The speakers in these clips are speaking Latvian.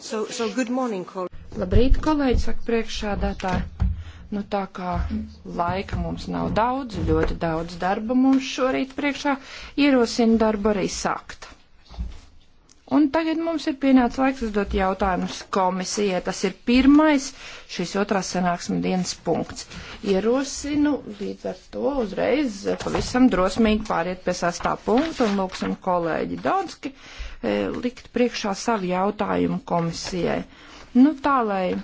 So, so good morning, kol Labrīt, kolēģi, saka priekšādātāji. Nu tā kā laika mums nav daudz, ļoti daudz darba mums šorīt priekšā, ierosina darbu arī sākt. Un tagad mums ir pienācis laiks uzdot jautājumus komisijai. Tas ir pirmais šīs otrās sanāksmes dienas punkts. Ierosinu līdz ar to uzreiz pavisam drosmīgi pāriet pie sastā punktu un lūksim kolēģi Donski e, likt priekšā savu jautājumu komisijai. Nu tā, lai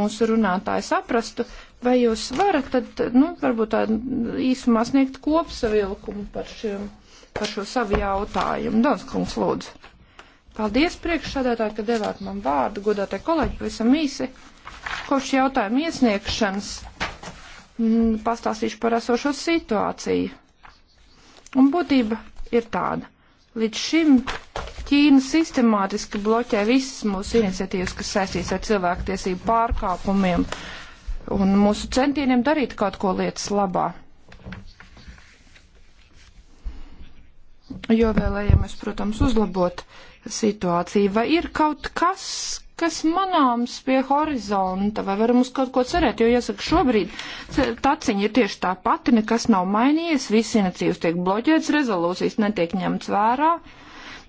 mūsu runātāji saprastu, vai jūs varat tad, nu, varbūt tā īsumā sniegt kopsavilkumu par, šiem, par šo savu jautājumu. Donskungs, lūdzu. Paldies priekšsādātāji, ka devāt man vārdu, godātie kolēģi, pavisam īsi. Kopš jautājuma iesniegšanas m, mm, pastāstīšu par esošo situāciju. Un būtība ir tāda. Līdz šim Ķīna sistemātiski bloķē visas mūsu iniciatīvas, kas saistīts ar cilvēktiesību pārkāpumiem un mūsu centieniem darīt kaut ko lietas labā. Jo vēlējamies, protams, uzlabot uh, situāciju. Vai ir kaut kas, kas manāms pie horizonta, vai varam uz kaut ko cerēt, jo, jāsaka, šobrīd taciņa ir tieši tā pati, nekas nav mainījies, visi iniciatīvas tiek bloķēts, rezolūcijas netiek ņemts vērā.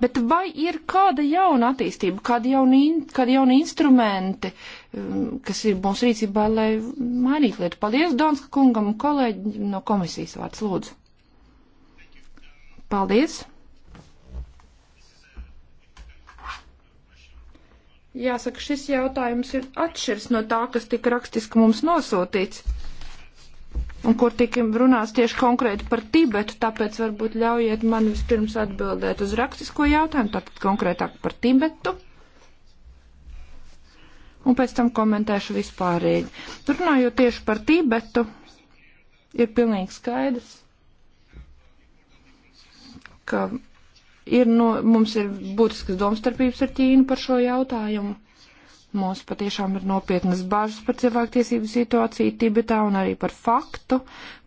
Bet vai ir kāda jauna attīstība, kādi jauni, kādi jauni instrumenti, um, kas ir mūsu rīcībā, lai mainītu lietu? Paldies Donska kungam un kolēģi no komisijas vārds lūdzu. Paldies! Jāsaka, šis jautājums ir atšķirs no tā, kas tika rakstiski mums nosūtīts, un kur tika runāts tieši konkrēti par Tibetu, tāpēc varbūt ļaujiet man vispirms atbildēt uz rakstisko jautājumu, tātad konkrētāk par Tibetu, un pēc tam komentēšu vispārīgi. Runājot tieši par Tibetu, ir pilnīgi skaidrs, ka ir no, mums ir būtiskas domstarpības ar Ķīnu par šo jautājumu. Mums patiešām ir nopietnas bažas par cilvēktiesību situāciju Tibetā un arī par faktu,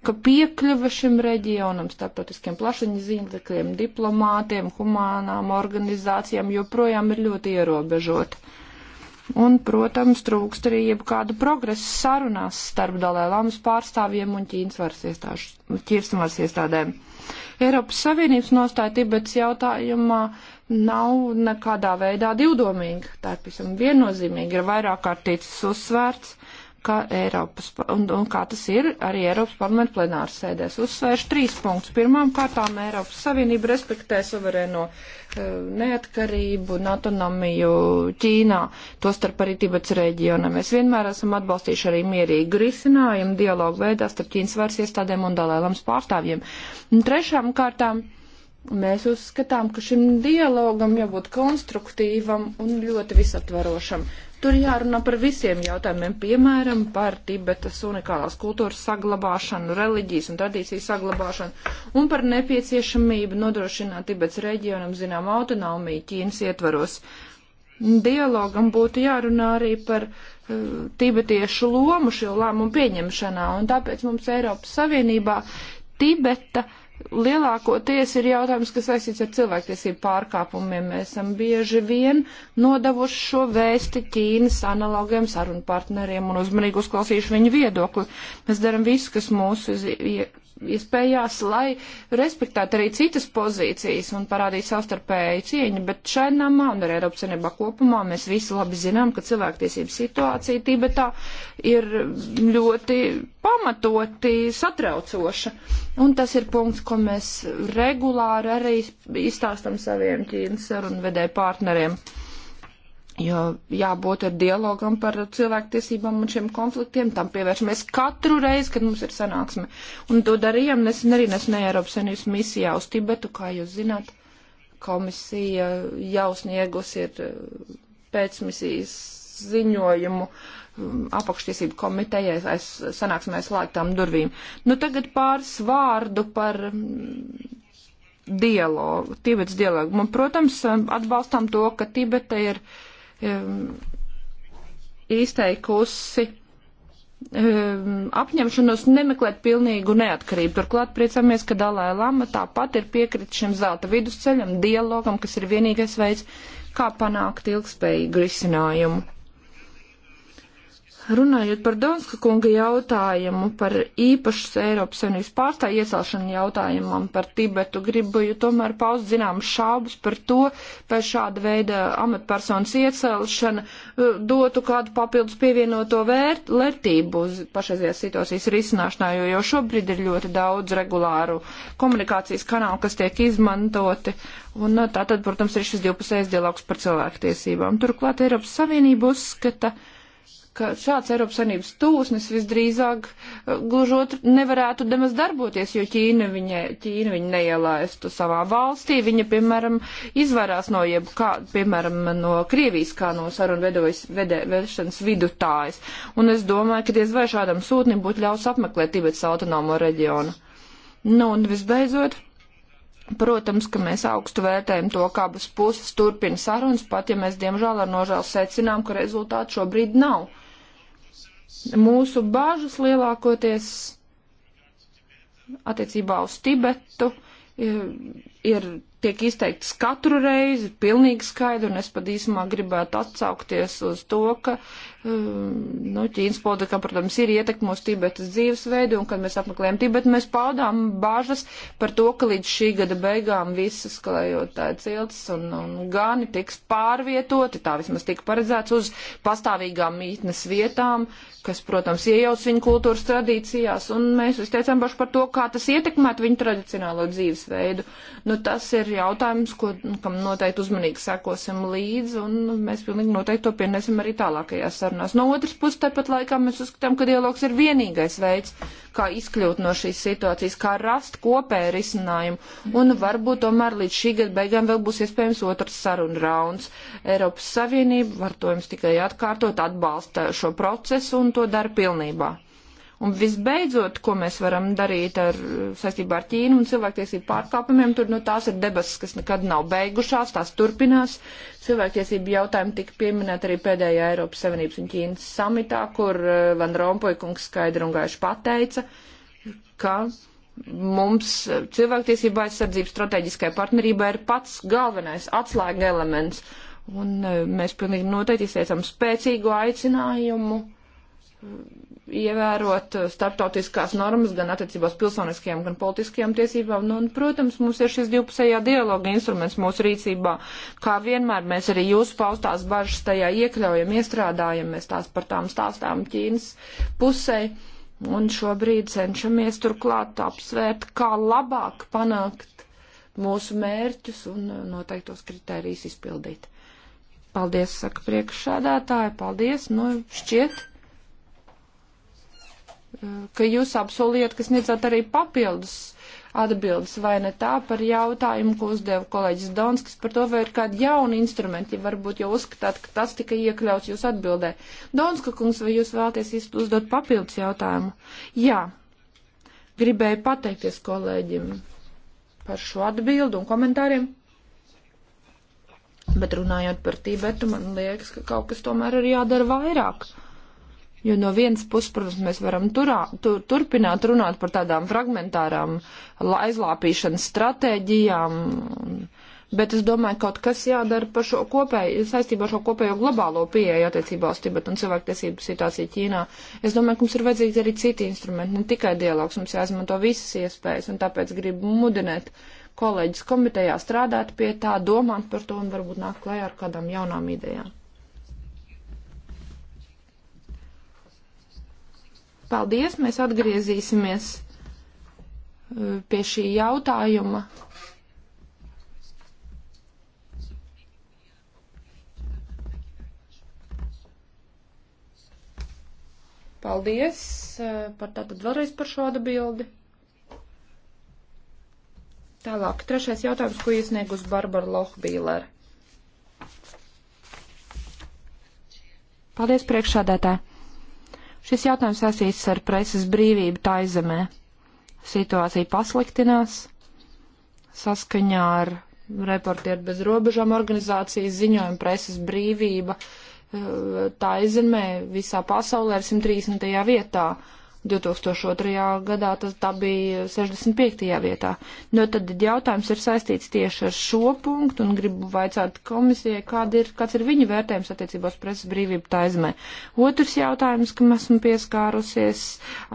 ka piekļuva šim reģionam, starptautiskiem plašiņas zīmekļiem, diplomātiem, humānām organizācijām joprojām ir ļoti ierobežota. Un, protams, trūkst arī jebkādu progresu sarunās starp Dalēlāmas pārstāvjiem un Ķīnas varas iestāžu, Ķīnas varas iestādēm. Eiropas Savienības nostāja Tibets jautājumā nav nekādā veidā divdomīga. Tā ir pavisam viennozīmīga, ir vairāk kārtīts uzsvērts ka Eiropas, un, un kā tas ir arī Eiropas parlamenta plenāras sēdēs. Uzsvērš trīs punktus. Pirmām kārtām Eiropas Savienība respektē suverēno uh, neatkarību un autonomiju Ķīnā, tostarp arī Tibets reģionā. Mēs vienmēr esam atbalstījuši arī mierīgu risinājumu dialogu veidā starp Ķīnas varas iestādēm un dalēlams pārstāvjiem. Un trešām kārtām Mēs uzskatām, ka šim dialogam jābūt konstruktīvam un ļoti visatvarošam. Tur jārunā par visiem jautājumiem, piemēram, par Tibetas unikālās kultūras saglabāšanu, reliģijas un tradīcijas saglabāšanu un par nepieciešamību nodrošināt Tibetas reģionam zinām autonomiju Ķīnas ietvaros. Dialogam būtu jārunā arī par uh, tibetiešu lomu šo lēmumu pieņemšanā, un tāpēc mums Eiropas Savienībā Tibeta uh, lielākoties ir jautājums, kas saistīts ar cilvēktiesību pārkāpumiem. Mēs esam bieži vien nodavuši šo vēsti Ķīnas analogiem sarunu partneriem un uzmanīgi uzklausījuši viņu viedokli. Mēs darām visu, kas mūsu iespējās, lai respektētu arī citas pozīcijas un parādītu savstarpēju cieņu, bet šai namā un arī Eiropas Savienībā kopumā mēs visi labi zinām, ka cilvēktiesību situācija Tibetā ir ļoti pamatoti satraucoša. Un tas ir punkts, ko mēs regulāri arī izstāstam saviem ķīnas sarunvedēju partneriem. Jo jābūt ar dialogam par cilvēktiesībām un šiem konfliktiem, tam pievēršamies katru reizi, kad mums ir sanāksme. Un to darījām nesen arī nesenē Eiropas Savienības misijā uz Tibetu, kā jūs zināt, komisija jau sniegus ir eh, pēcmisijas ziņojumu mm, apakštiesību komitejai aiz sanāksmē slēgtām durvīm. Nu tagad pāris vārdu par mm, dialogu, Tibets dialogu. Man, protams, atbalstam to, ka Tibeta ir. Uh, izteikusi apņemšanos nemeklēt pilnīgu neatkarību. Turklāt priecamies, ka Dalai Lama tāpat ir piekritis šim zelta vidusceļam, dialogam, kas ir vienīgais veids, kā panākt ilgspējīgu risinājumu. Runājot par Donska kunga jautājumu par īpašas Eiropas Savienības pārstāju iecelšanu jautājumam par Tibetu, gribu jau tomēr paust zinām šaubas par to, vai šāda veida amatpersonas iecelšana uh, dotu kādu papildus pievienoto vērt, vērtību uz pašreizējās situācijas risināšanā, jo jau šobrīd ir ļoti daudz regulāru komunikācijas kanālu, kas tiek izmantoti. Un uh, tātad, protams, ir šis divpusējs dialogs par cilvēktiesībām. Turklāt Eiropas Savienība uzskata, ka ka šāds Eiropas Savienības tūsnis visdrīzāk eh, gluži otru nevarētu nemaz darboties, jo Ķīna viņa, Ķīna viņa neielaistu savā valstī. Viņa, piemēram, izvairās no jeb kā, piemēram, no Krievijas kā no sarunu vešanas vidutājas. Un es domāju, ka diez vai šādam sūtnim būtu ļaus apmeklēt Tibetas autonomo reģionu. Nu, un visbeidzot. Protams, ka mēs augstu vērtējam to, kā abas puses turpina sarunas, pat ja mēs diemžēl ar nožēlu secinām, ka rezultātu šobrīd nav. Mūsu bāžas lielākoties attiecībā uz Tibetu ir, ir tiek izteiktas katru reizi, pilnīgi skaidri, un es pat īsumā gribētu atsaukties uz to, ka um, nu, Ķīnas politikam, protams, ir ietekme uz Tibetas dzīvesveidu, un kad mēs apmeklējam Tibetu, mēs paudām bažas par to, ka līdz šī gada beigām visas klejotāja cilts un, un gani tiks pārvietoti, tā vismaz tika paredzēts uz pastāvīgām mītnes vietām, kas, protams, iejauc viņu kultūras tradīcijās, un mēs izteicām bažu par to, kā tas ietekmētu viņu tradicionālo dzīvesveidu. Nu, tas ir jautājums, ko, kam noteikti uzmanīgi sekosim līdzi, un mēs pilnīgi noteikti to pienesim arī tālākajās sarunās. No otras puses, tāpat laikā mēs uzskatām, ka dialogs ir vienīgais veids, kā izkļūt no šīs situācijas, kā rast kopēju risinājumu, un varbūt tomēr līdz šī gada beigām vēl būs iespējams otrs saruna rauns. Eiropas Savienība, var to jums tikai atkārtot, atbalsta šo procesu un to dara pilnībā. Un visbeidzot, ko mēs varam darīt ar, saistībā ar Ķīnu un cilvēktiesību pārkāpumiem, tur nu, tās ir debesis, kas nekad nav beigušās, tās turpinās. Cilvēktiesību jautājumi tika pieminēti arī pēdējā Eiropas Savienības un Ķīnas samitā, kur eh, Van Rompojkungs skaidri un gaiši pateica, ka mums eh, cilvēktiesība aizsardzības strateģiskai partnerībai ir pats galvenais atslēga elements. Un eh, mēs pilnīgi noteikti izteicam spēcīgu aicinājumu ievērot starptautiskās normas gan attiecībās pilsoniskajām, gan politiskajām tiesībām. Nu, un, protams, mums ir šis divpusējā dialoga instruments mūsu rīcībā. Kā vienmēr mēs arī jūsu paustās bažas tajā iekļaujam, iestrādājam, mēs tās par tām stāstām Ķīnas pusē. Un šobrīd cenšamies turklāt apsvērt, kā labāk panākt mūsu mērķus un noteiktos kritērijus izpildīt. Paldies, saka priekšsādātāja, paldies, nu šķiet ka jūs apsolījāt, ka sniedzat arī papildus atbildes, vai ne tā, par jautājumu, ko uzdeva kolēģis Donskis par to, vai ir kādi jauni instrumenti, ja varbūt jau uzskatāt, ka tas tika iekļauts jūs atbildē. Donska kungs, vai jūs vēlaties uzdot papildus jautājumu? Jā. Gribēju pateikties kolēģim par šo atbildu un komentāriem. Bet runājot par Tibetu, man liekas, ka kaut kas tomēr ir jādara vairāk. Uh, Jo no vienas puses, protams, mēs varam turā, tur, turpināt runāt par tādām fragmentārām aizlāpīšanas stratēģijām, bet es domāju, kaut kas jādara par šo kopēju, saistībā ar šo kopējo globālo pieeju attiecībā uz Tibetu un cilvēktiesību situāciju Ķīnā. Es domāju, ka mums ir vajadzīgi arī citi instrumenti, ne tikai dialogs, mums jāizmanto visas iespējas, un tāpēc gribu mudināt kolēģis komitejā strādāt pie tā, domāt par to un varbūt nākt klajā ar kādām jaunām idejām. Paldies, mēs atgriezīsimies uh, pie šī jautājuma. Paldies uh, par tātad vēlreiz par šo atbildi. Tālāk, trešais jautājums, ko iesniegus Barbara Lohbīlere. Paldies priekšādētāji. Šis jautājums saistīts ar preses brīvību taizemē. Situācija pasliktinās saskaņā ar reportieru bez robežām organizācijas ziņojumu preses brīvība eh, taizemē visā pasaulē ir 130. vietā. 2002. gadā tas tā bija 65. vietā. Nu, tad jautājums ir saistīts tieši ar šo punktu un gribu vaicāt komisijai, kāda ir, kāds ir viņa vērtējums attiecībās presas brīvību taizmē. Otrs jautājums, kam esmu pieskārusies,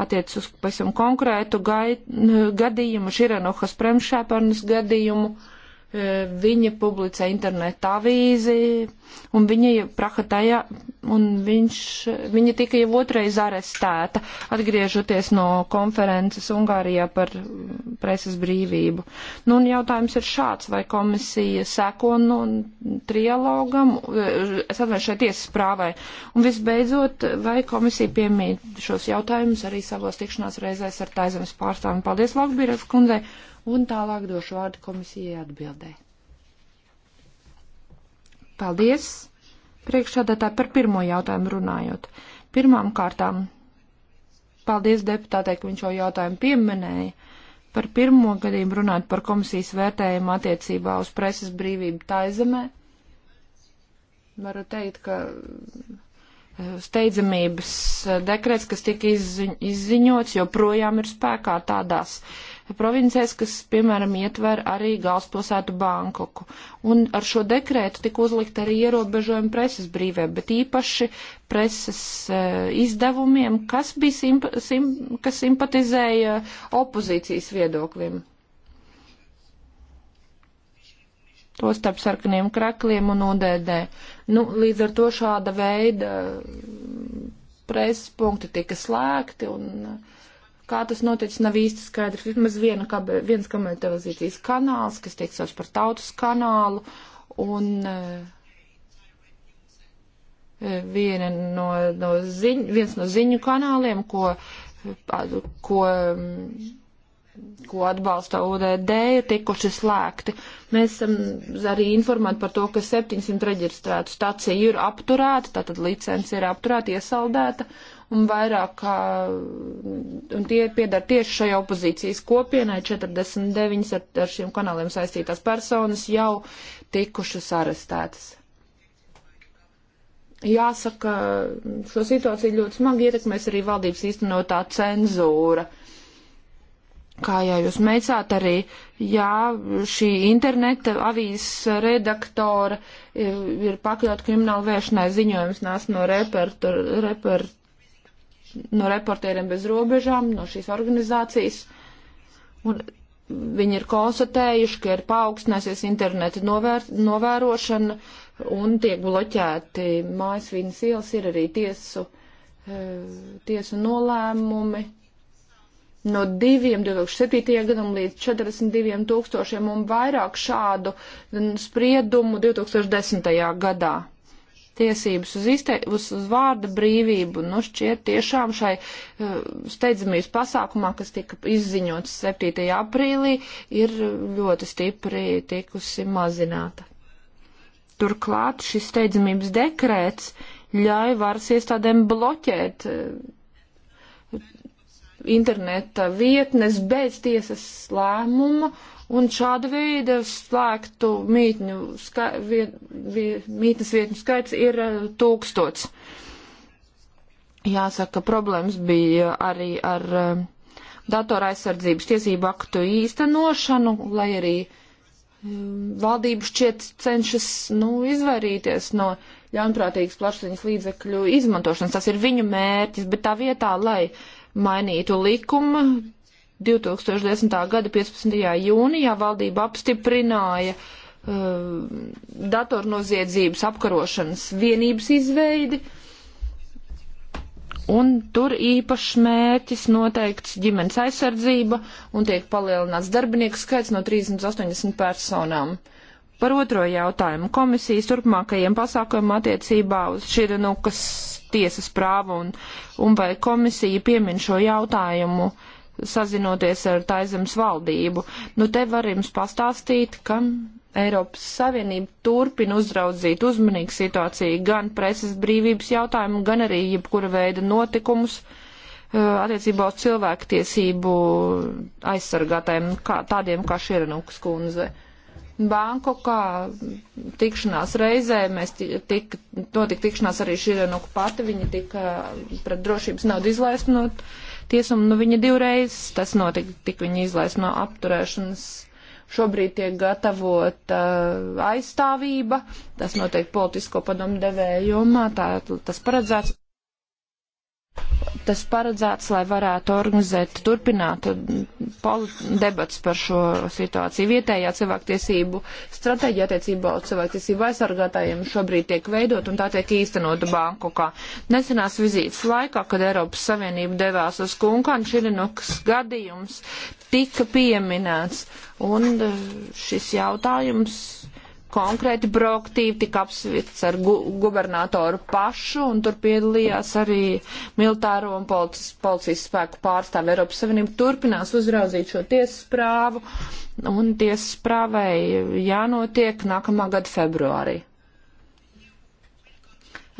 attiec uz pavisam konkrētu gai, nu, gadījumu, Širenohas premšēpernas gadījumu. Uh, E, viņa publicē interneta avīzi, un viņa prahatēja, un viņš, viņa tika jau otrais arestēta, atgriežoties no konferences Ungārijā par preses brīvību. Nu, un jautājums ir šāds, vai komisija seko no nu, trialogam, e, es atvainu šai tiesas prāvai, un visbeidzot, vai komisija piemīt šos jautājumus arī savos tikšanās reizēs ar taizemes pārstāvjiem. Paldies, Laukbīras kundzei! un tālāk došu vārdu komisijai atbildē. Paldies! Priekšsādātāji par pirmo jautājumu runājot. Pirmām kārtām, paldies deputātei, ka viņš šo jautājumu pieminēja. Par pirmo gadījumu runājot par komisijas vērtējumu attiecībā uz preses brīvību taizemē. Varu teikt, ka eh, steidzamības eh, dekrets, kas tika izziņots, joprojām ir spēkā tādās uh, provincēs, kas, piemēram, ietver arī galvaspilsētu Bankoku. Un ar šo dekrētu tika uzlikt arī ierobežojumi preses brīvē, bet īpaši preses uh, izdevumiem, kas, bija simpa, sim, kas simpatizēja opozīcijas viedokļiem. Tostarp sarkaniem krakliem un ODD. Nu, līdz ar to šāda veida mm, preses punkti tika slēgti un uh, kā tas noticis, nav īsti skaidrs. Vismaz viena, kab, viens kabel televīzijas kanāls, kas tiek sauc par tautas kanālu, un eh, viena no, no ziņ, viens no ziņu kanāliem, ko, ko, ko atbalsta UDD, ir tikuši slēgti. Mēs esam arī informēti par to, ka 700 reģistrētu staciju ir apturēta, tātad licence ir apturēta, iesaldēta. Uh, un vairāk kā, un tie piedara tieši šai opozīcijas kopienai, 49 ar, ar šiem kanāliem saistītās personas jau tikušas arestētas. Jāsaka, šo situāciju ļoti smagi ietekmēs arī valdības īstenotā cenzūra kā jau jūs meicāt arī, jā, šī interneta avīzes redaktora ir pakļaut kriminālu vēršanai ziņojums nāc no repertu, repertu no reportieriem bez robežām, no šīs organizācijas. Un viņi ir konstatējuši, ka ir paaugstināsies interneta novēr novērošana un tiek bloķēti mājas viņas ielas, ir arī tiesu, eh, tiesu nolēmumi. No diviem 2007. gadam līdz 42 tūkstošiem un vairāk šādu spriedumu 2010. gadā tiesības uz, izte, uz, uz vārda brīvību, nu šķiet tiešām šai uh, steidzamības pasākumā, kas tika izziņots 7. aprīlī, ir ļoti stipri tikusi mazināta. Turklāt šis steidzamības dekrēts ļauj varas iestādēm bloķēt uh, interneta vietnes bez tiesas lēmuma Un šāda veida slēgtu mītņu, ska, viet, viet, mītnes vietņu skaits ir eh, tūkstots. Jāsaka, problēmas bija arī ar eh, datora aizsardzības tiesību aktu īstenošanu, lai arī eh, valdība šķiet cenšas nu, izvairīties no ļaunprātīgas plašsaziņas līdzekļu izmantošanas. Tas ir viņu mērķis, bet tā vietā, lai mainītu likumu, 2010. gada 15. jūnijā valdība apstiprināja uh, datornoziedzības apkarošanas vienības izveidi, un tur īpašs mērķis noteikts ģimenes aizsardzība, un tiek palielināts darbinieku skaits no 30 līdz 80 personām. Par otro jautājumu komisijas turpmākajiem pasākumiem attiecībā uz Širinukas tiesas prāvu un, un vai komisija piemin šo jautājumu uh, sazinoties ar Taizemes valdību. Nu, te var jums pastāstīt, ka Eiropas Savienība turpina uzraudzīt uzmanīgu situāciju gan preses brīvības jautājumu, gan arī jebkura veida notikumus uh, attiecībā uz cilvēku tiesību aizsargātājiem, kā, tādiem kā Širenukas kundze. Bankokā tikšanās reizē mēs tika, notika tikšanās arī Širenuku pati, viņa tika pret drošības naudu izlaist no. Uh, tiesuma, nu viņa divreiz tas notika, tik viņa izlaist no apturēšanas. Šobrīd tiek gatavota uh, aizstāvība, tas notiek politisko padomu devējumā, tā tas paredzēts tas paredzēts, lai varētu organizēt, turpināt mm, debats par šo situāciju. Vietējā cilvēktiesību stratēģija attiecībā uz cilvēktiesību aizsargātājiem šobrīd tiek veidot un tā tiek īstenota Bankokā. Nesenās vizītes laikā, kad Eiropas Savienotība devās uz Kunkan, Širinukas gadījums tika pieminēts un eh, šis jautājums konkrēti proaktīvi, tika apsvits ar gu gubernatoru pašu, un tur piedalījās arī militāro un policijas, policijas spēku pārstāvi. Eiropas Savienība turpinās uzraudzīt šo tiesas prāvu, un tiesas prāvai jānotiek nākamā gada februārī.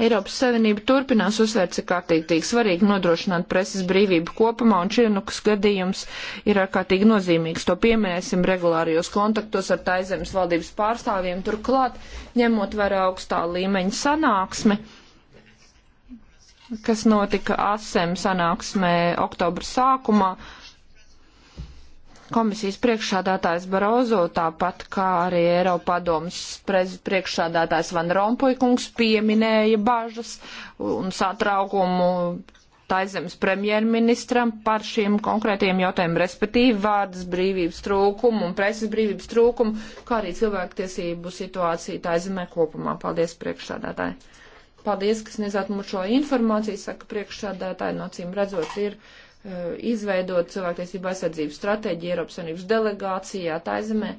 Eiropas Savienība turpinās uzsvērt, cik ārkārtīgi svarīgi nodrošināt preses brīvību kopumā, un Čirnukas gadījums ir ārkārtīgi nozīmīgs. To pieminēsim regulārajos kontaktos ar Taizemes valdības pārstāvjiem, turklāt ņemot vērā augstā līmeņa sanāksmi kas notika ASEM sanāksmē oktobra sākumā. Uh, komisijas priekšsādātājs Barozo, tāpat kā arī Eiropadomas priekšsādātājs Van Rompuykungs pieminēja bažas un satraukumu taizemes premjerministram par šiem konkrētiem jautājumiem, respektīvi vārdas brīvības trūkumu un preses brīvības trūkumu, kā arī cilvēktiesību situāciju taizemē kopumā. Paldies priekšsādātāji. Paldies, kas nezāt mums šo informāciju, saka priekšsādātāji, no cīm redzot ir Uh, izveidot cilvēktiesību aizsardzību stratēģiju Eiropas Savienības delegācijā Taizemē.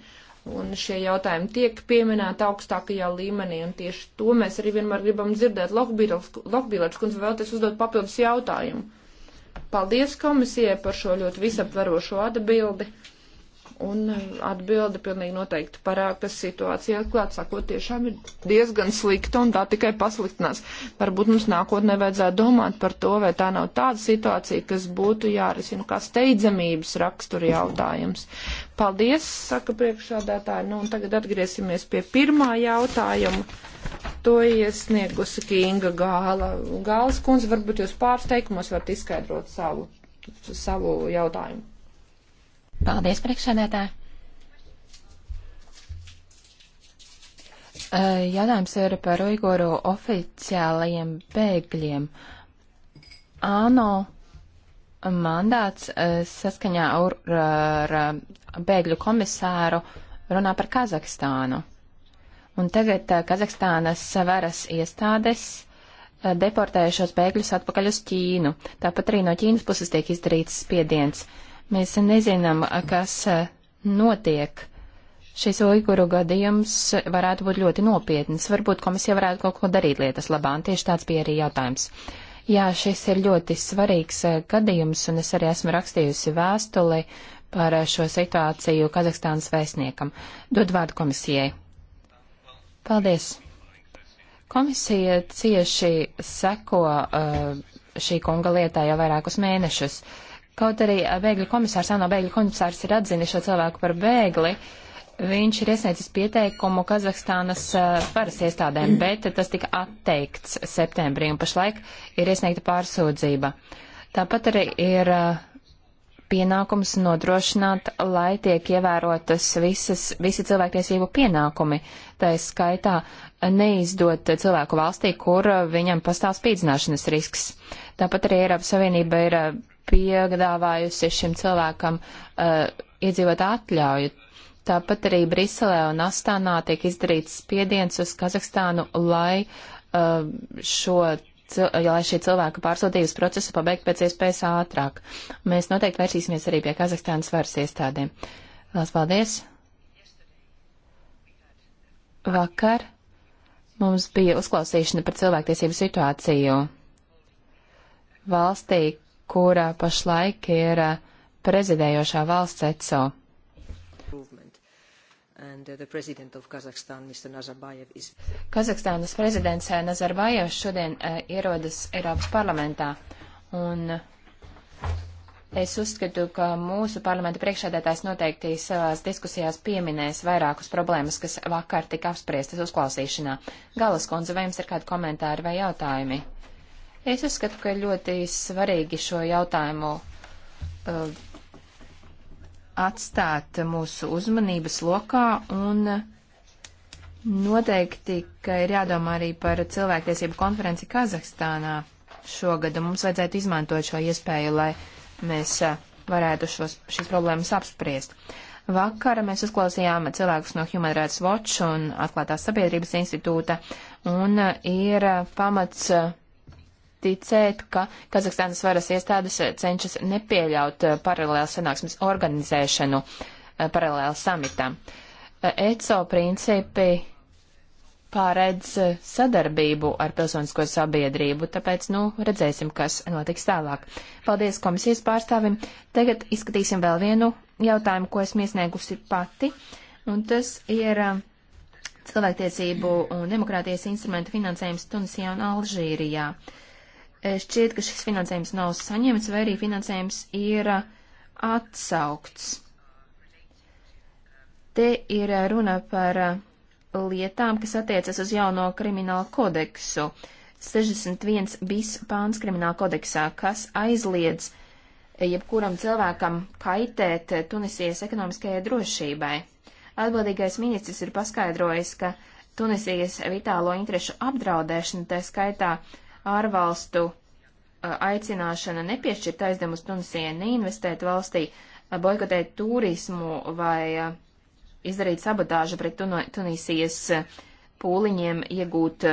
Un šie jautājumi tiek pieminēti augstākajā līmenī, un tieši to mēs arī vienmēr gribam dzirdēt. Lokbīlēčs kundze vēlties uzdot papildus jautājumu. Paldies komisijai par šo ļoti visaptverošo atbildi. Un atbilde pilnīgi noteikti parāda, ka situācija atklāt sakot tiešām ir diezgan slikta un tā tikai pasliktinās. Varbūt mums nākotnē vajadzētu domāt par to, vai tā nav tāda situācija, kas būtu jārisina kā steidzamības rakstura jautājums. Paldies, saka priekšādātāji. Nu, un tagad atgriezīsimies pie pirmā jautājuma. To iesniegusi Kinga Gāla. Gāls kundze, varbūt jūs pārsteigumos varat izskaidrot savu, savu jautājumu. Paldies, priekšsēdētāji. Jautājums ir par Uiguru oficiālajiem bēgļiem. ANO mandāts saskaņā ar bēgļu komisāru runā par Kazahstānu. Un tagad Kazahstānas varas iestādes deportējušos bēgļus atpakaļ uz Ķīnu. Tāpat arī no Ķīnas puses tiek izdarīts spiediens. Uh, Mēs nezinām, kas e, notiek. Šis uiguru gadījums varētu būt ļoti nopietns. Varbūt komisija varētu kaut ko darīt lietas labā, un tieši tāds bija arī jautājums. Jā, šis ir ļoti svarīgs e, gadījums, un es arī esmu rakstījusi vēstuli par e, šo situāciju Kazahstānas vēstniekam. Dod vārdu komisijai. Paldies. Komisija cieši seko šī kunga lietā jau vairākus mēnešus. Uh, Kaut arī eh, bēgļu komisārs, ANO bēgļu komisārs ir atzinis šo cilvēku par bēgli, viņš ir iesniedzis pieteikumu Kazahstānas eh, varas iestādēm, bet tas tika atteikts septembrī un pašlaik ir iesniegta pārsūdzība. Tāpat arī ir eh, pienākums nodrošināt, lai tiek ievērotas visas, visi cilvēktiesību pienākumi, tā skaitā neizdot cilvēku valstī, kur viņam pastāv spīdzināšanas risks. Tāpat arī Eiropas Savienība ir piedāvājusi šim cilvēkam uh, iedzīvot atļauju. Tāpat arī Briselē un Astānā tiek izdarīts spiediens uz Kazahstānu, lai uh, šo lai šī cilvēka pārsūtības procesu pabeigtu pēc iespējas ātrāk. Mēs noteikti vērsīsimies arī pie Kazahstānas varas iestādēm. Lielas paldies! Vakar mums bija uzklausīšana par cilvēktiesību situāciju valstī, kura pašlaik ir eh, prezidējošā valsts ECO. Uh, is... Kazahstānas prezidents eh, Nazarbājevs šodien eh, ierodas Eiropas parlamentā, un es uzskatu, ka mūsu parlamenta priekšsēdētājs noteikti savās diskusijās pieminēs vairākus problēmas, kas vakar tika apspriestas uzklausīšanā. Galas kundze, vai jums ir kādi komentāri vai jautājumi? Es uzskatu, ka ir ļoti svarīgi šo jautājumu uh, atstāt mūsu uzmanības lokā un noteikti, ka ir jādomā arī par cilvēktiesību konferenci Kazahstānā šogad, un mums vajadzētu izmantot šo iespēju, lai mēs uh, varētu šos, šīs problēmas apspriest. Vakar mēs uzklausījām cilvēkus no Human Rights Watch un Atklātās sabiedrības institūta, un uh, ir uh, pamats ticēt, ka Kazahstānas varas iestādes cenšas nepieļaut eh, paralēlas sanāksmes organizēšanu eh, paralēlas samitam. Eh, ECO principi pārēdz sadarbību ar pilsonisko sabiedrību, tāpēc, nu, redzēsim, kas notiks tālāk. Paldies komisijas pārstāvim. Tagad izskatīsim vēl vienu jautājumu, ko esmu iesniegusi pati, un tas ir cilvēktiesību un demokrātijas instrumentu finansējums Tunisijā un Alžīrijā. Uh, Eh, šķiet, ka šis finansējums nav saņemts, vai arī finansējums ir eh, atsaukts. Te ir eh, runa par lietām, kas attiecas uz jauno kriminālu kodeksu. 61 bis pāns krimināla kodeksā, kas aizliedz jebkuram cilvēkam kaitēt Tunisijas ekonomiskajai drošībai. Atbildīgais ministrs ir paskaidrojis, ka Tunisijas vitālo interešu apdraudēšana, tā skaitā uh, ārvalstu aicināšana nepiešķirt aizdevumus Tunisijai, neinvestēt valstī, boikotēt turismu vai izdarīt sabotāžu pret Tunisijas pūliņiem iegūt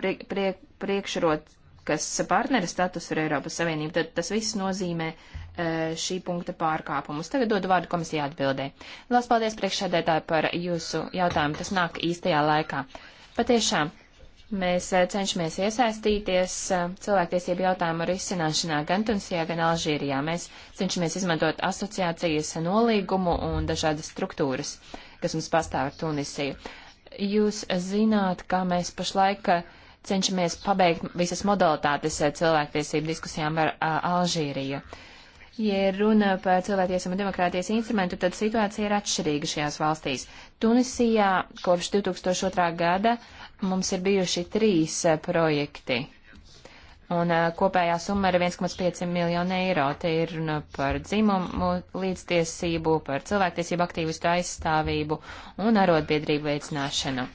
prie, prie, priekšrot, kas partnera status ar Eiropas Savienību, tad tas viss nozīmē šī punkta pārkāpumus. Tagad dodu vārdu komisijā atbildē. Lielas paldies priekšsēdētāji par jūsu jautājumu, tas nāk īstajā laikā. Patiešām, Mēs eh, cenšamies iesaistīties eh, cilvēktiesību jautājumu risināšanā gan Tunisijā, gan Alžīrijā. Mēs cenšamies izmantot asociācijas nolīgumu un dažādas struktūras, kas mums pastāv ar Tunisiju. Jūs zināt, kā mēs pašlaik eh, cenšamies pabeigt visas modalitātes cilvēktiesību diskusijām ar Alžīriju. Ja runa par cilvēktiesību un demokrātijas instrumentu, tad situācija ir atšķirīga šajās valstīs. Tunisijā kopš 2002. gada mums ir bijuši trīs eh, projekti. Un eh, kopējā summa ir 1,5 miljonu eiro. Te ir runa par dzimumu līdztiesību, par cilvēktiesību aktīvistu aizstāvību un arotbiedrību veicināšanu.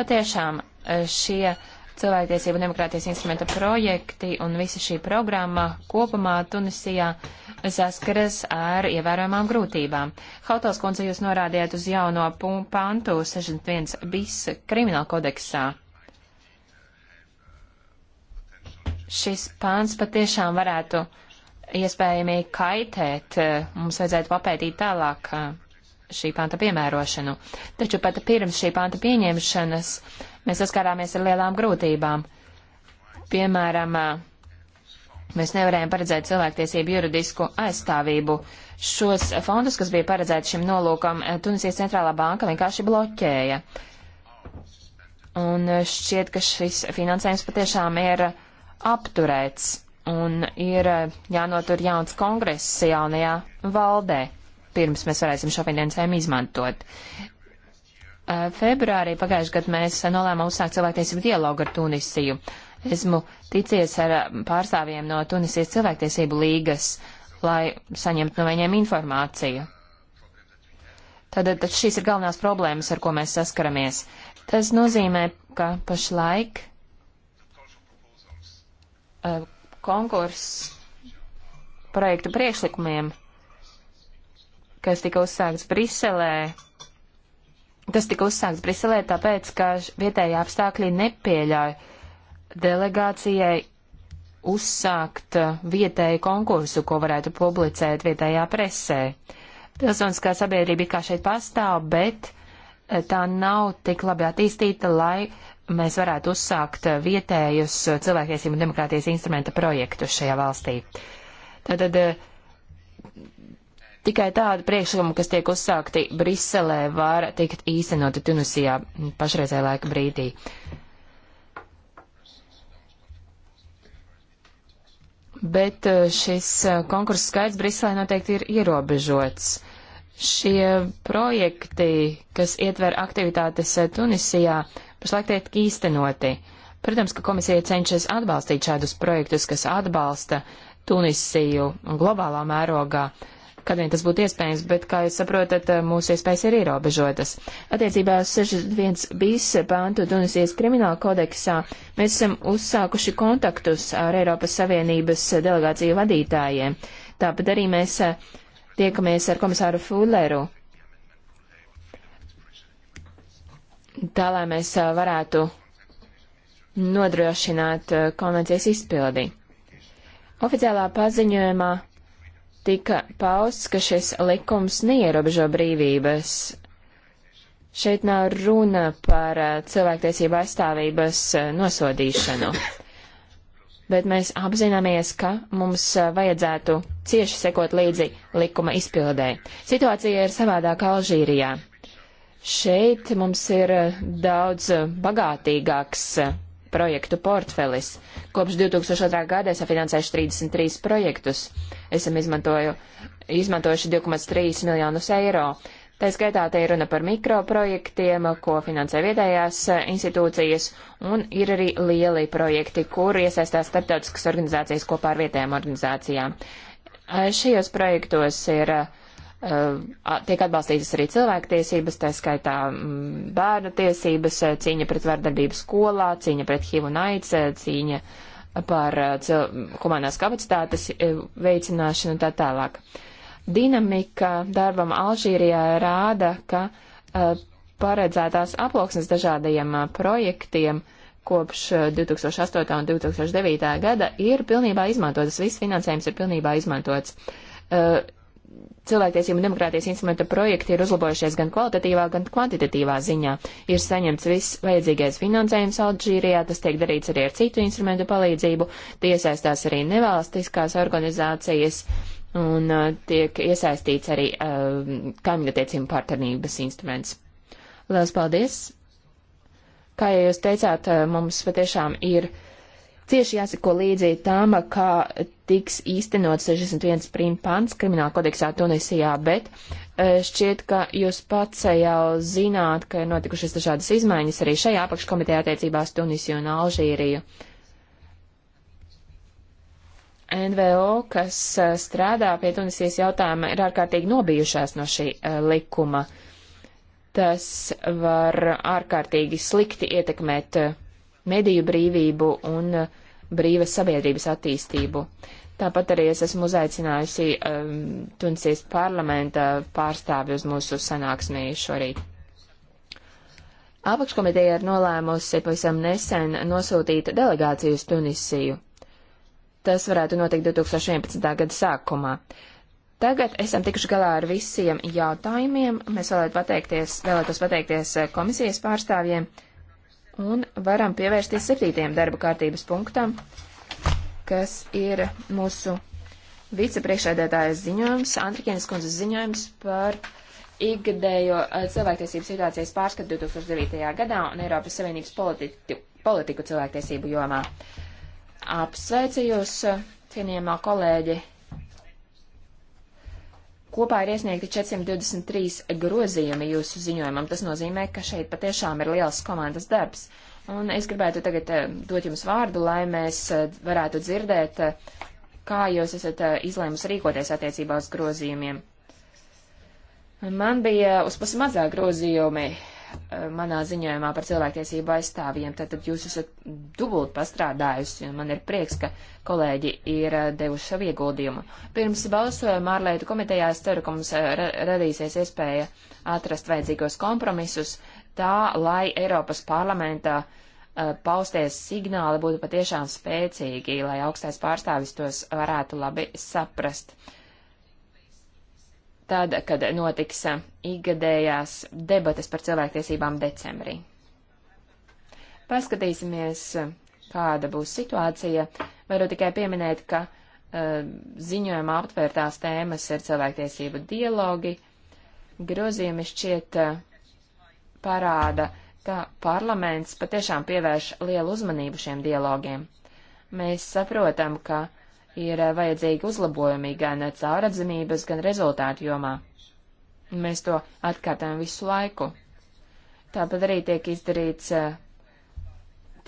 Patiešām eh, šie cilvēktiesību demokrātijas instrumenta projekti un visa šī programma kopumā Tunisijā uh, saskaras ar ievērojamām grūtībām. Hautals kundze, jūs norādījāt uz jauno pantu 61 bis krimināla kodeksā. Šis pants patiešām varētu iespējami kaitēt. Mums vajadzētu papētīt tālāk eh, šī panta piemērošanu. Taču pat pirms šī panta pieņemšanas mēs saskārāmies ar lielām grūtībām. Piemēram, eh, Mēs nevarējām paredzēt cilvēktiesību juridisku aizstāvību. Šos fondus, kas bija paredzēti šim nolūkam, eh, Tunisijas centrālā banka vienkārši bloķēja. Un eh, šķiet, ka šis finansējums patiešām ir apturēts un ir eh, jānotur jauns kongress jaunajā valdē, pirms mēs varēsim šo finansējumu izmantot. Februārī pagājušajā gadā mēs nolēmām uzsākt cilvēktiesību dialogu ar Tunisiju. Esmu ticies ar eh, pārstāvjiem no Tunisijas cilvēktiesību līgas, lai saņemtu no viņiem informāciju. Tad, tad šīs ir galvenās problēmas, ar ko mēs saskaramies. Tas nozīmē, ka pašlaik uh, eh, konkurss projektu priekšlikumiem, kas tika uzsākts Briselē, tas tika uzsākts Briselē tāpēc, ka vietējie apstākļi nepieļauj uh, delegācijai uzsākt uh, vietēju konkursu, ko varētu publicēt vietējā presē. Pilsoniskā sabiedrība kā šeit pastāv, bet uh, tā nav tik labi attīstīta, lai mēs varētu uzsākt uh, vietējus cilvēktiesību un demokrātijas instrumenta projektus šajā valstī. Tātad tikai tādi priekšlikumi, kas tiek uzsākti Briselē, var tikt īstenoti Tunisijā pašreizē laika brīdī. Uh, bet eh, šis eh, konkursu skaits Briselē noteikti ir ierobežots. Šie projekti, kas ietver aktivitātes eh, Tunisijā, pašlaik tiek īstenoti. Protams, ka komisija cenšas atbalstīt šādus projektus, kas atbalsta Tunisiju globālā mērogā, kad vien tas būtu iespējams, bet, kā jūs saprotat, mūsu iespējas ir ierobežotas. Attiecībā uz 61 bis pāntu Tunisijas krimināla kodeksā mēs esam uzsākuši kontaktus ar Eiropas Savienības delegāciju vadītājiem. Tāpat arī mēs eh, tiekamies ar komisāru Fulleru. Tā lai mēs eh, varētu nodrošināt eh, konvencijas izpildi. Oficiālā paziņojumā tika pausts, ka šis likums neierobežo brīvības. Šeit nav runa par eh, cilvēktiesību aizstāvības eh, nosodīšanu, bet mēs apzināmies, ka mums eh, vajadzētu cieši sekot līdzi likuma izpildē. Situācija ir savādāka Alžīrijā. Šeit mums ir daudz bagātīgāks projektu portfelis. Kopš 2002. gada esmu finansējuši 33 projektus esam izmantojuši 2,3 miljonus eiro. Tā skaitā te ir runa par mikroprojektiem, ko finansē vietējās eh, institūcijas, un ir arī lieli projekti, kur iesaistās starptautiskas organizācijas kopā ar vietējām organizācijām. Eh, šajos projektos ir eh, tiek atbalstītas arī cilvēktiesības, tā skaitā mm, bērnu tiesības, cīņa pret vardarbību skolā, cīņa pret HIV un AIDS, cīņa uh, par eh, humanās kapacitātes eh, veicināšanu un tā tālāk. Dinamika darbam Alžīrijā rāda, ka eh, paredzētās aploksnes dažādajiem projektiem kopš 2008. un 2009. gada ir pilnībā izmantotas, viss finansējums ir pilnībā izmantots cilvēktiesību un demokrātijas instrumenta projekti ir uzlabojušies gan kvalitatīvā, gan kvantitatīvā ziņā. Ir saņemts viss vajadzīgais finansējums Alžīrijā, tas tiek darīts arī ar citu instrumentu palīdzību, tie iesaistās arī nevalstiskās organizācijas un uh, tiek iesaistīts arī uh, kaimiņattiecību partnerības instruments. Lielas paldies! Kā jau jūs teicāt, uh, mums patiešām ir Cieši jāsako līdzi tam, kā tiks īstenot 61 prim pants krimināla kodeksā Tunisijā, bet e, šķiet, ka jūs pats jau zināt, ka ir notikušas dažādas izmaiņas arī šajā apakškomitejā attiecībās Tunisiju un Alžīriju. NVO, kas e, strādā pie Tunisijas jautājuma, ir ārkārtīgi nobijušās no šī e, likuma. Tas var ārkārtīgi slikti ietekmēt mediju brīvību un eh, brīvas sabiedrības attīstību. Tāpat arī es esmu uzaicinājusi um, Tunisijas parlamenta pārstāvi uz mūsu sanāksmī šorīt. Apakškomiteja ir nolēmusi pavisam nesen nosūtīt delegāciju uz Tunisiju. Tas varētu notikt 2011. gada sākumā. Tagad esam tikuši galā ar visiem jautājumiem. Mēs vēlētu pateikties, vēlētos pateikties eh, komisijas pārstāvjiem. Un varam pievērsties septītajam darba kārtības punktam, kas ir mūsu vicepriekšēdētājas ziņojums, Andrikienas kundzes ziņojums par ikgadējo eh, cilvēktiesību situācijas pārskatu 2009. gadā un Eiropas Savienības politiku, politiku cilvēktiesību jomā. Apsveicu jūs, cienījamā kolēģi Kopā ir iesniegti 423 grozījumi jūsu ziņojumam. Tas nozīmē, ka šeit patiešām ir liels komandas darbs. Un es gribētu tagad eh, dot jums vārdu, lai mēs eh, varētu dzirdēt, eh, kā jūs esat izlēmusi rīkoties attiecībā uz grozījumiem. Man bija uz pusmazā grozījumi, manā ziņojumā par cilvēktiesību aizstāvjiem. Tātad jūs esat dubult pastrādājusi, un man ir prieks, ka kolēģi ir eh, devuši savu ieguldījumu. Pirms balsojuma ārlietu komitejā es ceru, ka mums eh, ra radīsies iespēja atrast vajadzīgos kompromisus tā, lai Eiropas parlamentā uh, eh, pausties signāli būtu patiešām spēcīgi, lai augstais pārstāvis tos varētu labi saprast. Uh, tad, kad notiks eh, ikgadējās debates par cilvēktiesībām decembrī. Paskatīsimies, eh, kāda būs situācija. Varu tikai pieminēt, ka uh, ziņojumā aptvērtās tēmas ir cilvēktiesību dialogi. Grozījumi šķiet uh, parāda, ka parlaments patiešām pievērš lielu uzmanību šiem dialogiem. Mēs saprotam, ka uh, ir eh, vajadzīgi uzlabojumi gan cauradzamības, gan rezultātu jomā. Mēs to atkārtājam visu laiku. Tāpat arī tiek izdarīts, eh,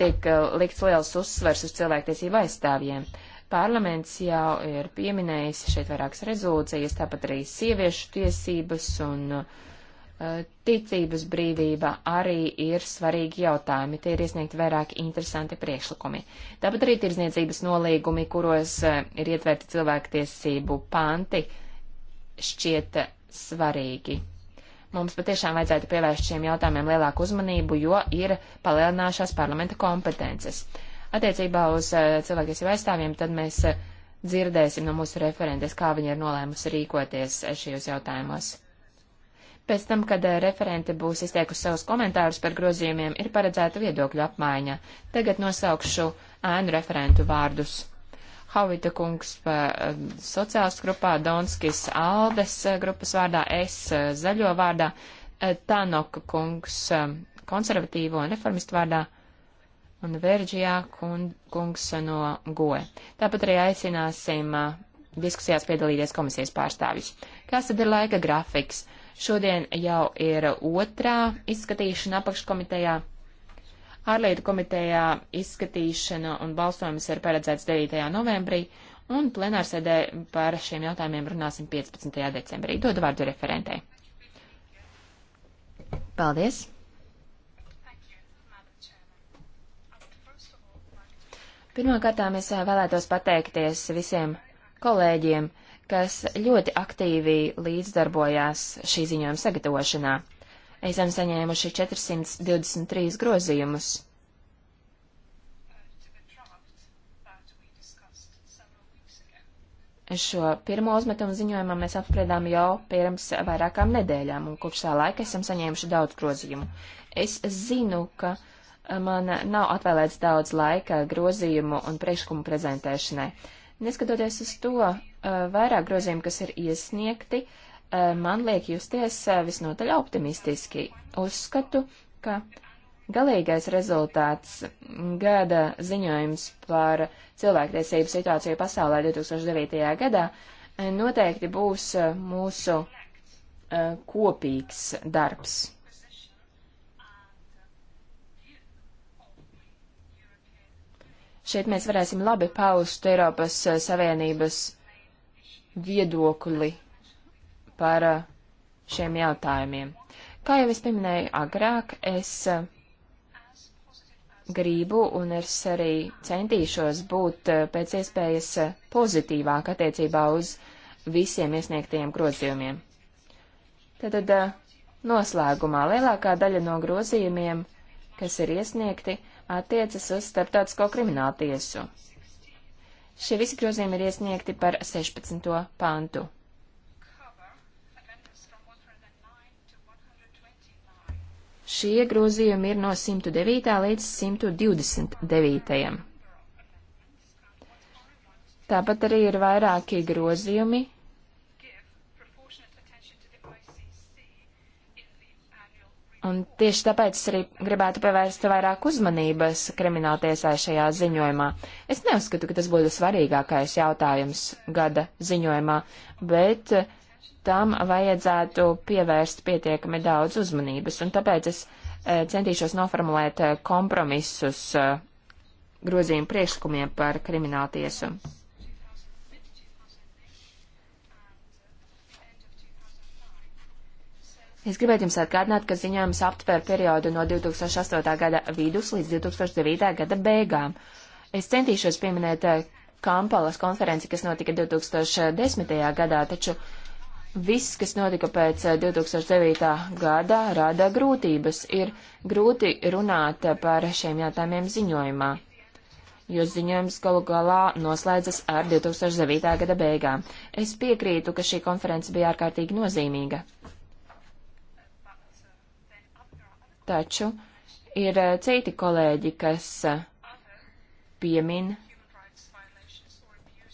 tiek eh, likts liels uzsvers uz cilvēktiesību aizstāvjiem. Parlaments jau ir pieminējis šeit vairākas rezolūcijas, tāpat arī sieviešu tiesības un uh, Eh, ticības brīvība arī ir svarīgi jautājumi. Tie ir iesniegti vairāki interesanti priekšlikumi. Tāpat arī tirdzniecības nolīgumi, kuros eh, ir ietverti cilvēktiesību panti, šķiet eh, svarīgi. Mums patiešām vajadzētu pievērst šiem jautājumiem lielāku uzmanību, jo ir palielinājušās parlamenta kompetences. Attiecībā uz cilvēktiesību aizstāvjiem tad mēs dzirdēsim no mūsu referentes, kā viņi ir nolēmusi rīkoties šajos jautājumos. Pēc tam, kad eh, referente būs izteikusi savus komentārus par grozījumiem, ir paredzēta viedokļu apmaiņa. Tagad nosaukšu ēnu referentu vārdus. Havita kungs eh, sociālas grupā, Donskis Aldes eh, grupas vārdā, es zaļo vārdā, Tanoka kungs konservatīvo un reformistu vārdā un Verģijā kungs no Goe. Tāpat arī aicināsim diskusijās piedalīties komisijas pārstāvjus. Kas tad ir laika grafiks? Uh, Šodien jau ir otrā izskatīšana apakškomitejā. Ārlietu komitejā izskatīšana un balsojums ir paredzēts 9. novembrī, un plenārsēdē par šiem jautājumiem runāsim 15. decembrī. Dodu vārdu referentei. Paldies! Pirmkārt, es vēlētos pateikties visiem kolēģiem, kas ļoti aktīvi līdzdarbojās šī ziņojuma sagatavošanā. Esam saņēmuši 423 grozījumus. Šo pirmo uzmetumu ziņojumā mēs apspriedām jau pirms vairākām nedēļām, un kopš tā laika esam saņēmuši daudz grozījumu. Es zinu, ka man nav atvēlēts daudz laika grozījumu un priekšlikumu prezentēšanai. Neskatoties uz to, Eh, vairāk grozījumi, kas ir iesniegti, eh, man liek justies eh, visnotaļ optimistiski. Uzskatu, ka galīgais rezultāts gada ziņojums par cilvēktiesību situāciju pasaulē 2009. gadā noteikti būs mūsu kopīgs darbs. Šeit mēs varēsim labi paust Eiropas Savienības viedokli par uh, šiem jautājumiem. Kā jau es pieminēju agrāk, es uh, gribu un es arī centīšos būt uh, pēc iespējas pozitīvāk attiecībā uz visiem iesniegtajiem grozījumiem. Tātad noslēgumā lielākā daļa no grozījumiem, kas ir iesniegti, attiecas uz starptautisko kriminālu tiesu. Šie visi grozījumi ir iesniegti par 16. pantu. Šie grozījumi ir no 109. līdz 129. Tāpat arī ir vairāki grozījumi, Un tieši tāpēc es arī gribētu pievērst vairāk uzmanības krimināltiesai šajā ziņojumā. Es neuzskatu, ka tas būtu svarīgākais jautājums gada ziņojumā, bet tam vajadzētu pievērst pietiekami daudz uzmanības, un tāpēc es e, centīšos noformulēt e, kompromisus e, grozījumu priekšlikumiem par krimināltiesu. Es gribētu jums atgādināt, ka ziņojums aptver periodu no 2008. gada vidus līdz 2009. gada beigām. Es centīšos pieminēt eh, Kampalas konferenci, kas notika 2010. gadā, taču viss, kas notika pēc 2009. Eh, gada, rada grūtības. Ir grūti runāt par šiem jautājumiem ziņojumā, jo ziņojums galu galā noslēdzas ar 2009. gada beigām. Es piekrītu, ka šī konference bija ārkārtīgi nozīmīga. Taču ir eh, citi kolēģi, kas eh, piemin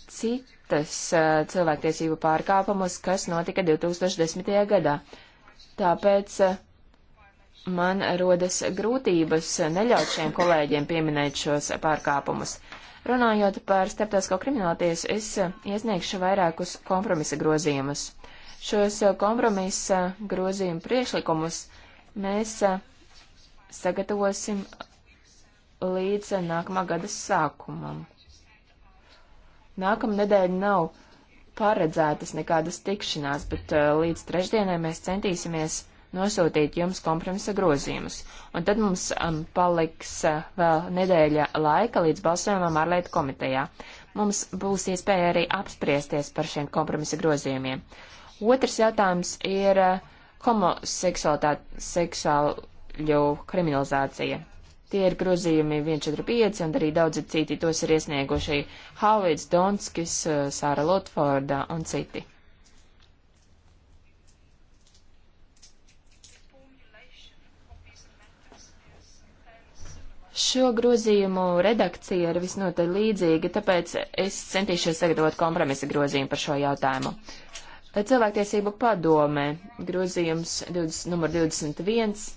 citas eh, cilvēktiesību pārkāpumus, kas notika 2010. gadā. Tāpēc man rodas grūtības neļaut šiem kolēģiem pieminēt šos pārkāpumus. Runājot par starptautisko krimināltiesu, es iesniegšu vairākus kompromisa grozījumus. Šos kompromisa grozījumu priekšlikumus mēs sagatavosim līdz nākamā gada sākumam. Nākamā nedēļa nav paredzētas nekādas tikšanās, bet uh, līdz trešdienai mēs centīsimies nosūtīt jums kompromisa grozījumus. Un tad mums um, paliks uh, vēl nedēļa laika līdz balsojumam ārlietu komitejā. Mums būs iespēja arī apspriesties par šiem kompromisa grozījumiem. Otrs jautājums ir uh, eh, homoseksuālitātes seksuāl, bēgļu kriminalizācija. Tie ir grozījumi 145 un arī daudzi citi. Tos ir iesnieguši Hauvids Donskis, eh, Sāra Lotforda un citi. Šo grozījumu redakcija ir visnotaļ līdzīga, tāpēc es centīšos sagatavot kompromisa grozījumu par šo jautājumu. Cilvēktiesību padome grozījums 20, numur 21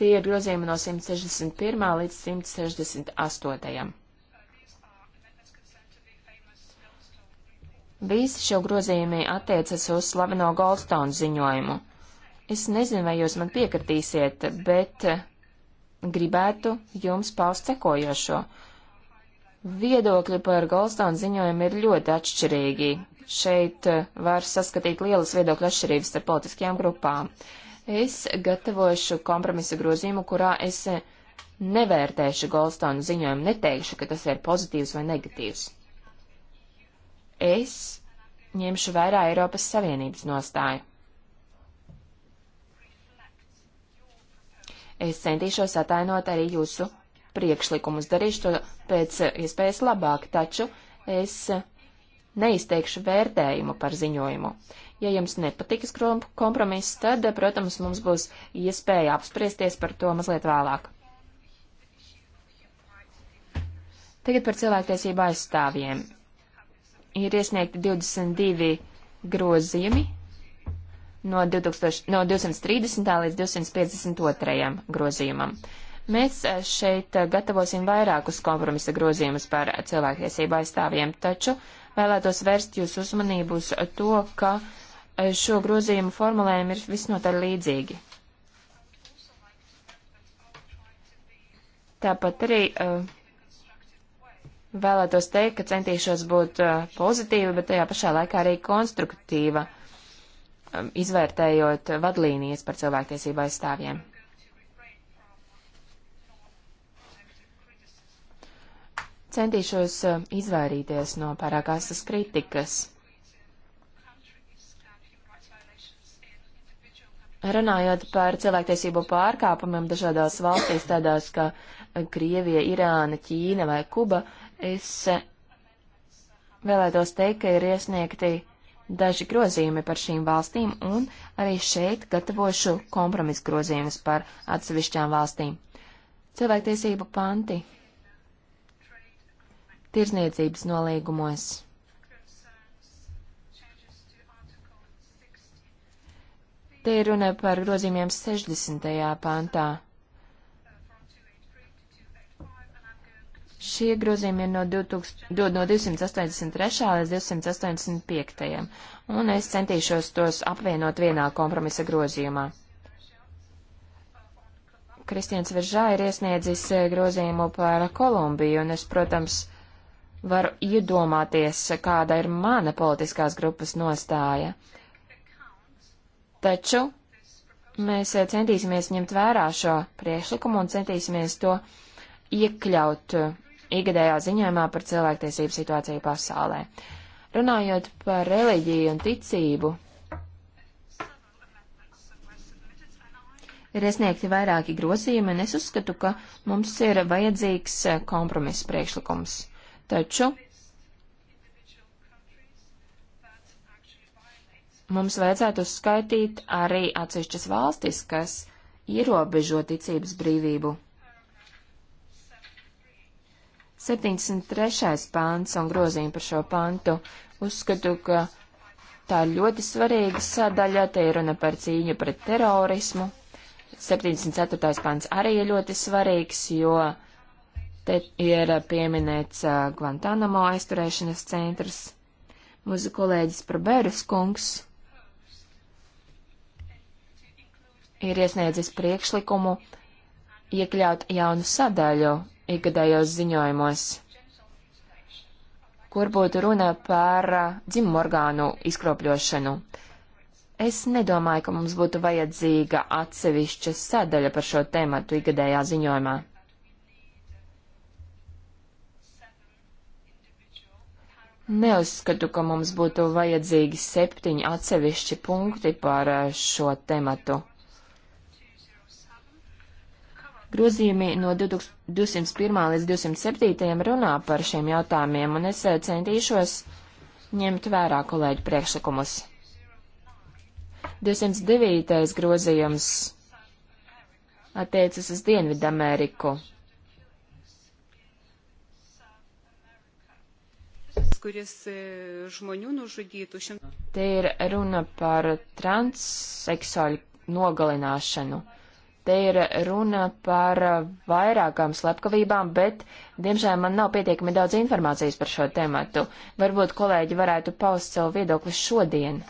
Tie ir grozījumi no 161. līdz 168. Visi šie grozījumi attiecas uz slaveno Goldstone ziņojumu. Es nezinu, vai jūs man piekritīsiet, bet gribētu jums paust sekojošo. Viedokļi par Goldstone ziņojumu ir ļoti atšķirīgi. Šeit var saskatīt lielas viedokļu atšķirības starp politiskajām grupām. Uh, es gatavošu kompromisu grozījumu, kurā es eh, nevērtēšu Goldstone ziņojumu, neteikšu, ka tas ir pozitīvs vai negatīvs. Es ņemšu vērā Eiropas Savienības nostāju. Es centīšos atainot arī jūsu priekšlikumus, darīšu to pēc eh, iespējas labāk, taču es eh, neizteikšu vērtējumu par ziņojumu. Ja jums nepatiks kompromiss, tad, protams, mums būs iespēja apspriesties par to mazliet vēlāk. Tagad par cilvēktiesību aizstāvjiem. Ir iesniegti 22 grozījumi no, 2000, no 230. līdz 252. grozījumam. Mēs eh, šeit eh, gatavosim vairākus kompromisa grozījumus par cilvēktiesību aizstāvjiem, taču vēlētos vērst jūsu uzmanību uz to, ka uh, šo grozījumu formulējumi ir visnotaļ līdzīgi. Tāpat arī uh, vēlētos teikt, ka centīšos būt uh, pozitīva, bet tajā pašā laikā arī konstruktīva, um, izvērtējot vadlīnijas par cilvēktiesību aizstāvjiem. Centīšos uh, izvairīties no pārāk asas kritikas. Runājot par cilvēktiesību pārkāpumiem dažādās valstīs, tādās kā Krievija, Irāna, Ķīna vai Kuba, es vēlētos teikt, ka ir iesniegti daži grozījumi par šīm valstīm, un arī šeit gatavošu kompromisu grozījumus par atsevišķām valstīm. Cilvēktiesību panti tirzniecības nolīgumos. Te ir runa par grozījumiem 60. pantā. Šie grozījumi ir no, 2000, no 283. līdz 285. un es centīšos tos apvienot vienā kompromisa grozījumā. Kristians Veržā ir iesniedzis eh, grozījumu par Kolumbiju, un es, protams, varu iedomāties, kāda ir mana politiskās grupas nostāja. Uh, Taču mēs centīsimies ņemt vērā šo priekšlikumu un centīsimies to iekļaut ikgadējā ziņojumā par cilvēktiesību situāciju pasaulē. Runājot par reliģiju un ticību, ir iesniegti vairāki grozījumi, un es uzskatu, ka mums ir vajadzīgs kompromiss priekšlikums. Taču mums vajadzētu uzskaitīt arī atsevišķas valstis, kas ierobežo ticības brīvību. 73. pāns un grozījumi par šo pantu uzskatu, ka tā ir ļoti svarīga sadaļa, te ir runa par cīņu pret terorismu. 74. pāns arī ir ļoti svarīgs, jo te ir pieminēts Guantanamo aizturēšanas centrs. Mūsu kolēģis Proberis kungs ir iesniedzis priekšlikumu iekļaut jaunu sadaļu ikgadējos ziņojumos, kur būtu runa par uh, dzimumu orgānu izkropļošanu. Es nedomāju, ka mums būtu vajadzīga atsevišķa sadaļa par šo tēmatu ikgadējā ziņojumā. Neuzskatu, ka mums būtu vajadzīgi septiņi atsevišķi punkti par uh, šo tematu. Grozījumi no 201. līdz 207. runā par šiem jautājumiem, un es eh, centīšos ņemt vērā kolēģu priekšlikumus. 209. grozījums attiecas uz Dienvidameriku. kuris žmonių nužudytų. Šim... Te ir runa par transseksuāļu nogalināšanu. Te ir runa par vairākām slepkavībām, bet, diemžēl, man nav pietiekami daudz informācijas par šo tematu. Varbūt kolēģi varētu paust savu viedokli šodien.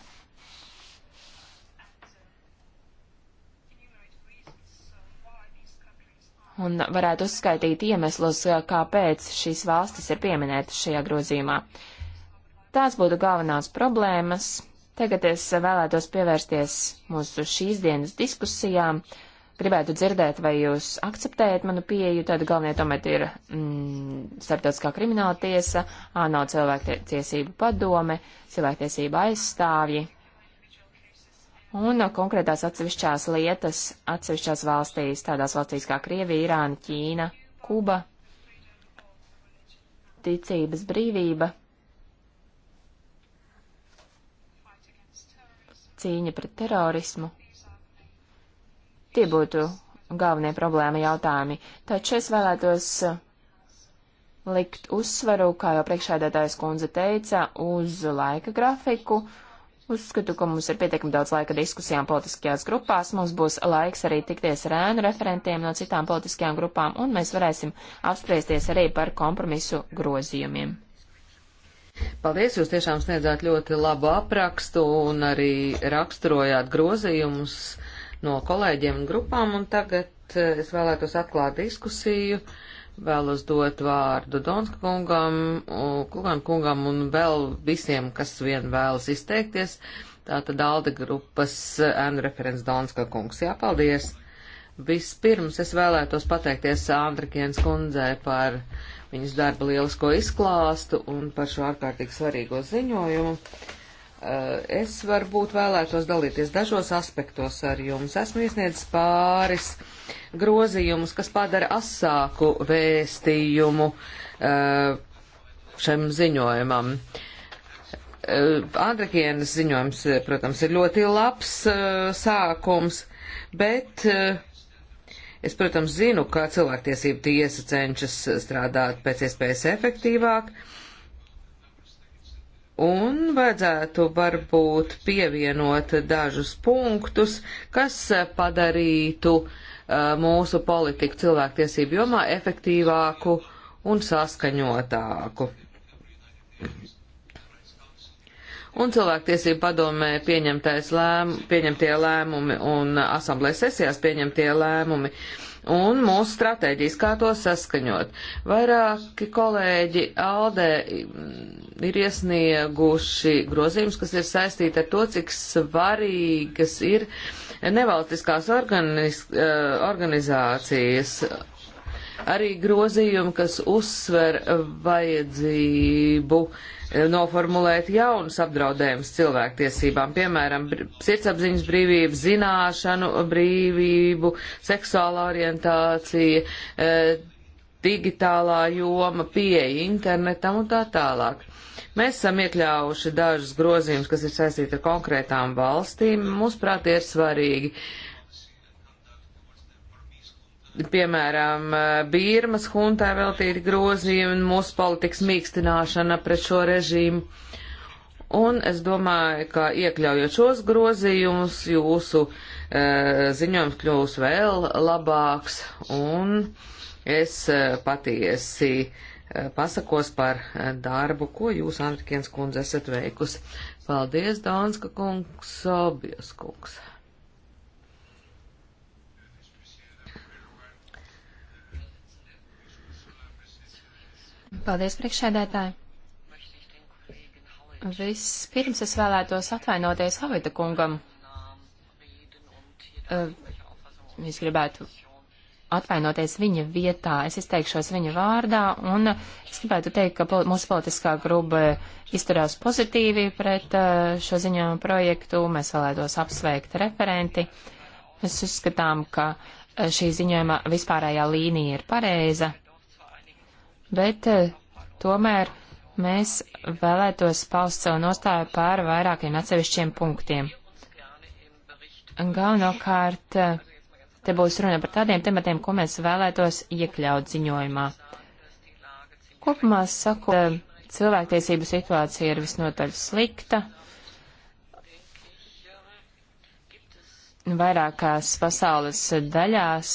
Un varētu uzskaitīt iemeslus, kāpēc šīs valstis ir pieminētas šajā grozījumā. Tās būtu galvenās problēmas. Tagad es vēlētos pievērsties mūsu šīs dienas diskusijām. Uh, gribētu dzirdēt, vai jūs akceptējat manu pieeju, tad galvenie tomēr ir mm, starptautiskā krimināla tiesa, ANO cilvēktiesību padome, cilvēktiesība aizstāvji. Un konkrētās atsevišķās lietas atsevišķās valstīs, tādās valstīs kā Krievija, Irāna, Ķīna, Kuba, ticības brīvība, cīņa pret terorismu. Tie būtu galvenie problēma jautājumi. Taču es vēlētos uh, likt uzsvaru, kā jau priekšēdētājs kundze teica, uz laika grafiku. Uzskatu, ka mums ir pietiekami daudz laika diskusijām politiskajās grupās, mums būs laiks arī tikties ar ēnu referentiem no citām politiskajām grupām, un mēs varēsim apspriesties arī par kompromisu grozījumiem. Paldies, jūs tiešām sniedzāt ļoti labu aprakstu un arī raksturojāt grozījumus no kolēģiem un grupām, un tagad eh, es vēlētos atklāt diskusiju. Vēlos dot vārdu Donska kungam, Kugan kungam un vēl visiem, kas vien vēlas izteikties. Tātad Alde grupas eh, ēnu referents Donska kungs. Jā, paldies! Vispirms es vēlētos pateikties Andrikienas kundzei par viņas darba lielisko izklāstu un par šo ārkārtīgi svarīgo ziņojumu. Uh, Eh, es varbūt vēlētos dalīties dažos aspektos ar jums. Esmu iesniedzis pāris grozījumus, kas padara asāku vēstījumu eh, šim ziņojumam. Eh, Andrikienas ziņojums, protams, ir ļoti labs sākums, bet es, protams, zinu, ka cilvēktiesība tiesa cenšas strādāt pēc iespējas efektīvāk. Uh, Un vajadzētu varbūt pievienot dažus punktus, kas padarītu uh, mūsu politiku cilvēktiesību jomā efektīvāku un saskaņotāku. Un cilvēktiesību padomē pieņemtais lēm, pieņemtie lēmumi un asamblēs sesijās pieņemtie lēmumi uh, un mūsu stratēģijas, kā to saskaņot. Vairāki kolēģi Aldē mm, ir iesnieguši grozījumus, kas ir saistīti ar to, cik svarīgas ir nevalstiskās organiz, eh, organizācijas. Arī grozījumi, kas uzsver vajadzību uh, noformulēt jaunus apdraudējumus cilvēktiesībām, piemēram, sirdsapziņas brīvību, zināšanu brīvību, seksuālā orientācija, e, digitālā joma, pieeja internetam un tā tālāk. Mēs esam iekļāvuši dažus grozījumus, kas ir saistīti ar konkrētām valstīm. Mūsuprāt, ir svarīgi uh, piemēram, eh, Bīrmas huntē veltīti grozījumi un mūsu politikas mīkstināšana pret šo režīmu. Un es domāju, ka iekļaujot šos grozījumus, jūsu e, ziņojums kļūs vēl labāks, un es e, patiesi e, pasakos par e, darbu, ko jūs, Andrikiens kundze, esat veikusi. Paldies, Dānska kungs, Sobies kungs. Paldies, priekšsēdētāji! Vispirms es vēlētos atvainoties Havita kungam. Eh, es gribētu atvainoties viņa vietā, es izteikšos viņa vārdā, un es gribētu teikt, ka mūsu politiskā gruba izturās pozitīvi pret eh, šo ziņojumu projektu, mēs vēlētos apsveikt referenti. Mēs uzskatām, ka eh, šī ziņojuma vispārējā līnija ir pareiza bet eh, tomēr mēs vēlētos paust savu nostāju pār vairākiem atsevišķiem punktiem. Galvenokārt, eh, te būs runa par tādiem tematiem, ko mēs vēlētos iekļaut ziņojumā. Kopumā sakot, eh, cilvēktiesību situācija ir visnotaļ slikta. Vairākās pasaules daļās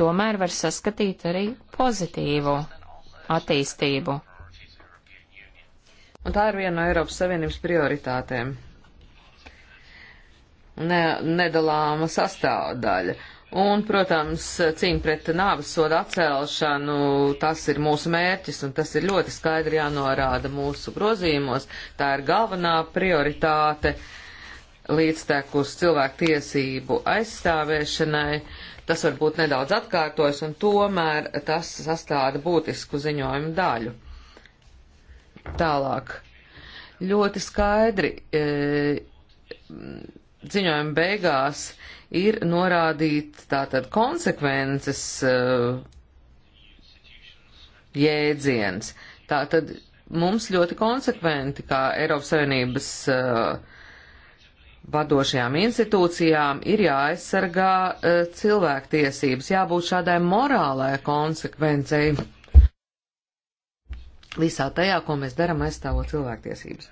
tomēr var saskatīt arī pozitīvu attīstību. Un tā ir viena no Eiropas Savienības prioritātēm. Ne, nedalāma sastāvdaļa. Un, protams, cīņa pret nāves sodu atcelšanu, tas ir mūsu mērķis, un tas ir ļoti skaidri jānorāda mūsu grozījumos. Tā ir galvenā prioritāte līdztekus cilvēku tiesību aizstāvēšanai. Tas varbūt nedaudz atkārtojas, un tomēr tas sastāda būtisku ziņojumu daļu. Tālāk. Ļoti skaidri e, ziņojuma beigās ir norādīt tātad konsekvences e, jēdziens. Tātad mums ļoti konsekventi, kā Eiropas Savienības uh, vadošajām institūcijām ir jāaizsargā uh, cilvēktiesības, jābūt šādai morālai konsekvencei visā tajā, ko mēs darām aizstāvot cilvēktiesības.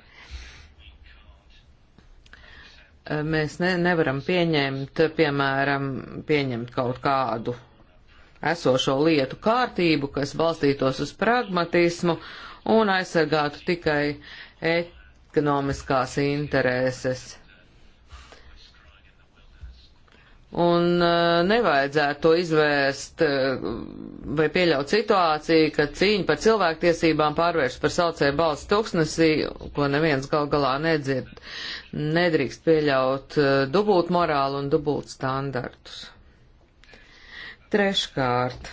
Uh, mēs ne, nevaram pieņemt, piemēram, pieņemt kaut kādu esošo lietu kārtību, kas balstītos uz pragmatismu un aizsargātu tikai ekonomiskās intereses Un eh, nevajadzētu to izvērst eh, vai pieļaut situāciju, ka cīņa par cilvēktiesībām pārvērš par saucēju balstu tūkstnesī, ko neviens gal galā nedzird. Nedrīkst pieļaut eh, dubult morālu un dubult standartus. Treškārt.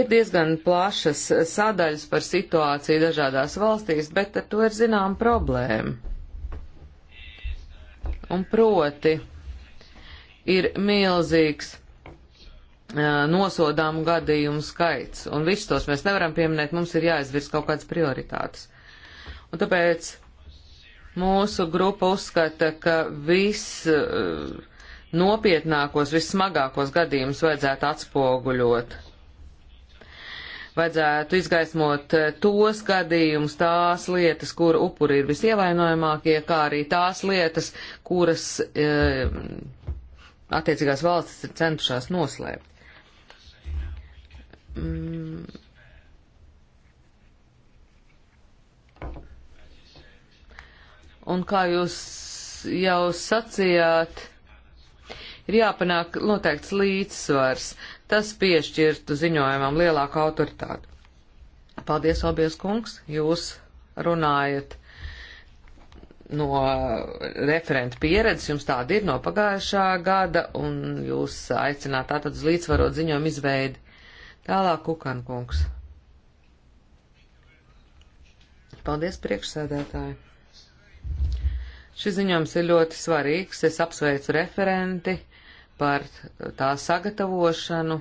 Ir diezgan plašas sadaļas par situāciju dažādās valstīs, bet ar to ir zinām problēma Un proti ir milzīgs uh, nosodāmu gadījumu skaits, un visus tos mēs nevaram pieminēt, mums ir jāizvirs kaut kādas prioritātes. Un tāpēc mūsu grupa uzskata, ka viss uh, nopietnākos, vissmagākos gadījumus vajadzētu atspoguļot vajadzētu izgaismot eh, tos gadījumus, tās lietas, kur upuri ir visievainojamākie, kā arī tās lietas, kuras e, attiecīgās valstis ir centušās noslēpt. Mm. Un kā jūs jau sacījāt, ir jāpanāk noteikts līdzsvars. Uh, Tas piešķirtu ziņojumam lielāku autoritāti. Paldies, Obies kungs, jūs runājat no referenta pieredzes, jums tāda ir no pagājušā gada, un jūs aicināt tātad uz līdzvarot ziņojumu izveidi. Tālāk, Kukan kungs. Paldies, priekšsēdētāji. Šis ziņojums ir ļoti svarīgs, es apsveicu referenti par tā sagatavošanu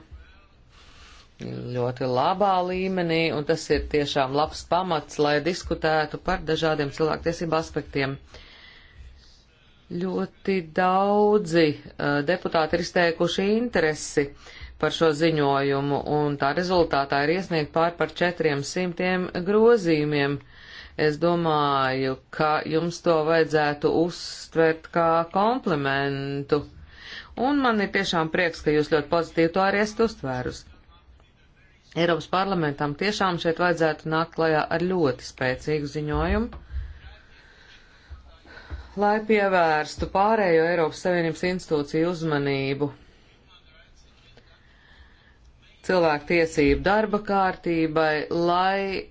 ļoti labā līmenī, un tas ir tiešām labs pamats, lai diskutētu par dažādiem cilvēktiesību aspektiem. Ļoti daudzi uh, deputāti ir izteikuši interesi par šo ziņojumu, un tā rezultātā ir iesniegt pār par 400 grozījumiem. Es domāju, ka jums to vajadzētu uztvert kā komplementu un man ir tiešām prieks, ka jūs ļoti pozitīvi to arī esat uztvērus. Eiropas parlamentam tiešām šeit vajadzētu nākt klajā ar ļoti spēcīgu ziņojumu, lai pievērstu pārējo Eiropas Savienības institūciju uzmanību cilvēku tiesību darba kārtībai, lai e,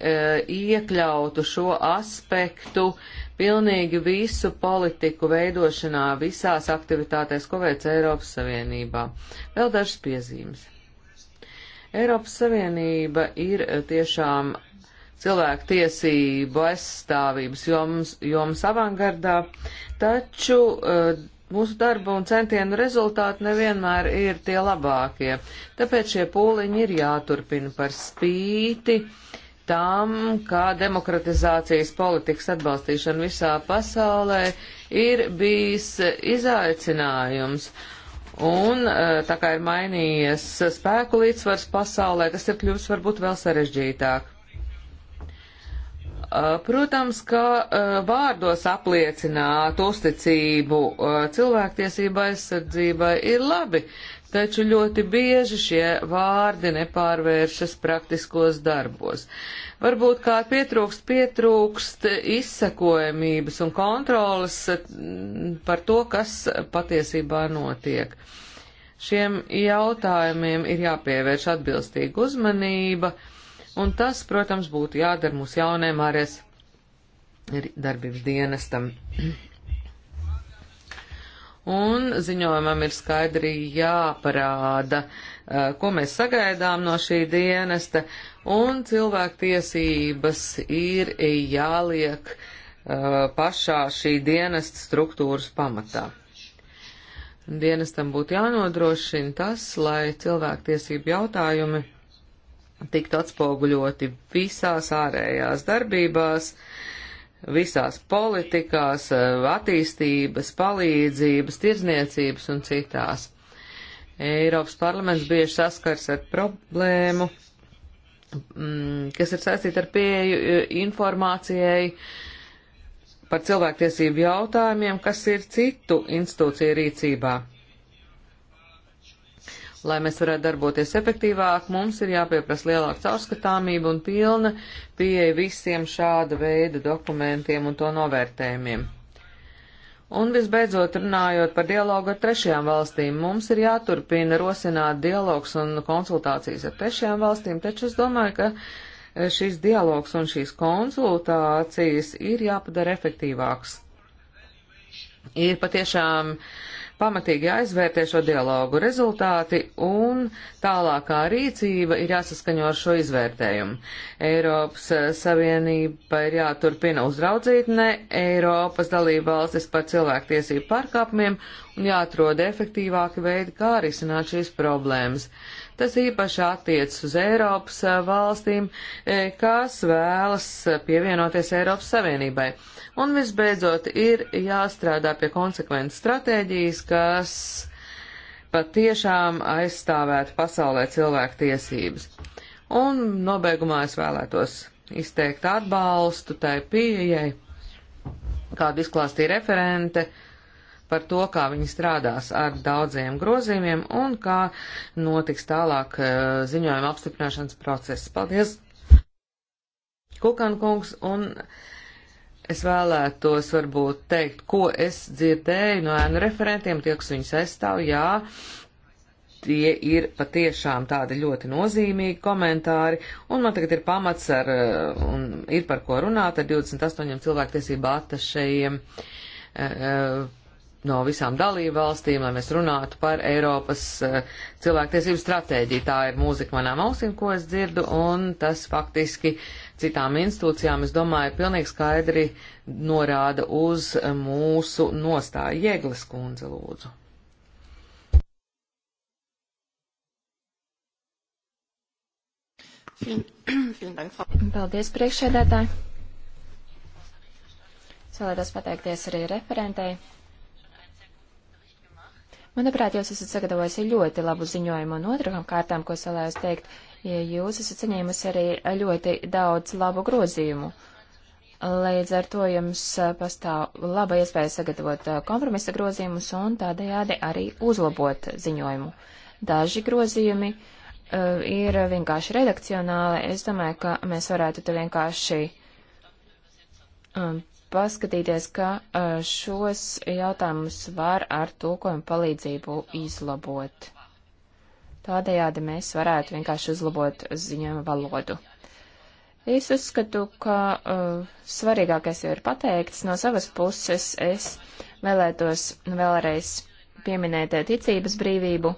iekļautu šo aspektu e, pilnīgi visu politiku veidošanā visās aktivitātēs, ko veic Eiropas Savienībā. Vēl dažas piezīmes. Eiropas Savienība ir eh, tiešām cilvēku tiesību aizstāvības joms, joms avangardā, taču uh, mūsu darba un centienu rezultāti nevienmēr ir tie labākie. Tāpēc šie pūliņi ir jāturpina par spīti uh, tam, kā demokratizācijas politikas atbalstīšana visā pasaulē ir bijis izaicinājums. Un e, tā kā ir mainījies spēku līdzsvars pasaulē, tas ir kļuvis varbūt vēl sarežģītāk. E, protams, ka e, vārdos apliecināt uzticību cilvēktiesība aizsardzībai ir labi, taču ļoti bieži šie vārdi nepārvēršas praktiskos darbos. Varbūt kā pietrūkst, pietrūkst izsekojamības un kontrolas mm, par to, kas patiesībā notiek. Šiem jautājumiem ir jāpievērš atbilstīga uzmanība, un tas, protams, būtu jādara mūsu jaunajam ārēs darbības dienestam. un ziņojumam ir skaidri jāparāda, ko mēs sagaidām no šī dienesta, un cilvēktiesības ir jāliek pašā šī dienesta struktūras pamatā. Dienestam būtu jānodrošina tas, lai cilvēktiesību jautājumi tiktu atspoguļoti visās ārējās darbībās, uh, visās politikās, eh, attīstības, palīdzības, tirzniecības un citās. Eiropas parlaments bieži saskars ar problēmu, mm, kas ir saistīta ar pieeju eh, informācijai par cilvēktiesību jautājumiem, kas ir citu institūciju rīcībā. Lai mēs varētu darboties efektīvāk, mums ir jāpieprasa lielāka caurskatāmība un pilna pieeja visiem šāda veida dokumentiem un to novērtējumiem. Un visbeidzot, runājot par dialogu ar trešajām valstīm, mums ir jāturpina rosināt dialogs un konsultācijas ar trešajām valstīm, taču es domāju, ka eh, šīs dialogs un šīs konsultācijas ir jāpadara efektīvāks. Ir patiešām uh, pamatīgi aizvērtē šo dialogu rezultāti un tālākā rīcība ir jāsaskaņo ar šo izvērtējumu. Eiropas eh, Savienība ir jāturpina uzraudzīt ne Eiropas dalību valstis par cilvēktiesību pārkāpumiem un jāatrod efektīvāki veidi, kā risināt šīs problēmas. Uh, Tas īpaši attiecas uz Eiropas valstīm, kas vēlas pievienoties Eiropas Savienībai. Un visbeidzot ir jāstrādā pie konsekventas stratēģijas, kas patiešām aizstāvētu pasaulē cilvēku tiesības. Un nobeigumā es vēlētos izteikt atbalstu tai pieejai, kādu izklāstīja referente, uh, par to, kā viņi strādās ar daudziem grozījumiem un kā notiks tālāk eh, ziņojuma apstiprināšanas process. Paldies, Kukan kungs, un es vēlētos varbūt teikt, ko es dzirdēju no ēnu referentiem, tie, kas viņus aizstāv, jā, tie ir patiešām tādi ļoti nozīmīgi komentāri, un man tagad ir pamats ar, eh, un ir par ko runāt ar 28 cilvēktiesību attašajiem. Uh, eh, no visām dalību valstīm, lai mēs runātu par Eiropas eh, cilvēktiesību stratēģiju. Tā ir mūzika manām ausīm, ko es dzirdu, un tas faktiski citām institūcijām, es domāju, pilnīgi skaidri norāda uz eh, mūsu nostāju. Jēglis kundze, lūdzu. Paldies, priekšsēdētāji. Es vēlētos pateikties arī referentei Manuprāt, jūs esat sagatavojusi ļoti labu ziņojumu, un otrām kārtām, ko es vēlējos teikt, ja jūs esat saņēmusi arī ļoti daudz labu grozījumu. Līdz ar to jums eh, pastāv laba iespēja sagatavot eh, kompromisa grozījumus un tādējādi arī uzlabot ziņojumu. Daži grozījumi uh, ir vienkārši redakcionāli. Es domāju, ka mēs varētu te vienkārši um, paskatīties, ka šos jautājumus var ar tulkojumu palīdzību izlabot. Tādējādi mēs varētu vienkārši uzlabot ziņojumu valodu. Es uzskatu, ka uh, svarīgākais jau ir pateikts. No savas puses es vēlētos vēlreiz pieminēt ticības brīvību.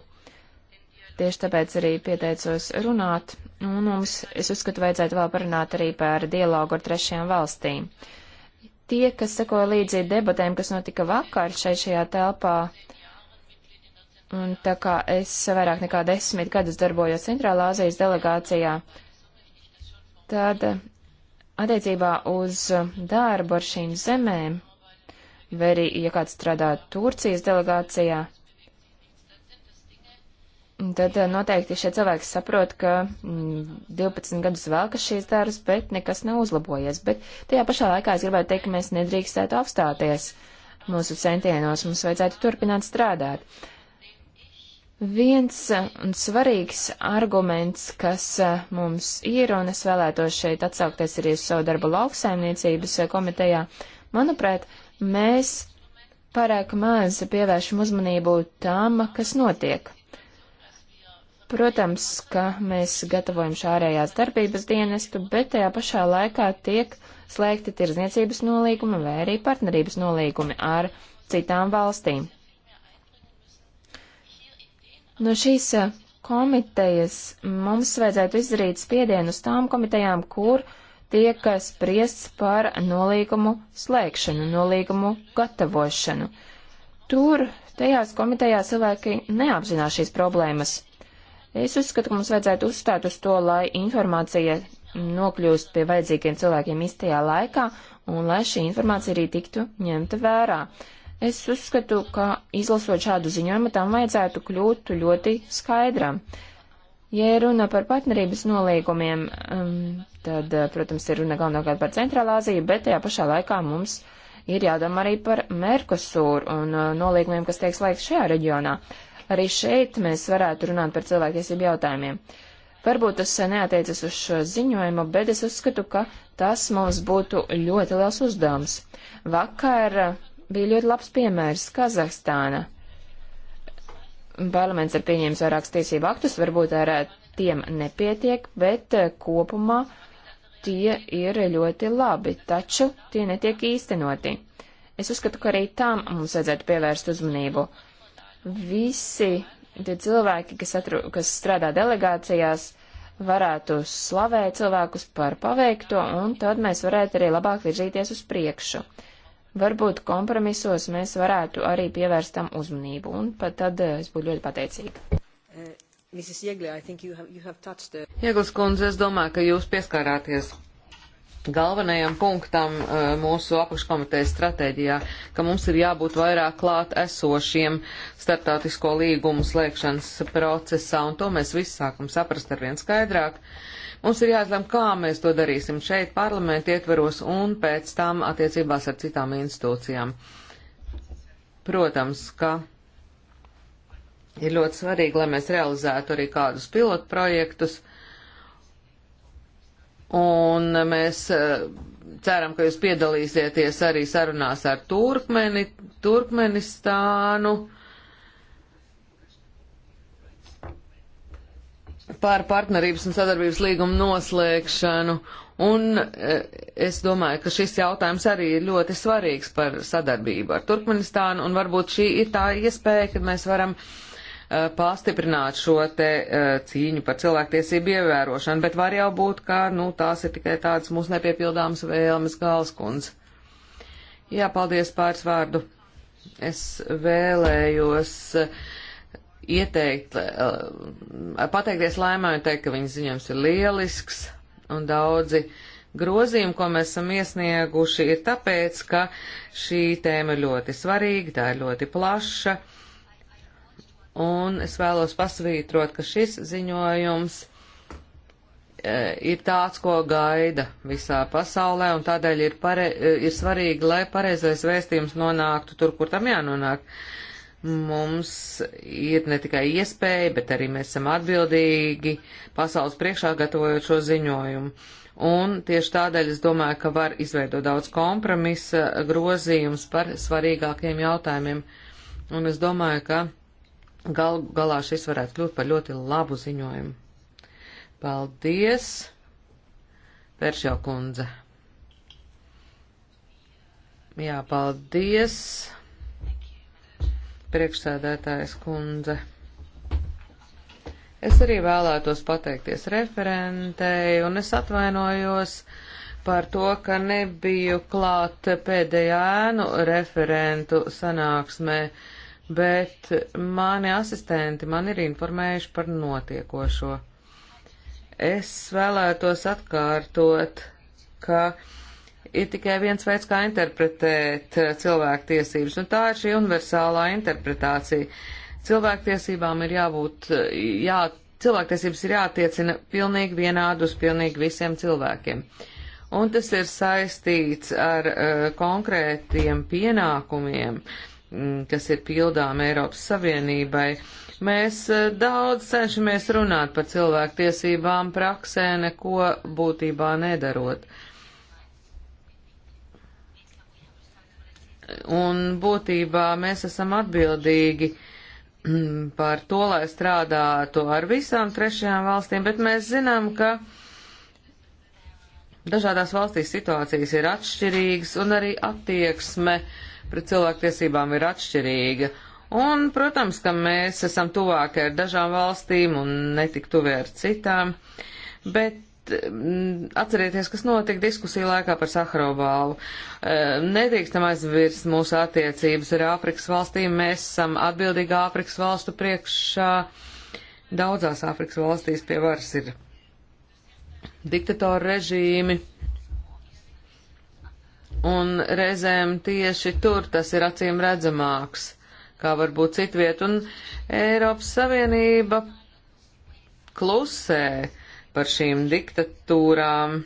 Tieši tāpēc arī pieteicos runāt, un mums, es uzskatu, vajadzētu vēl parunāt arī par dialogu ar trešajām valstīm. Uh, tie, kas sekoja līdzi debatēm, kas notika vakar šeit šajā telpā, un tā kā es vairāk nekā desmit gadus darbojos Centrālā Azijas delegācijā, tad attiecībā uz darbu ar šīm zemēm, vai arī, ja kāds strādā Turcijas delegācijā, tad eh, noteikti šie cilvēki saprot, ka 12 mm, gadus vēl kas šīs darbs, bet nekas nav uzlabojies. Bet tajā pašā laikā es gribētu teikt, ka mēs nedrīkstētu apstāties mūsu centienos, mums vajadzētu turpināt strādāt. Viens un eh, svarīgs arguments, kas eh, mums ir, un es vēlētos šeit atsaukties arī uz savu darbu lauksaimniecības komitejā, manuprāt, mēs pārāk maz pievēršam uzmanību tam, kas notiek. Protams, ka mēs gatavojam šārējās darbības dienestu, bet tajā pašā laikā tiek slēgti tirzniecības nolīgumi vai arī partnerības nolīgumi ar citām valstīm. No šīs eh, komitejas mums vajadzētu izdarīt spiedienu uz tām komitejām, kur tiek spriests par nolīgumu slēgšanu, nolīgumu gatavošanu. Tur, tajās komitejās cilvēki neapzinās šīs problēmas Es uzskatu, ka mums vajadzētu uzstāt uz to, lai informācija nokļūst pie vajadzīgiem cilvēkiem īstajā laikā un lai šī informācija arī tiktu ņemta vērā. Es uzskatu, ka izlasot šādu ziņojumu, tam vajadzētu kļūt ļoti skaidram. Ja runa par partnerības nolīgumiem, um, tad, uh, protams, ir runa galvenokārt par Centrālā Aziju, bet tajā pašā laikā mums ir jādomā arī par Merkosūru un uh, nolīgumiem, kas tiek slēgts šajā reģionā. Uh, arī šeit mēs varētu runāt par cilvēktiesību jautājumiem. Varbūt tas neatiecas uz šo ziņojumu, bet es uzskatu, ka tas mums būtu ļoti liels uzdevums. Vakar bija ļoti labs piemērs Kazahstāna. Parlaments ir pieņēmis vairākus tiesību aktus, varbūt ar tiem nepietiek, bet kopumā tie ir ļoti labi, taču tie netiek īstenoti. Es uzskatu, ka arī tām mums vajadzētu pievērst uzmanību visi tie cilvēki, kas, atru, kas strādā delegācijās, varētu slavēt cilvēkus par paveikto, un tad mēs varētu arī labāk virzīties uz priekšu. Varbūt kompromisos mēs varētu arī pievērst tam uzmanību, un pat tad eh, es būtu ļoti pateicīga. Eh, Ieglis the... kundze, es domāju, ka jūs pieskārāties galvenajam punktam eh, mūsu apakškomitejas stratēģijā, ka mums ir jābūt vairāk klāt esošiem starptautisko līgumu slēgšanas procesā, un to mēs visi sākam saprast arvien skaidrāk. Mums ir jāizlem, kā mēs to darīsim šeit parlamentu ietveros un pēc tam attiecībās ar citām institūcijām. Protams, ka ir ļoti svarīgi, lai mēs realizētu arī kādus pilotu projektus, Un mēs eh, ceram, ka jūs piedalīsieties arī sarunās ar Turkmeni, Turkmenistānu par partnerības un sadarbības līgumu noslēgšanu. Un eh, es domāju, ka šis jautājums arī ir ļoti svarīgs par sadarbību ar Turkmenistānu, un varbūt šī ir tā iespēja, kad mēs varam uh, Eh, pastiprināt šo te eh, cīņu par cilvēktiesību ievērošanu, bet var jau būt, ka nu, tās ir tikai tādas mūsu nepiepildāmas vēlmes galskundz. Jā, paldies pāris vārdu. Es vēlējos eh, ieteikt, pateikties laimai un teikt, ka viņas ziņojums ir lielisks un daudzi grozījumi, ko mēs esam iesnieguši, ir tāpēc, ka šī tēma ļoti svarīga, tā ir ļoti plaša un es vēlos pasvītrot, ka šis ziņojums e, ir tāds, ko gaida visā pasaulē, un tādēļ ir, pare, e, ir svarīgi, lai pareizais vēstījums nonāktu tur, kur tam jānonāk. Mums ir ne tikai iespēja, bet arī mēs esam atbildīgi pasaules priekšā gatavojot šo ziņojumu. Un tieši tādēļ es domāju, ka var izveidot daudz kompromisa grozījums par svarīgākiem jautājumiem. Un es domāju, ka Gal, galā šis varētu kļūt par ļoti labu ziņojumu. Paldies, Peršjau kundze. Jā, paldies, priekšsēdētājs kundze. Es arī vēlētos pateikties referentei, un es atvainojos par to, ka nebiju klāt pēdējā ēnu referentu sanāksmē. Uh, bet mani asistenti man ir informējuši par notiekošo. Es vēlētos atkārtot, ka ir tikai viens veids, kā interpretēt eh, cilvēktiesības, un tā ir šī universālā interpretācija. Cilvēktiesībām ir jābūt, eh, jā, cilvēktiesības ir jātiecina pilnīgi vienādi uz pilnīgi visiem cilvēkiem. Un tas ir saistīts ar uh, konkrētiem pienākumiem, uh, Mm, kas ir pildām Eiropas Savienībai. Mēs eh, daudz cenšamies runāt par cilvēktiesībām praksē, neko būtībā nedarot. Un būtībā mēs esam atbildīgi mm, par to, lai strādātu ar visām trešajām valstīm, bet mēs zinām, ka dažādās valstīs situācijas ir atšķirīgas un arī attieksme uh, pret cilvēktiesībām ir atšķirīga. Un, protams, ka mēs esam tuvāki ar dažām valstīm un netik tuvē ar citām, bet atcerieties, kas notika diskusiju laikā par Sahrobālu. E, nedrīkstam aizvirst mūsu attiecības ar Āfrikas valstīm. Mēs esam atbildīgi Āfrikas valstu priekšā. Daudzās Āfrikas valstīs pie varas ir diktatora režīmi un reizēm tieši tur tas ir acīm redzamāks, kā varbūt citviet, un Eiropas Savienība klusē par šīm diktatūrām.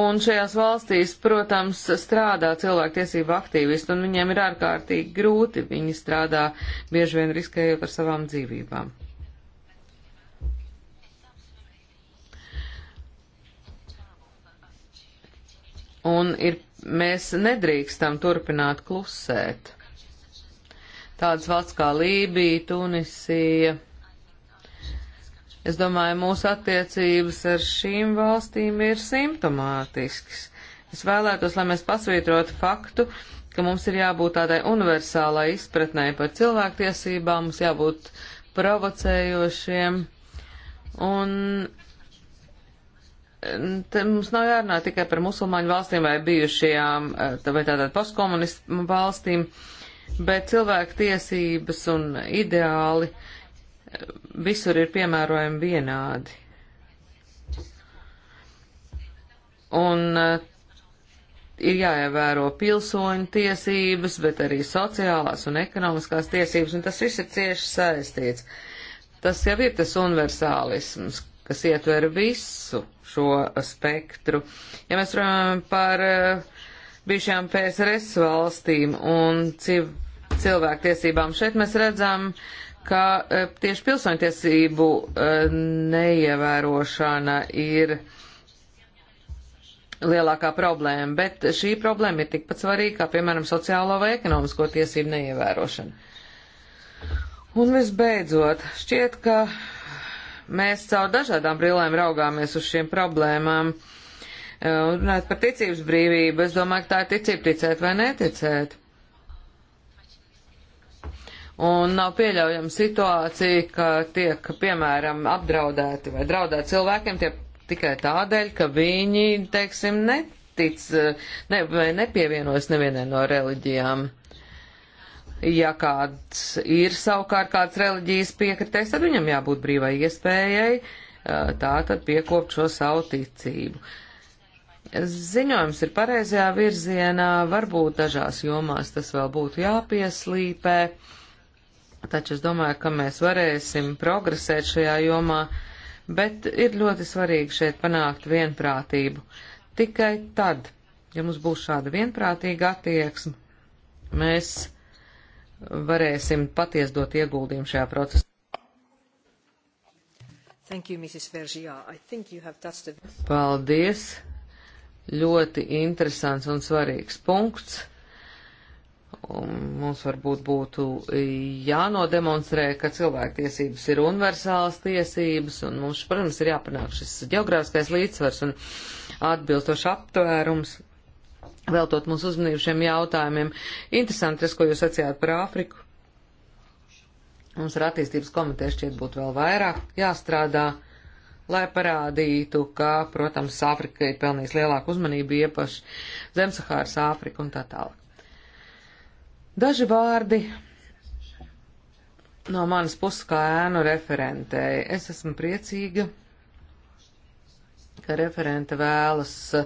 Un šajās valstīs, protams, strādā cilvēktiesību aktīvisti, un viņiem ir ārkārtīgi grūti. Viņi strādā, bieži vien riskējot ar savām dzīvībām. un ir, mēs nedrīkstam turpināt klusēt. Tādas valsts kā Lībija, Tunisija. Es domāju, mūsu attiecības ar šīm valstīm ir simptomātisks. Es vēlētos, lai mēs pasvītrotu faktu, ka mums ir jābūt tādai universālai izpratnē par cilvēktiesībām, mums jābūt provocējošiem. Un Te mums nav jārunā tikai par musulmaņu valstīm vai bijušajām, eh, vai tātad postkomunistu valstīm, bet cilvēku tiesības un ideāli eh, visur ir piemērojami vienādi. Un eh, ir jāievēro pilsoņu tiesības, bet arī sociālās un ekonomiskās tiesības, un tas viss ir cieši saistīts. Tas jau ir tas universālisms, kas ietver visu šo spektru. Ja mēs runājam par eh, bijušajām PSRS valstīm un cilvēktiesībām, šeit mēs redzam, ka eh, tieši pilsoņtiesību eh, neievērošana ir lielākā problēma, bet šī problēma ir tikpat svarīga kā, piemēram, sociālo vai ekonomisko tiesību neievērošana. Un visbeidzot, šķiet, ka Mēs caur dažādām brīlēm raugāmies uz šiem problēmām. E, runājot par ticības brīvību, es domāju, ka tā ir ticība ticēt vai neticēt. Un nav pieļaujama situācija, ka tiek, piemēram, apdraudēti vai draudēti cilvēkiem tie tikai tādēļ, ka viņi, teiksim, netic, ne, vai nepievienojas nevienai no reliģijām. Uh, Ja kāds ir savukārt kāds reliģijas piekritējs, tad viņam jābūt brīvai iespējai tā tad piekopt šo savu ticību. Ziņojums ir pareizajā virzienā, varbūt dažās jomās tas vēl būtu jāpieslīpē, taču es domāju, ka mēs varēsim progresēt šajā jomā, bet ir ļoti svarīgi šeit panākt vienprātību. Tikai tad, ja mums būs šāda vienprātīga attieksme, mēs varēsim paties dot ieguldījumu šajā procesā. Thank you, Mrs. Vergia. I think you have touched the... Paldies! Ļoti interesants un svarīgs punkts. Un mums varbūt būtu jānodemonstrē, ka cilvēktiesības ir universālas tiesības, un mums, protams, ir jāpanāk šis geogrāfiskais līdzsvars un atbilstoši aptvērums veltot mūsu uzmanību šiem jautājumiem. Interesanti tas, ko jūs sacījāt par Āfriku. Mums ar attīstības komiteju šķiet būtu vēl vairāk jāstrādā, lai parādītu, ka, protams, Āfrika ir pelnījis lielāku uzmanību, iepaši Zemsahāras Āfrika un tā tālāk. Daži vārdi no manas puses kā ēnu referentei. Es esmu priecīga, ka referente vēlas uh,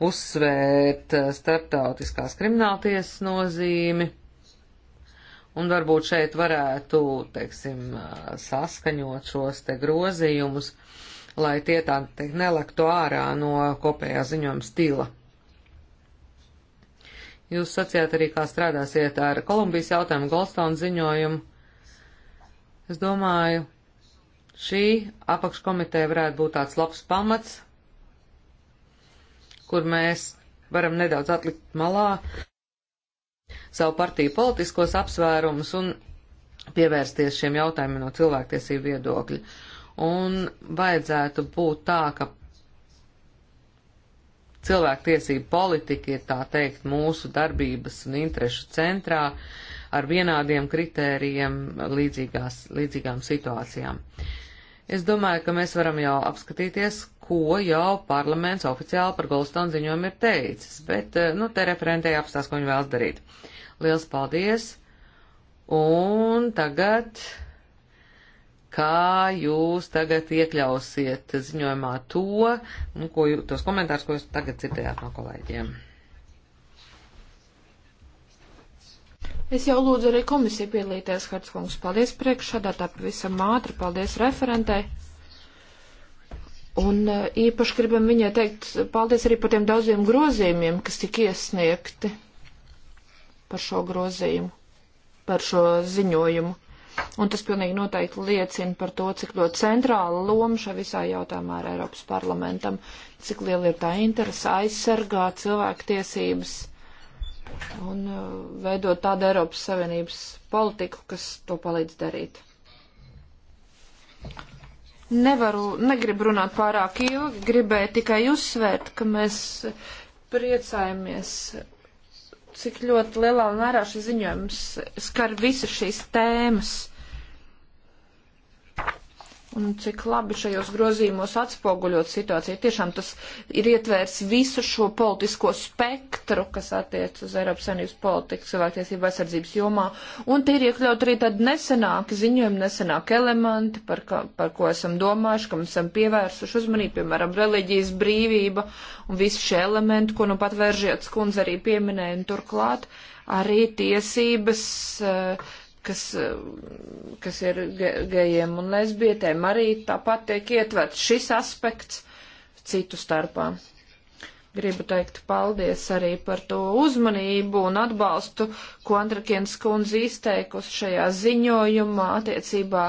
uzsvērt eh, starptautiskās krimināltiesas nozīmi. Un varbūt šeit varētu, teiksim, eh, saskaņot šos te grozījumus, lai tie tā teikt nelektu ārā no kopējā ziņojuma stila. Jūs sacījāt arī, kā strādāsiet ar Kolumbijas jautājumu Goldstone ziņojumu. Es domāju, šī apakškomiteja varētu būt tāds labs pamats kur mēs varam nedaudz atlikt malā savu partiju politiskos apsvērumus un pievērsties šiem jautājumiem no cilvēktiesību viedokļa. Un vajadzētu būt tā, ka cilvēktiesību politika ir tā teikt mūsu darbības un interešu centrā ar vienādiem kritērijiem līdzīgās, līdzīgām situācijām. Es domāju, ka mēs varam jau apskatīties, ko jau parlaments oficiāli par Goldstone ziņojumu ir teicis, bet, eh, nu, te referentē jāapstās, ko viņi vēlas darīt. Liels paldies! Un tagad, kā jūs tagad iekļausiet ziņojumā to, nu, ko jūs, tos komentārus, ko jūs tagad dzirdējāt no kolēģiem? Es jau lūdzu arī komisiju piedalīties, Hartskungs. Paldies priekšādā, tā pavisam ātri. Paldies referentei. Un e, īpaši gribam viņai teikt paldies arī par tiem daudziem grozījumiem, kas tika iesniegti par šo grozījumu, par šo ziņojumu. Un tas pilnīgi noteikti liecina par to, cik ļoti centrāla loma šajā visā jautājumā ir Eiropas parlamentam, cik liela ir tā interese aizsargāt cilvēktiesības un e, veidot tādu Eiropas Savienības politiku, kas to palīdz darīt nevaru, negribu runāt pārāk ilgi, gribēju tikai uzsvērt, ka mēs priecājamies, cik ļoti lielā mērā šis ziņojums skar visas šīs tēmas. Un cik labi šajos grozījumos atspoguļot situāciju. Tiešām tas ir ietvērs visu šo politisko spektru, kas attiec uz Eiropas Savienības politiku cilvēktiesību aizsardzības jomā. Un tie ir iekļaut arī tad nesenāki ziņojumi, nesenāki elementi, par, ka, par ko esam domājuši, kam esam pievērsuši uzmanību, piemēram, reliģijas brīvība un visi šie elementi, ko nu pat vēržiet skundze arī pieminēja un turklāt arī tiesības uh, kas, kas ir ge gejiem un lesbietēm, arī tāpat tiek ietverts šis aspekts citu starpā. Gribu teikt paldies arī par to uzmanību un atbalstu, ko Andrakienas kundze izteikusi šajā ziņojumā attiecībā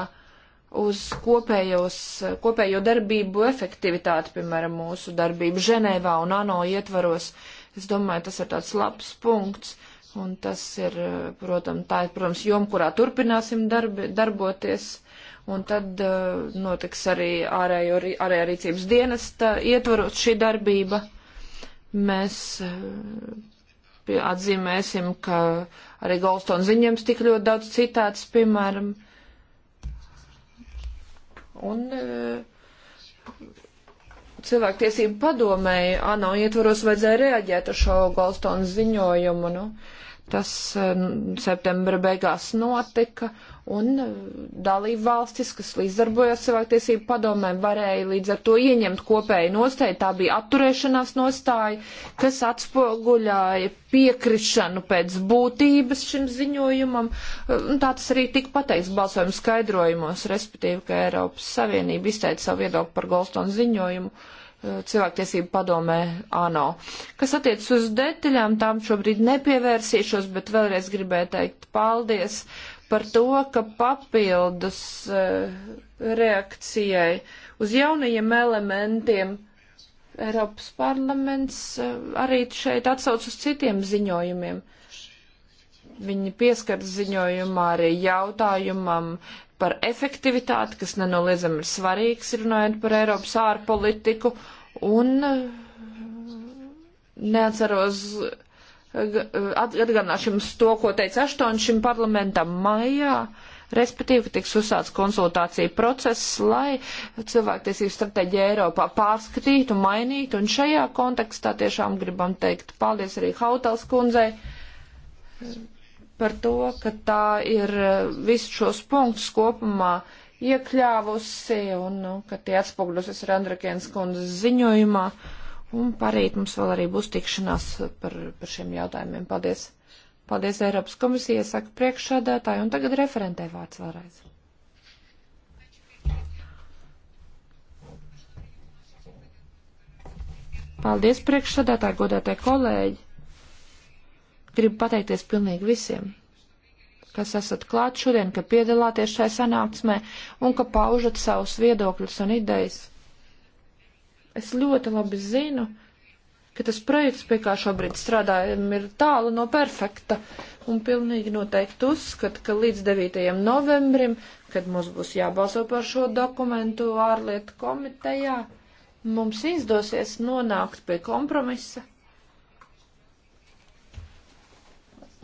uz kopējos, kopējo darbību efektivitāti, piemēram, mūsu darbību Ženēvā un ANO ietvaros. Es domāju, tas ir tāds labs punkts. Uh, Un tas ir, protams, tā ir, protams, joma, kurā turpināsim darbi, darboties. Un tad uh, notiks arī ārējo, ārējā rīcības dienesta ietvarot šī darbība. Mēs uh, atzīmēsim, ka arī Goldstone ziņojums tik ļoti daudz citāts, piemēram. Un uh, cilvēktiesību padomēji ANO ietvaros vajadzēja reaģēt ar šo Goldstone ziņojumu. Nu. Uh, Tas eh, septembra beigās notika, un eh, dalību valstis, kas līdzdarbojas cilvēktiesību padomēm, varēja līdz ar to ieņemt kopēju nostāju. Tā bija atturēšanās nostāja, kas atspoguļāja piekrišanu pēc būtības šim ziņojumam, eh, un tā tas arī tika pateikts balsojuma skaidrojumos, respektīvi, ka Eiropas Savienība izteica savu viedokli par Goldstone ziņojumu cilvēktiesību padomē ANO. Kas attiec uz detaļām, tām šobrīd nepievērsīšos, bet vēlreiz gribēju teikt paldies par to, ka papildus eh, reakcijai uz jaunajiem elementiem Eiropas parlaments eh, arī šeit atsauc uz citiem ziņojumiem. Viņi pieskars ziņojumā arī jautājumam par efektivitāti, kas nenoliedzami ir svarīgs, runājot par Eiropas ārpolitiku, un eh, neatceros, eh, atgādināšu jums to, ko teica Aštons šim parlamentam maijā, respektīvi tiks uzsāts konsultācija process, lai cilvēktiesību stratēģija Eiropā pārskatītu, mainītu, un šajā kontekstā tiešām gribam teikt paldies arī Hautals kundzei par to, ka tā ir e, visus šos punktus kopumā iekļāvusi un nu, ka tie atspoguļosies Randrakienas kundzes ziņojumā. Un parīt mums vēl arī būs tikšanās par, par šiem jautājumiem. Paldies! Paldies Eiropas komisijai, saka priekšsādātāji, un tagad referentē vārds vēlreiz. Paldies priekšsādātāji, godātāji kolēģi! Gribu pateikties pilnīgi visiem, kas esat klāt šodien, ka piedalāties šai sanāksmē un ka paužat savus viedokļus un idejas. Es ļoti labi zinu, ka tas projekts, pie kā šobrīd strādājam, ir tālu no perfekta un pilnīgi noteikti uzskat, ka līdz 9. novembrim, kad mums būs jābalso par šo dokumentu ārlietu komitejā, mums izdosies nonākt pie kompromisa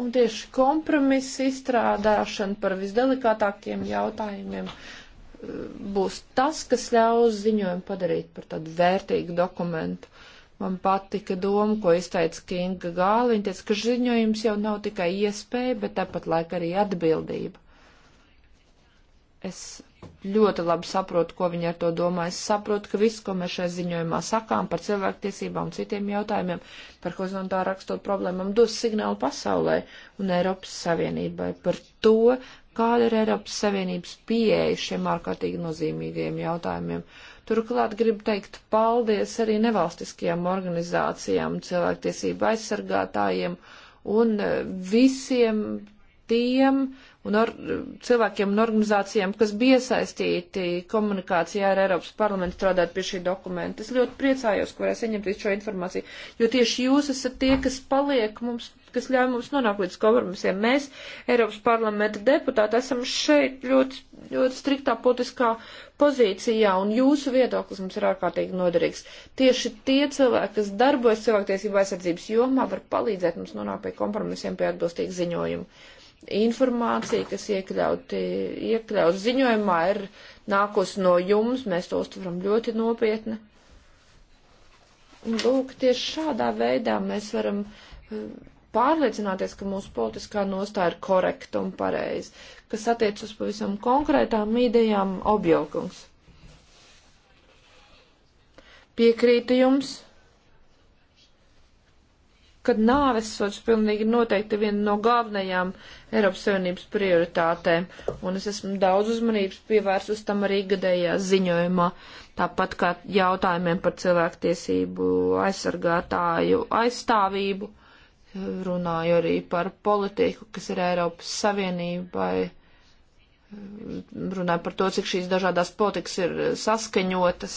Un tieši kompromisa izstrādāšana par visdelikātākiem jautājumiem eh, būs tas, kas ļaus ziņojumu padarīt par tādu vērtīgu dokumentu. Man patika doma, ko izteica Kinga Gāliņa, teica, ka ziņojums jau nav tikai iespēja, bet tāpat laika arī atbildība. Es ļoti labi saprotu, ko viņi ar to domā. Es saprotu, ka viss, ko mēs šajā ziņojumā sakām par cilvēktiesībām un citiem jautājumiem, par horizontālu rakstot problēmām, dos signālu pasaulē un Eiropas Savienībai par to, kāda ir Eiropas Savienības pieeja šiem ārkārtīgi nozīmīgiem jautājumiem. Turklāt gribu teikt paldies arī nevalstiskajām organizācijām, cilvēktiesību aizsargātājiem un eh, visiem tiem, uh, un or, cilvēkiem un organizācijām, kas bija iesaistīti komunikācijā ar Eiropas parlamentu strādāt pie šī dokumenta. Es ļoti priecājos, ka varēs saņemt visu šo informāciju, jo tieši jūs esat tie, kas paliek mums, kas ļauj mums nonākt līdz kompromisiem. Mēs, Eiropas parlamenta deputāti, esam šeit ļoti, ļoti striktā politiskā pozīcijā, un jūsu viedoklis mums ir ārkārtīgi noderīgs. Tieši tie cilvēki, kas darbojas cilvēktiesību aizsardzības jomā, var palīdzēt mums nonākt pie kompromisiem, pie atbilstīgu ziņojumu informācija, kas iekļauti, iekļaut ziņojumā, ir nākus no jums, mēs to uztveram ļoti nopietni. Lūk, tieši šādā veidā mēs varam eh, pārliecināties, ka mūsu politiskā nostāja ir korekta un pareiza, kas attiec uz pavisam konkrētām idejām objaukungs. Piekrītu jums kad nāves sots pilnīgi noteikti viena no galvenajām Eiropas Savienības prioritātēm, un es esmu daudz uzmanības pievērsus tam arī gadējā ziņojumā, tāpat kā jautājumiem par cilvēktiesību aizsargātāju aizstāvību, runāju arī par politiku, kas ir Eiropas Savienībai, runāju par to, cik šīs dažādās politikas ir saskaņotas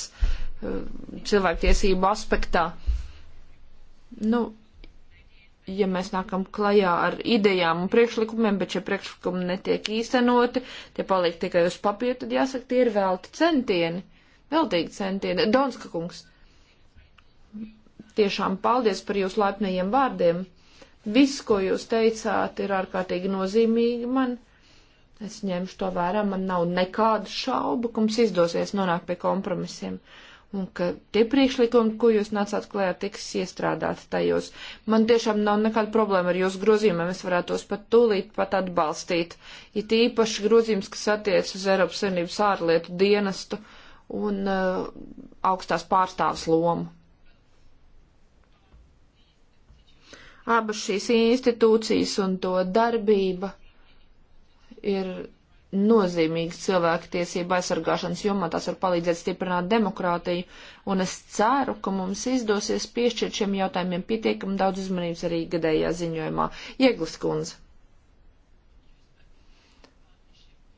cilvēktiesību aspektā. Nu, ja mēs nākam klajā ar idejām un priekšlikumiem, bet šie priekšlikumi netiek īstenoti, tie paliek tikai uz papīra, tad jāsaka, tie ir velti centieni, veltīgi centieni. Donska kungs, tiešām paldies par jūsu laipnajiem vārdiem. Viss, ko jūs teicāt, ir ārkārtīgi nozīmīgi man. Es ņemšu to vērā, man nav nekādu šaubu, ka mums izdosies nonākt pie kompromisiem. Uh, un ka tie priekšlikumi, ko jūs nācāt klējā, tiks iestrādāti tajos. Man tiešām nav nekāda problēma ar jūsu grozījumiem, es varētu tos pat tūlīt pat atbalstīt. Ir tīpaši grozījums, kas attiec uz Eiropas Savienības ārlietu dienestu un uh, augstās pārstāvs lomu. Abas šīs institūcijas un to darbība ir nozīmīgas cilvēktiesība aizsargāšanas jomā, tās var palīdzēt stiprināt demokrātiju, un es ceru, ka mums izdosies piešķirt šiem jautājumiem pietiekam daudz uzmanības arī gadējā ziņojumā. Ieglis kundze.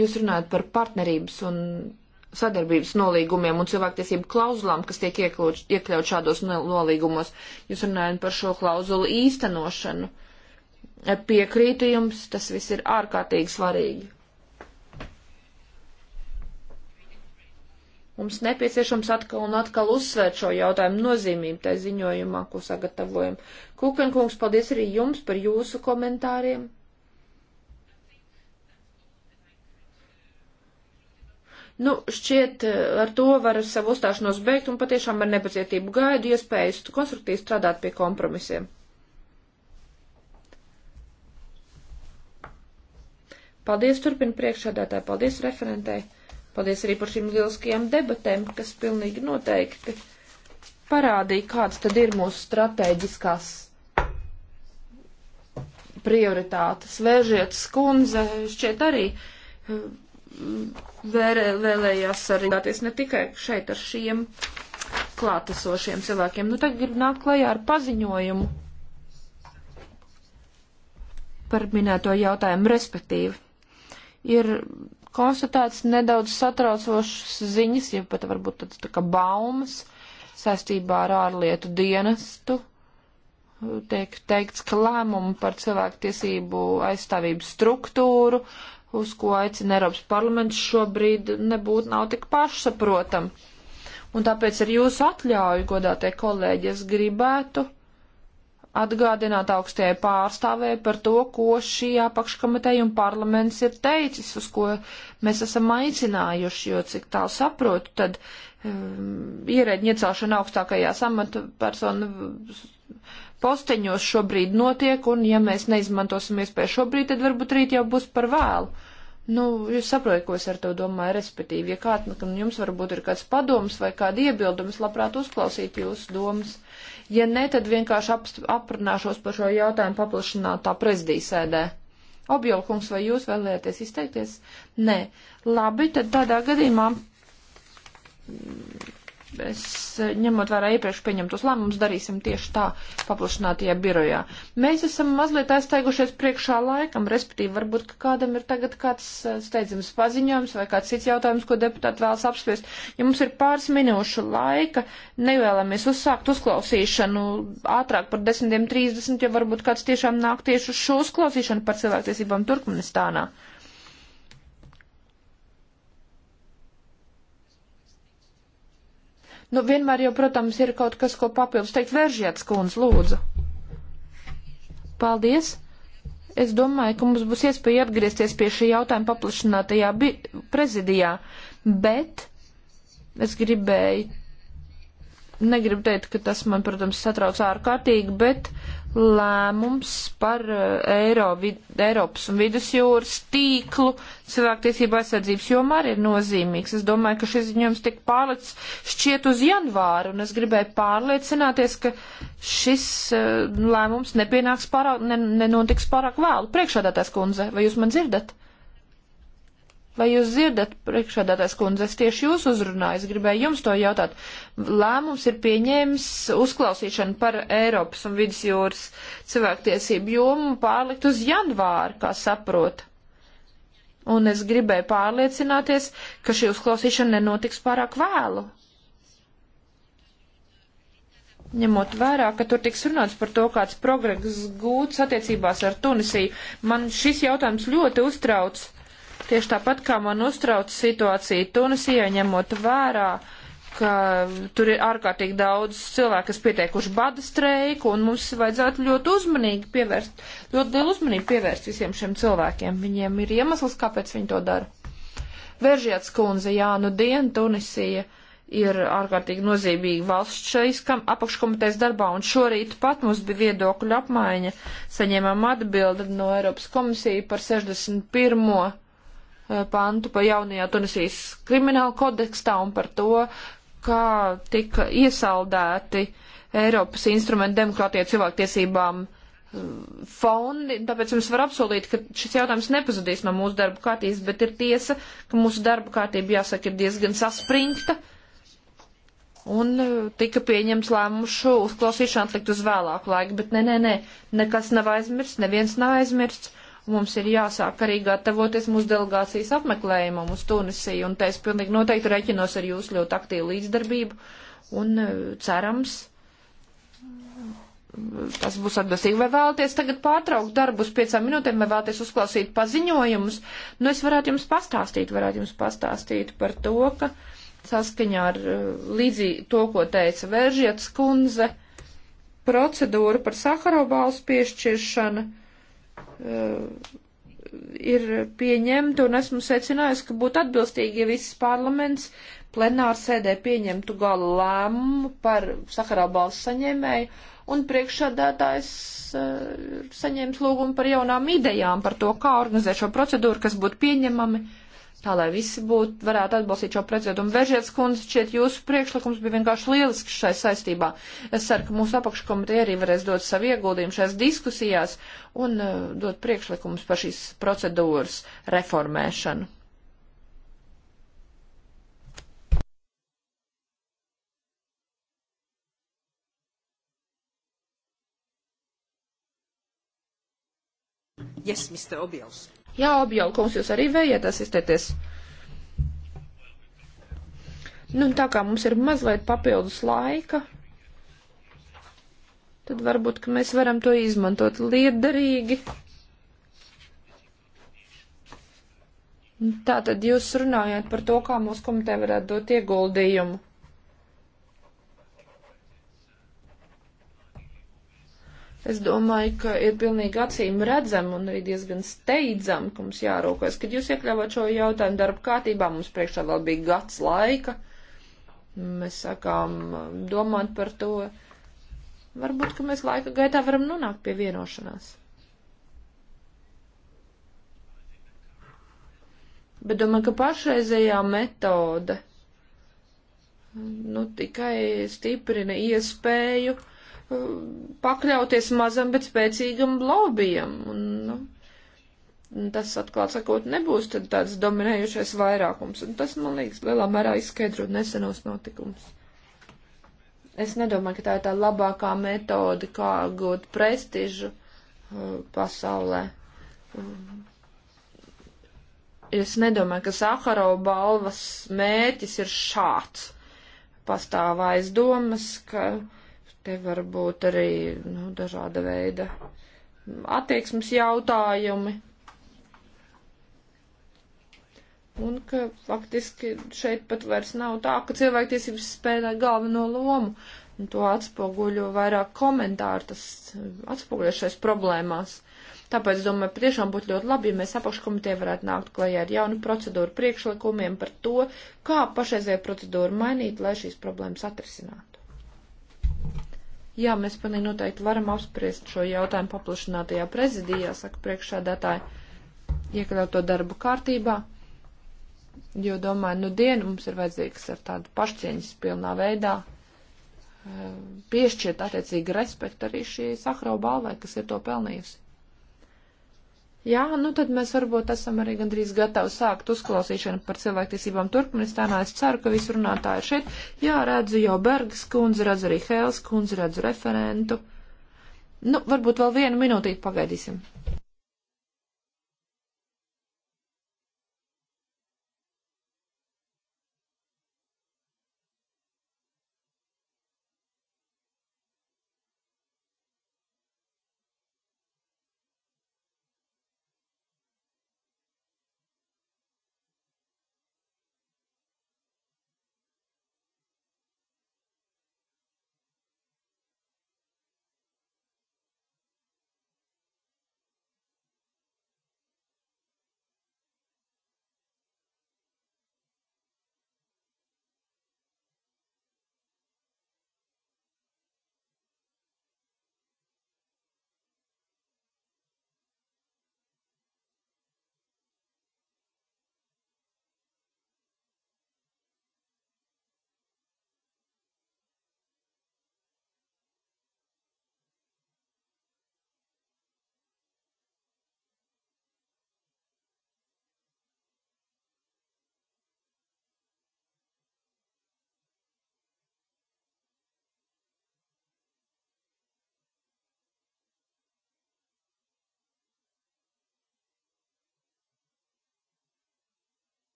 Jūs runājat par partnerības un sadarbības nolīgumiem un cilvēktiesību klauzulām, kas tiek iekļaut, iekļaut šādos nolīgumos. Jūs runājat par šo klauzulu īstenošanu. Piekrītu jums, tas viss ir ārkārtīgi svarīgi Mums nepieciešams atkal un atkal uzsvērt šo jautājumu nozīmību tai ziņojumā, ko sagatavojam. Kukankungs, paldies arī jums par jūsu komentāriem. Nu, šķiet, eh, ar to var savu uzstāšanos beigt un patiešām ar nepacietību gaidu iespējas konstruktīvi strādāt pie kompromisiem. Paldies, turpina priekšādātāji, paldies referentei. Paldies arī par šīm lieliskajām debatēm, kas pilnīgi noteikti parādīja, kāds tad ir mūsu strateģiskās prioritātes. Vēžiet skundze šķiet arī eh, vēr, vēlējās arī dāties ne tikai šeit ar šiem klātesošiem cilvēkiem. Nu, tagad gribu nākt klajā ar paziņojumu par minēto jautājumu, respektīvi. Ir konstatēts nedaudz satraucošas ziņas, ja pat varbūt tāds tā kā baumas saistībā ar ārlietu dienestu. Tiek teikts, ka lēmumu par cilvēku tiesību aizstāvību struktūru, uz ko aicina Eiropas parlaments, šobrīd nebūtu nav tik pašsaprotam. Un tāpēc ar jūsu atļauju, godātie kolēģi, es gribētu atgādināt augstajai pārstāvēji par to, ko šī apakškomiteja un parlaments ir teicis, uz ko mēs esam aicinājuši, jo cik tālu saprotu, tad um, ierēģi iecelšana augstākajās amatu personu posteņos šobrīd notiek, un ja mēs neizmantosim iespēju šobrīd, tad varbūt rīt jau būs par vēlu. Nu, jūs saprotat, ko es ar to domāju, respektīvi, ja kāds, nu, jums varbūt ir kāds padoms vai kādi iebildums, labprāt uzklausīt jūsu domas. Ja ne, tad vienkārši ap, aprunāšos par šo jautājumu paplašinātā prezidijsēdē. Objaukungs, vai jūs vēlēties izteikties? Nē. Labi, tad tādā gadījumā Es, ņemot vērā iepriekš pieņemtos lēmumus, darīsim tieši tā paplašinātajā birojā. Mēs esam mazliet aiztaigušies priekšā laikam, respektīvi varbūt, ka kādam ir tagad kāds eh, steidzams paziņojums vai kāds cits jautājums, ko deputāti vēlas apspriest. Ja mums ir pāris minūšu laika, nevēlamies uzsākt uzklausīšanu ātrāk par 10.30, jo varbūt kāds tiešām nāk tieši uz šo uzklausīšanu par cilvēktiesībām Turkmenistānā. Nu, vienmēr jau, protams, ir kaut kas, ko papildus teikt. Veržiet, skundz, lūdzu. Paldies! Es domāju, ka mums būs iespēja atgriezties pie šī jautājuma paplašinātajā prezidijā, bet es gribēju, negribu teikt, ka tas man, protams, satrauc ārkārtīgi, bet lēmums par uh, Eiro, vid, Eiropas un Vidusjūras tīklu cilvēktiesība aizsardzības jomā arī ir nozīmīgs. Es domāju, ka šis ziņojums tika pārlicis šķiet uz janvāru, un es gribēju pārliecināties, ka šis uh, lēmums nepienāks pārāk, ne, nenotiks pārāk vēlu. Priekšādātājs kundze, vai jūs man dzirdat? Vai jūs dzirdat, priekšādātais kundze, es tieši jūs uzrunāju, es gribēju jums to jautāt. Lēmums ir pieņēmis uzklausīšanu par Eiropas un vidusjūras cilvēktiesību jomu pārlikt uz janvāru, kā saprot. Un es gribēju pārliecināties, ka šī uzklausīšana nenotiks pārāk vēlu. Ņemot vērā, ka tur tiks runāts par to, kāds progress gūts attiecībās ar Tunisiju, man šis jautājums ļoti uztrauc Tieši tāpat kā man uztrauc situācija Tunisijā, ņemot vērā, ka tur ir ārkārtīgi daudz cilvēku, kas pieteikuši bada streiku, un mums vajadzētu ļoti uzmanīgi pievērst, ļoti lielu uzmanību pievērst visiem šiem cilvēkiem. Viņiem ir iemesls, kāpēc viņi to dara. Veržiet skundze, jā, nu dien Tunisija ir ārkārtīgi nozīmīga valsts šais apakškomitejas darbā, un šorīt pat mums bija viedokļu apmaiņa, saņēmām atbildi no Eiropas komisiju par 61. Eh, pantu pa jaunajā Tunisijas krimināla kodekstā un par to, kā tika iesaldēti Eiropas instrumenti demokrātija cilvēktiesībām eh, fondi, tāpēc jums var apsolīt, ka šis jautājums nepazudīs no mūsu darba kārtības, bet ir tiesa, ka mūsu darba kārtība, jāsaka, ir diezgan saspringta, un eh, tika pieņemts lēmums šo uzklausīšanu atlikt uz vēlāku laiku, bet nē, nē, nē, nekas nav aizmirsts, neviens nav aizmirsts, Mums ir jāsāk arī gatavoties mūsu delegācijas apmeklējumam uz Tunisiju, un te es pilnīgi noteikti reķinos ar jūsu ļoti aktīvu līdzdarbību, un e, cerams, tas būs atbilstīgi. Vai vēlaties tagad pārtraukt darbu uz piecām minūtēm, vai vēlaties uzklausīt paziņojumus? Nu, es varētu jums pastāstīt, varētu jums pastāstīt par to, ka saskaņā ar e, līdzī to, ko teica Vēržietas kundze, procedūra par Saharo balsu piešķiršanu uh, ir pieņemta, un esmu secinājusi, ka būtu atbilstīgi, ja viss parlaments plenāra sēdē pieņemtu gala lēmumu par Sakarā balsu saņēmēju, un priekšādātājs uh, eh, saņēmis lūgumu par jaunām idejām par to, kā organizēt šo procedūru, kas būtu pieņemami. Uh, tā lai visi būtu, varētu atbalstīt šo precedu. Un Veržietas kundze, šķiet, jūsu priekšlikums bija vienkārši lielisks šai saistībā. Es ceru, ka mūsu apakškomiteja arī varēs dot savu ieguldījumu šajās diskusijās un uh, dot priekšlikumus par šīs procedūras reformēšanu. Yes, Mr. Obiels. Jā, objaukungs, jūs arī vējaties izteikties. Nu, tā kā mums ir mazliet papildus laika, tad varbūt, ka mēs varam to izmantot liederīgi. Tā tad jūs runājāt par to, kā mūsu komiteja varētu dot ieguldījumu Es domāju, ka ir pilnīgi acīm redzam un arī diezgan steidzam, ka mums jārūkojas. Kad jūs iekļāvāt šo jautājumu darba kārtībā, mums priekšā vēl bija gads laika. Mēs sākām um, domāt par to. Varbūt, ka mēs laika gaitā varam nonākt pie vienošanās. Bet domāju, ka pašreizējā metode nu, tikai stiprina iespēju. Ja pakļauties mazam, bet spēcīgam lobbyam. Un, nu, tas, atklāt sakot, nebūs tad tāds dominējušais vairākums. Un tas, man liekas, lielā mērā izskaidro nesenos notikumus. Es nedomāju, ka tā ir tā labākā metode, kā gūt prestižu uh, pasaulē. Uh, es nedomāju, ka Saharova balvas mērķis ir šāds. Pastāv aizdomas, ka uh, Te var būt arī nu, dažāda veida attieksmes jautājumi. Un ka faktiski šeit pat vairs nav tā, ka cilvēktiesības spēlē galveno lomu. Un to atspoguļo vairāk komentāru, tas atspoguļošais problēmās. Tāpēc, domāju, patiešām būtu ļoti labi, ja mēs apakškomitē varētu nākt klajā ar jaunu procedūru priekšlikumiem par to, kā pašreizēju procedūru mainīt, lai šīs problēmas atrisinātu. Jā, mēs panī noteikti varam apspriest šo jautājumu paplašinātajā prezidijā, saka priekšādātāji, iekļaut to darbu kārtībā, jo domāju, nu dienu mums ir vajadzīgs ar tādu pašcieņas pilnā veidā eh, piešķirt attiecīgi respektu arī šī Sahrau balvai, kas ir to pelnījusi. Jā, nu tad mēs varbūt esam arī gandrīz gatavi sākt uzklausīšanu par cilvēktiesībām Turkmenistānā. Es ceru, ka visi runātāji ir šeit. Jā, redzu jau Bergas kundzi, redzu arī Hēls kundzi, redzu referentu. Nu, varbūt vēl vienu minūtīti pagaidīsim.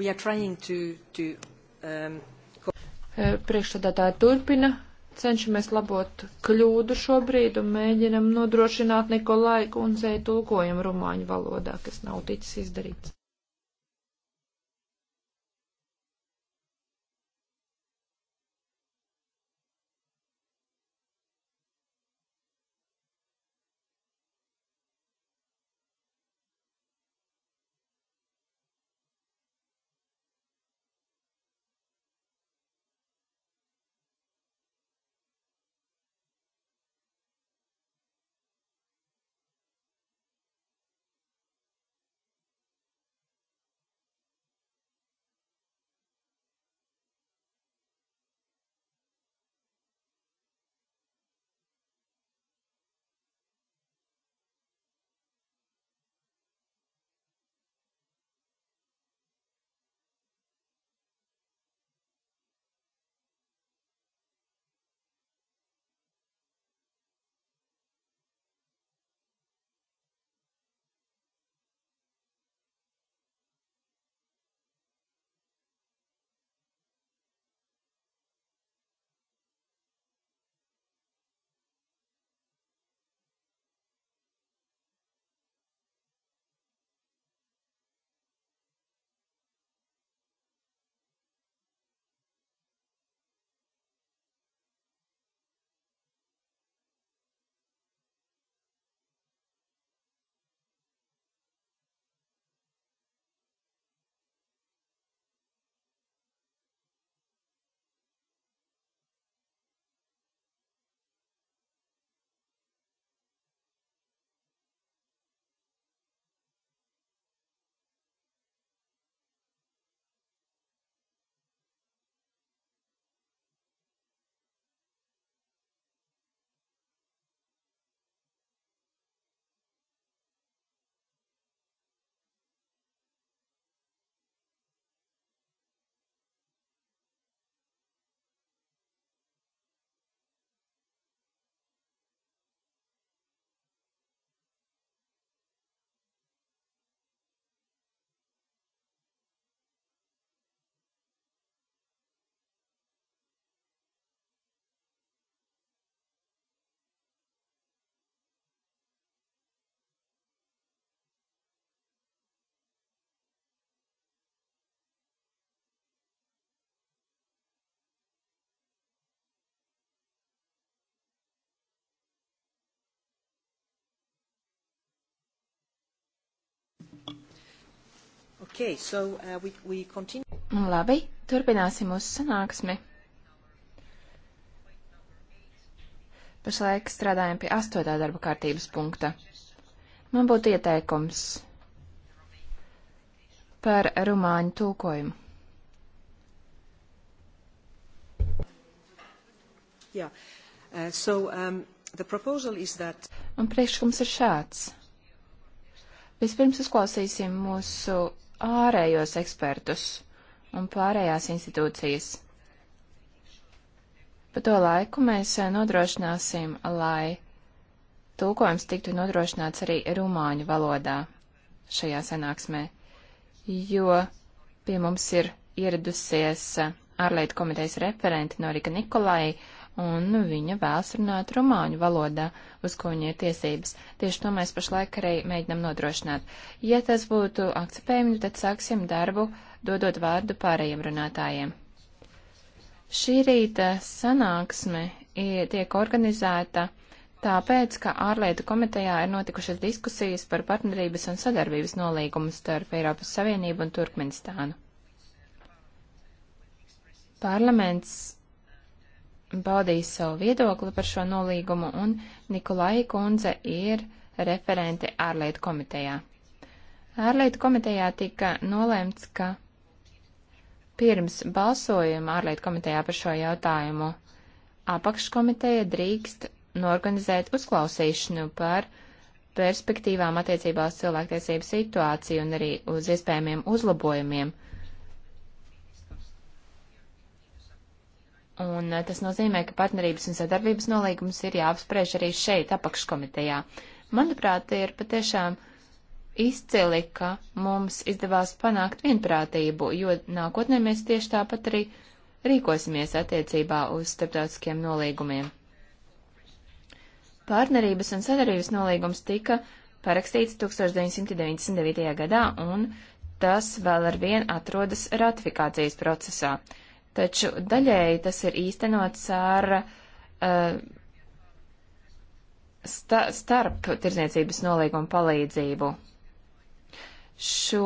We are trying to, to um, eh, Priekšsēdētāja turpina, cenšamies labot kļūdu šobrīd un mēģinam nodrošināt Nikolai kundzei tulkojumu rumāņu valodā, kas nav ticis izdarīts. Okay, so, uh, we, we continue. Nu, labi, turpināsim mūsu sanāksmi. Pašlaik strādājam pie astotā darba kārtības punkta. Man būtu ieteikums par rumāņu tulkojumu. Yeah. Uh, so, um, that... Un priekšlikums ir šāds. Vispirms uzklausīsim mūsu ārējos ekspertus un pārējās institūcijas. Pa to laiku mēs eh, nodrošināsim, lai tulkojums tiktu nodrošināts arī rumāņu valodā šajā sanāksmē, jo pie mums ir ieradusies eh, ārlietu komitejas referenti Norika Nikolai, uh, un viņa vēlas runāt romāņu valodā, uz ko viņa ir tiesības. Tieši to mēs pašlaik arī mēģinam nodrošināt. Ja tas būtu akceptējami, tad sāksim darbu, dodot vārdu pārējiem runātājiem. Šī rīta sanāksme tiek organizēta tāpēc, ka ārlietu komitejā ir notikušas diskusijas par partnerības un sadarbības nolīgumu starp Eiropas Savienību un Turkmenistānu. Parlaments paudījis savu viedokli par šo nolīgumu, un Nikolai Kunze ir referente ārlietu komitejā. Ārlietu komitejā tika nolēmts, ka pirms balsojuma ārlietu komitejā par šo jautājumu apakškomiteja drīkst norganizēt uzklausīšanu par perspektīvām attiecībā uz cilvēktiesību situāciju un arī uz iespējamiem uzlabojumiem Un eh, tas nozīmē, ka partnerības un sadarbības nolīgums ir jāapspriež arī šeit, apakškomitejā. Manuprāt, ir patiešām izcili, ka mums izdevās panākt vienprātību, jo nākotnē mēs tieši tāpat arī rīkosimies attiecībā uz starptautiskiem nolīgumiem. Partnerības un sadarbības nolīgums tika parakstīts 1999. gadā, un tas vēl ar vien atrodas ratifikācijas procesā taču daļēji tas ir īstenots ar uh, sta starp tirdzniecības nolīgumu palīdzību. Šo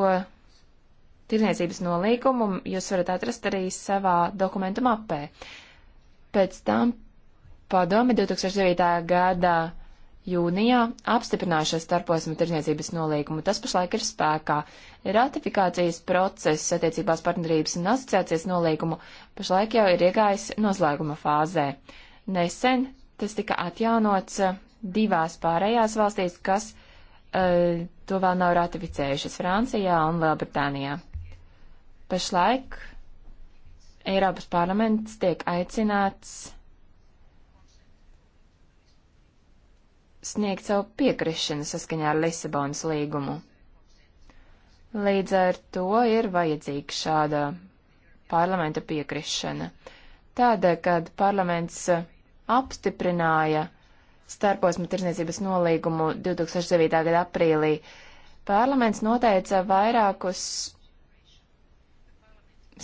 tirdzniecības nolīgumu jūs varat atrast arī savā dokumentu mapē. Pēc tam padome 2009. gadā jūnijā apstiprināja šo starposmu tirdzniecības nolīgumu. Tas pašlaik ir spēkā. Ratifikācijas process attiecībās partnerības un asociācijas nolīgumu pašlaik jau ir iegājis noslēguma fāzē. Nesen tas tika atjaunots eh, divās pārējās valstīs, kas uh, to vēl nav ratificējušas - Francijā un Lielbritānijā. Pašlaik Eiropas parlaments tiek aicināts sniegt savu piekrišanu saskaņā ar Lisabonas līgumu. Līdz ar to ir vajadzīga šāda parlamenta piekrišana. Tādēļ, kad parlaments eh, apstiprināja starposmu tirzniecības nolīgumu 2009. gada aprīlī, parlaments noteica vairākus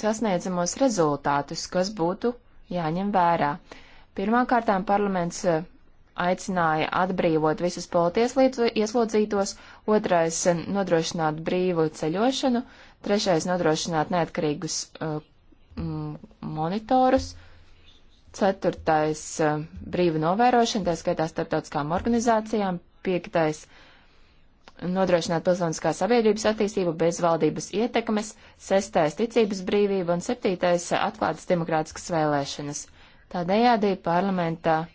sasniedzamos rezultātus, kas būtu jāņem vērā. Pirmkārtām parlaments eh, aicināja atbrīvot visus politieslīdz ieslodzītos, otrais - nodrošināt brīvu ceļošanu, trešais - nodrošināt neatkarīgus uh, monitorus, ceturtais uh, - brīvu novērošanu, tā skaitā starptautiskām organizācijām, piektais - nodrošināt pilsoniskā sabiedrības attīstību bez valdības ietekmes, sestais - ticības brīvība un septītais - atklātas demokrātiskas vēlēšanas. Tādējādi parlamentā uh,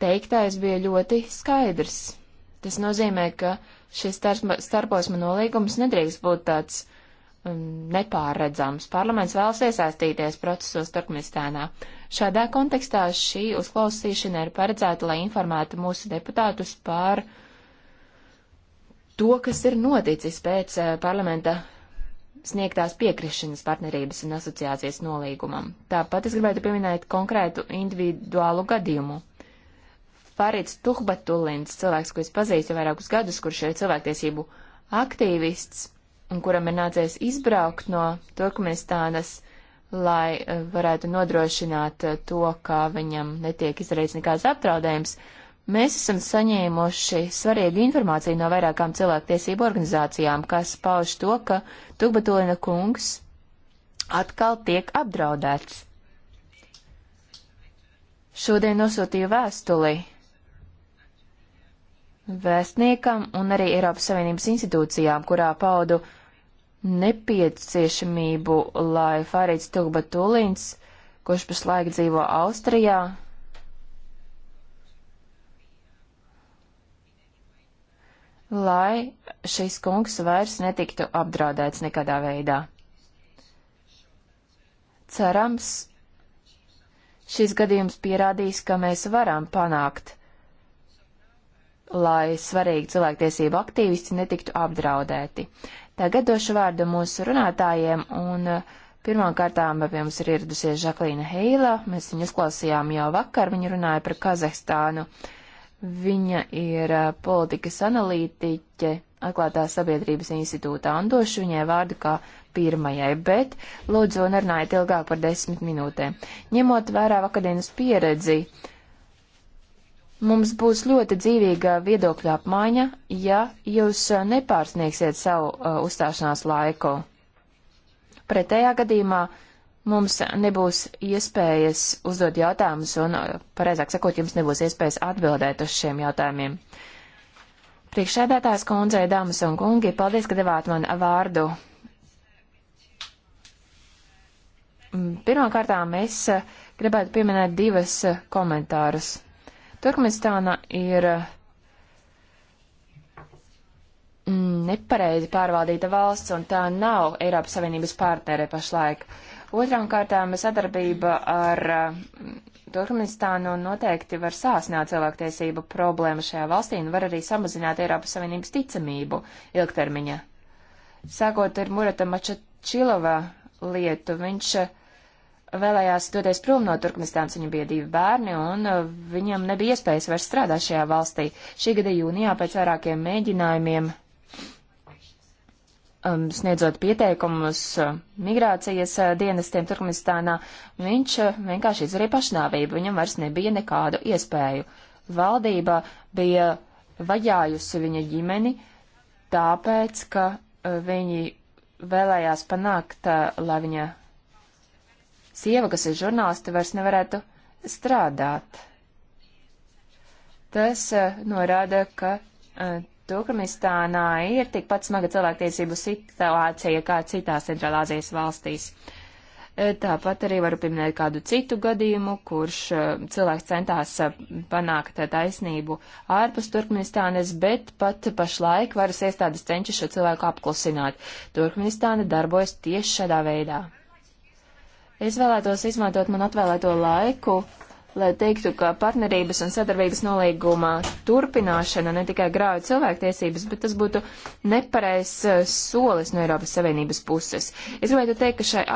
teiktais bija ļoti skaidrs. Tas nozīmē, ka šis starposma nolīgums nedrīkst būt tāds um, nepārredzams. Parlaments vēlas iesaistīties procesos Turkmenistānā. Šādā kontekstā šī uzklausīšana ir paredzēta, lai informētu mūsu deputātus par to, kas ir noticis pēc uh, parlamenta sniegtās piekrišanas partnerības un asociācijas nolīgumam. Tāpat es gribētu pieminēt konkrētu individuālu gadījumu. Farits Tuhbatulins, cilvēks, ko es pazīstu vairākus gadus, kurš ir cilvēktiesību aktīvists un kuram ir nācies izbraukt no Turkmenistānas, lai eh, varētu nodrošināt eh, to, ka viņam netiek izdarīts nekāds apdraudējums, mēs esam saņēmuši svarīgu informāciju no vairākām cilvēktiesību organizācijām, kas pauž to, ka Tuhbatulina kungs atkal tiek apdraudēts. Šodien nosūtīju vēstuli vēstniekam un arī Eiropas Savienības institūcijām, kurā paudu nepieciešamību, lai Fārīts Tugba Tulīns, kurš pašlaik dzīvo Austrijā, lai šis kungs vairs netiktu apdraudēts nekādā veidā. Cerams, šis gadījums pierādīs, ka mēs varam panākt lai svarīgi cilvēktiesību aktīvisti netiktu apdraudēti. Tagad došu vārdu mūsu runātājiem, un eh, pirmām kārtām pie mums ir ieradusies Žaklīna Heila. Mēs viņu uzklausījām jau vakar, viņa runāja par Kazahstānu. Viņa ir eh, politikas analītiķe atklātā sabiedrības institūtā, un došu viņai vārdu kā pirmajai, bet lūdzu nerunājiet ilgāk par desmit minūtēm. Ņemot vērā vakardienas pieredzi, uh, Mums būs ļoti dzīvīga viedokļa apmaiņa, ja jūs eh, nepārsniegsiet savu uh, uzstāšanās laiku. Pretējā gadījumā mums nebūs iespējas uzdot jautājumus un, eh, pareizāk sakot, jums nebūs iespējas atbildēt uz šiem jautājumiem. Priekšsēdētājs kundzei, dāmas un kungi, paldies, ka devāt man vārdu. Mm, pirmkārtām es gribētu pieminēt divas komentārus. Turkmenistāna ir eh, nepareizi pārvaldīta valsts, un tā nav Eiropas Savienības partnere pašlaik. Otrām kārtām sadarbība ar eh, Turkmenistānu noteikti var sāsināt cilvēktiesību problēmu šajā valstī un var arī samazināt Eiropas Savienības ticamību ilgtermiņā. Sākot ar Murata Mačačilova lietu, viņš uh, vēlējās doties prom no Turkmenistānas, viņam bija divi bērni, un uh, viņam nebija iespējas vairs strādāt šajā valstī. Šī gada jūnijā pēc vairākiem mēģinājumiem um, sniedzot pieteikumus uh, migrācijas uh, dienestiem Turkmenistānā, viņš vienkārši izdarīja pašnāvību, viņam vairs nebija nekādu iespēju. Valdība bija vajājusi viņa ģimeni tāpēc, ka viņi vēlējās panākt, lai viņa sieva, kas ir žurnāliste, vairs nevarētu strādāt. Tas eh, norāda, ka eh, Turkmenistānā ir tikpat smaga cilvēktiesību situācija kā citās Centrālāzijas valstīs. Eh, tāpat arī varu pieminēt kādu citu gadījumu, kurš cilvēks centās panākt taisnību ārpus Turkmenistānes, bet pat pašlaik varas iestādes cenšas šo cilvēku apklusināt. Turkmenistāna darbojas tieši šādā veidā. Es vēlētos izmantot man atvēlēto laiku, lai teiktu, ka partnerības un sadarbības nolīguma turpināšana ne tikai grauja cilvēktiesības, bet tas būtu nepareizs eh, solis no Eiropas Savienības puses. Es gribētu teikt, ka šai,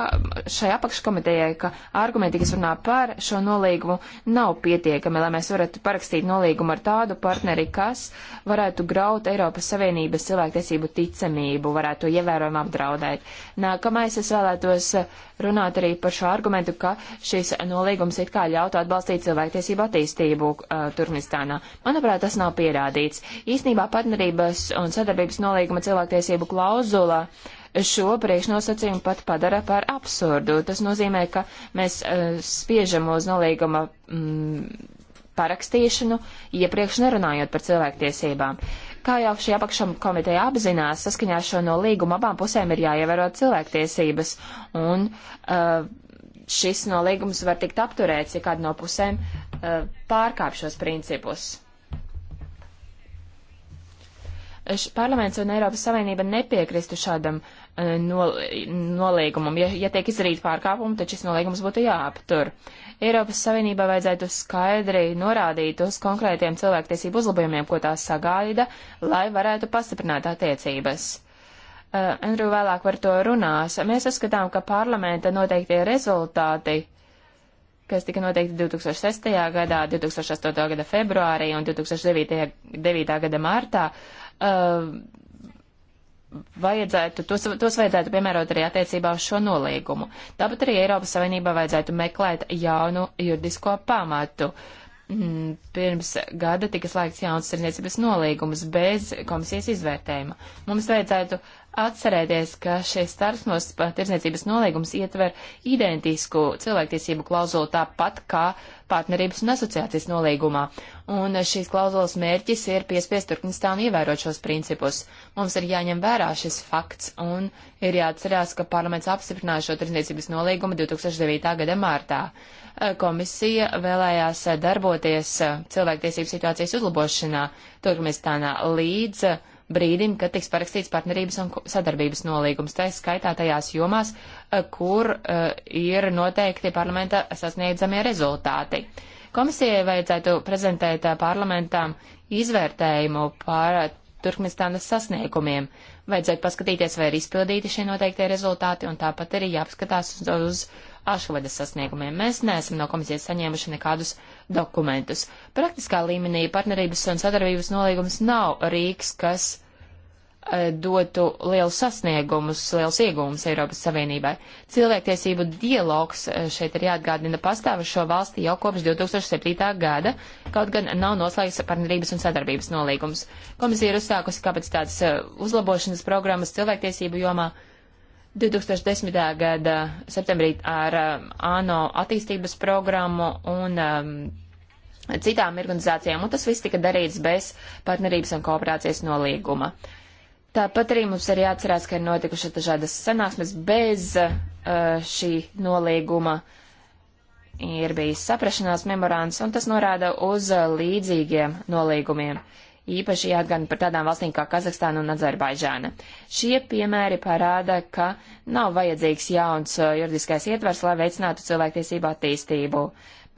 šai apakškomitejai, ka argumenti, kas runā par šo nolīgumu, nav pietiekami, lai mēs varētu parakstīt nolīgumu ar tādu partneri, kas varētu graut Eiropas Savienības cilvēktiesību ticamību, varētu ievērojami apdraudēt. Nākamais es vēlētos eh, runāt arī par šo argumentu, ka šis nolīgums it kā ļautu atbalstīt cilvēktiesību attīstību uh, Turkmenistānā. Manuprāt, tas nav pierādīts. Īsnībā partnerības un sadarbības nolīguma cilvēktiesību klauzula šo priekšnosacījumu pat padara par absurdu. Tas nozīmē, ka mēs uh, spiežam uz nolīguma mm, parakstīšanu, iepriekš nerunājot par cilvēktiesībām. Uh, Kā jau šī apakškomiteja apzinās, saskaņā ar šo no līgumu abām pusēm ir jāievēro cilvēktiesības, un uh, šis no līgums var tikt apturēts, ja kāda no pusēm uh, pārkāp šos principus. Parlaments un Eiropas Savienība nepiekristu šādam uh, nol nolīgumam. Ja, ja tiek izdarīta pārkāpuma, tad šis nolīgums būtu jāaptur. Uh, Eiropas Savienībā vajadzētu skaidri norādīt uz konkrētiem cilvēktiesību uzlabojumiem, ko tās sagaida, lai varētu pastiprināt attiecības. Uh, Andrew vēlāk par to runās. Mēs uzskatām, ka parlamenta noteiktie rezultāti, kas tika noteikti 2006. gadā, 2008. gada februārī un 2009. 9. gada martā, uh, vajadzētu, tos, tos vajadzētu piemērot arī attiecībā uz šo nolīgumu. Tāpat arī Eiropas Savienībā vajadzētu meklēt jaunu juridisko pamatu. Mm, pirms gada tika slēgts jauns sarniecības nolīgums bez komisijas izvērtējuma. Mums vajadzētu atcerēties, ka šis starpsnos tirsniecības nolīgums ietver identisku cilvēktiesību klauzulu tāpat kā partnerības un asociācijas nolīgumā, un šīs klauzulas mērķis ir piespiest Turkmenistānu ievērot šos principus. Mums ir jāņem vērā šis fakts, un ir jāatcerās, ka parlaments apstiprināja šo tirdzniecības nolīgumu 2009. gada martā. Eh, komisija vēlējās eh, darboties eh, cilvēktiesību situācijas uzlabošanā Turkmenistānā līdz brīdim, kad tiks parakstīts partnerības un sadarbības nolīgums, tā skaitā tajās jomās, eh, kur uh, ir noteikti parlamenta sasniedzamie rezultāti. Komisijai vajadzētu prezentēt uh, eh, parlamentām izvērtējumu par uh, Turkmenistānas sasniegumiem. Vajadzētu paskatīties, vai ir izpildīti šie noteiktie rezultāti, un tāpat arī jāapskatās uz, uz Ašvadas sasniegumiem. Mēs neesam no komisijas saņēmuši nekādus dokumentus. Praktiskā līmenī partnerības un sadarbības nolīgums nav rīks, kas e, dotu lielus sasniegumus, lielus iegūmus Eiropas Savienībai. Cilvēktiesību dialogs e, šeit ir jāatgādina pastāv šo valsti jau kopš 2007. gada, kaut gan nav noslēgts partnerības un sadarbības nolīgums. Komisija ir uzsākusi kapacitātes e, uzlabošanas programmas cilvēktiesību jomā. Uh, 2010. gada septembrī ar um, ANO attīstības programmu un um, citām organizācijām, un tas viss tika darīts bez partnerības un kooperācijas nolīguma. Tāpat arī mums ir jāatcerās, ka ir notikušas dažādas sanāksmes bez uh, šī nolīguma. Ir bijis saprašanās memorands, un tas norāda uz uh, līdzīgiem nolīgumiem. Uh, īpaši jāatgana par tādām valstīm kā Kazahstāna un Azerbaidžāna. Šie piemēri parāda, ka nav vajadzīgs jauns uh, juridiskais ietvers, lai veicinātu cilvēktiesību attīstību.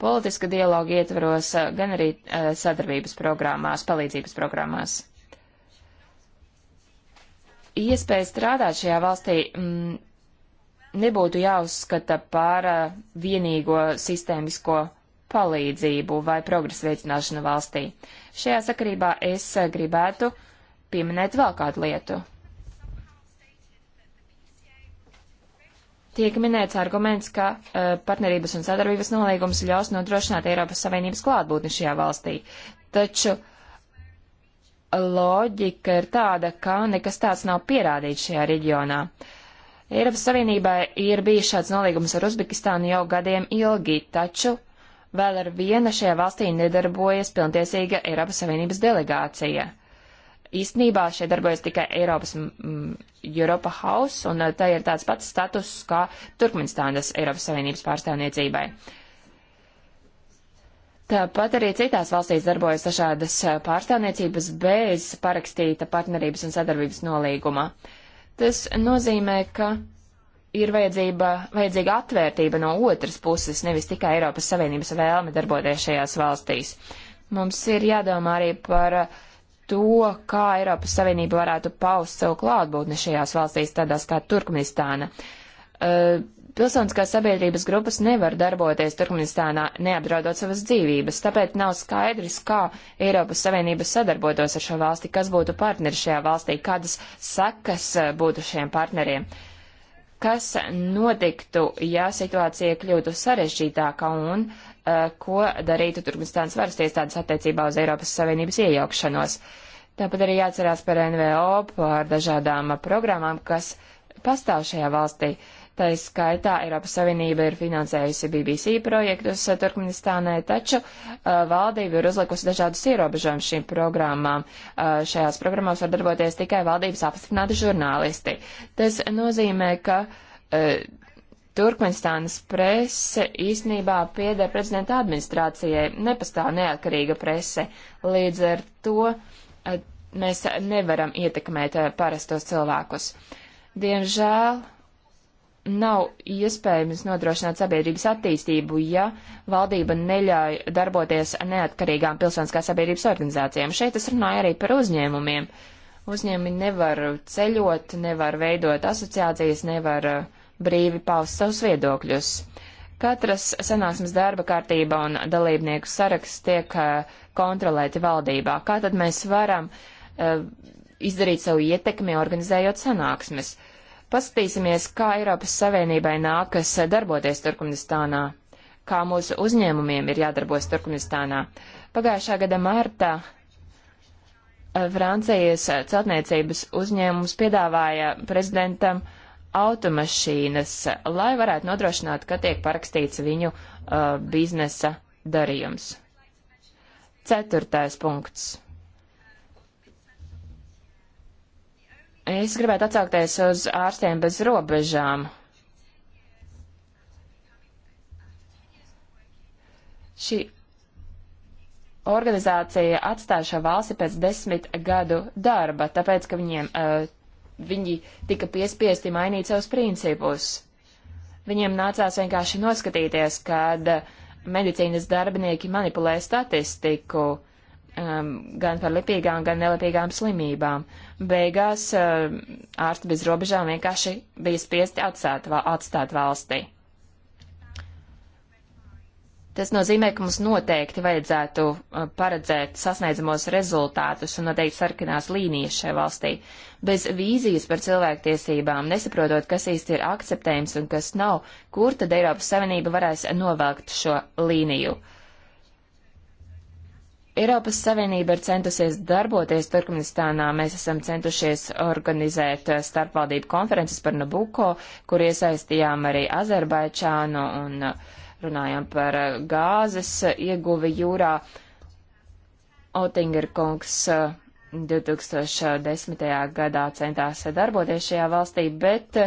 Politiska dialoga ietveros, uh, gan arī uh, sadarbības programmās, palīdzības programmās. Iespēja strādāt šajā valstī mm, nebūtu jāuzskata par vienīgo sistēmisko palīdzību vai progresu veicināšanu valstī. Šajā sakarībā es gribētu pieminēt vēl kādu lietu. Tiek minēts arguments, ka uh, partnerības un sadarbības nolīgums ļaus nodrošināt Eiropas Savienības klātbūtni šajā valstī. Taču loģika ir tāda, ka nekas tāds nav pierādīts šajā reģionā. Eiropas Savienībai ir bijis šāds nolīgums ar Uzbekistānu jau gadiem ilgi, taču vēl ar viena šajā valstī nedarbojas pilntiesīga Eiropas Savienības delegācija. Īstenībā šeit darbojas tikai Eiropas mm, Europa House, un eh, tā ir tāds pats status kā Turkmenistānas Eiropas Savienības pārstāvniecībai. Tāpat arī citās valstīs darbojas dažādas eh, pārstāvniecības bez parakstīta partnerības un sadarbības nolīguma. Tas nozīmē, ka ir vajadzība, vajadzīga atvērtība no otras puses, nevis tikai Eiropas Savienības vēlme darboties šajās valstīs. Mums ir jādomā arī par to, kā Eiropas Savienība varētu paust savu klātbūtni šajās valstīs, tādās kā Turkmenistāna. Pilsoniskās sabiedrības grupas nevar darboties Turkmenistānā, neapdraudot savas dzīvības, tāpēc nav skaidrs, kā Eiropas Savienība sadarbotos ar šo valsti, kas būtu partneri šajā valstī, kādas sekas būtu šiem partneriem. Uh, kas notiktu, ja situācija kļūtu sarežģītāka un uh, ko darītu Turkmenistānas varas iestādes attiecībā uz Eiropas Savienības iejaukšanos. Tāpat arī jāatcerās par NVO, par dažādām programmām, kas pastāv šajā valstī. Uh, Tā skaitā Eiropas Savienība ir finansējusi BBC projektus Turkmenistānai, taču uh, valdība ir uzlikusi dažādus ierobežojumus šīm programmām. Uh, šajās programmās var darboties tikai valdības apstiprināti žurnālisti. Tas nozīmē, ka uh, Turkmenistānas prese īsnībā pieder prezidenta administrācijai, nepastāv neatkarīga prese. Līdz ar to uh, mēs nevaram ietekmēt uh, parastos cilvēkus. Diemžēl nav iespējams nodrošināt sabiedrības attīstību, ja valdība neļauj darboties neatkarīgām pilsoniskās sabiedrības organizācijām. Šeit es runāju arī par uzņēmumiem. Uzņēmumi nevar ceļot, nevar veidot asociācijas, nevar uh, brīvi paust savus viedokļus. Katras sanāksmes darba kārtība un dalībnieku saraksts tiek uh, kontrolēti valdībā. Kā tad mēs varam uh, izdarīt savu ietekmi, organizējot sanāksmes? Paskatīsimies, kā Eiropas Savienībai nākas darboties Turkmenistānā, kā mūsu uzņēmumiem ir jādarbos Turkmenistānā. Pagājušā gada martā eh, Francijas celtniecības uzņēmums piedāvāja prezidentam automašīnas, lai varētu nodrošināt, ka tiek parakstīts viņu uh, biznesa darījums. Ceturtais punkts. Es gribētu atsaukties uz ārstiem bez robežām. Šī organizācija atstāja šo valsti pēc desmit gadu darba, tāpēc, ka viņiem, uh, viņi tika piespiesti mainīt savus principus. Viņiem nācās vienkārši noskatīties, kad eh, medicīnas darbinieki manipulē statistiku, um, gan par lipīgām, gan nelipīgām slimībām. Beigās um, ārsti bez robežām vienkārši bija spiesti atstāt, atstāt valstī. Tas nozīmē, ka mums noteikti vajadzētu uh, paredzēt sasniedzamos rezultātus un noteikti sarkanās līnijas šai valstī. Bez vīzijas par cilvēktiesībām, nesaprotot, kas īsti ir akceptējams un kas nav, kur tad Eiropas Savienība varēs novelkt šo līniju. Uh, Eiropas Savienība ir centusies darboties Turkmenistānā. Mēs esam centušies organizēt eh, starpvaldību konferences par Nabuko, kur iesaistījām arī Azerbaidžānu un eh, runājām par eh, gāzes ieguvi jūrā. Otinger kungs 2010. gadā centās darboties šajā valstī, bet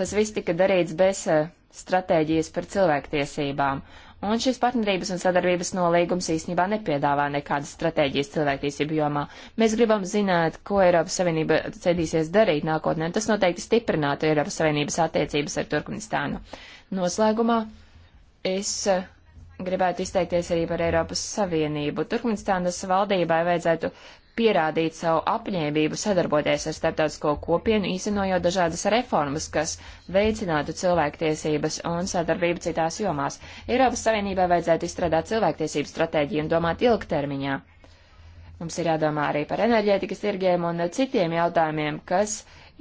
tas viss tika darīts bez stratēģijas par cilvēktiesībām. Uh, un šis partnerības un sadarbības nolīgums īstenībā nepiedāvā nekādas stratēģijas cilvēktiesību jomā. Mēs gribam zināt, ko Eiropas Savienība cedīsies darīt nākotnē, un tas noteikti stiprinātu Eiropas Savienības attiecības ar Turkmenistānu. Noslēgumā es eh, gribētu izteikties arī par Eiropas Savienību. Turkmenistānas valdībai vajadzētu pierādīt savu apņēmību sadarboties ar starptautisko kopienu, īstenojot dažādas reformas, kas veicinātu cilvēktiesības un sadarbību citās jomās. Eiropas Savienībai vajadzētu izstrādāt cilvēktiesību stratēģiju un domāt ilgtermiņā. Mums ir jādomā arī par enerģētikas tirgiem un citiem jautājumiem, kas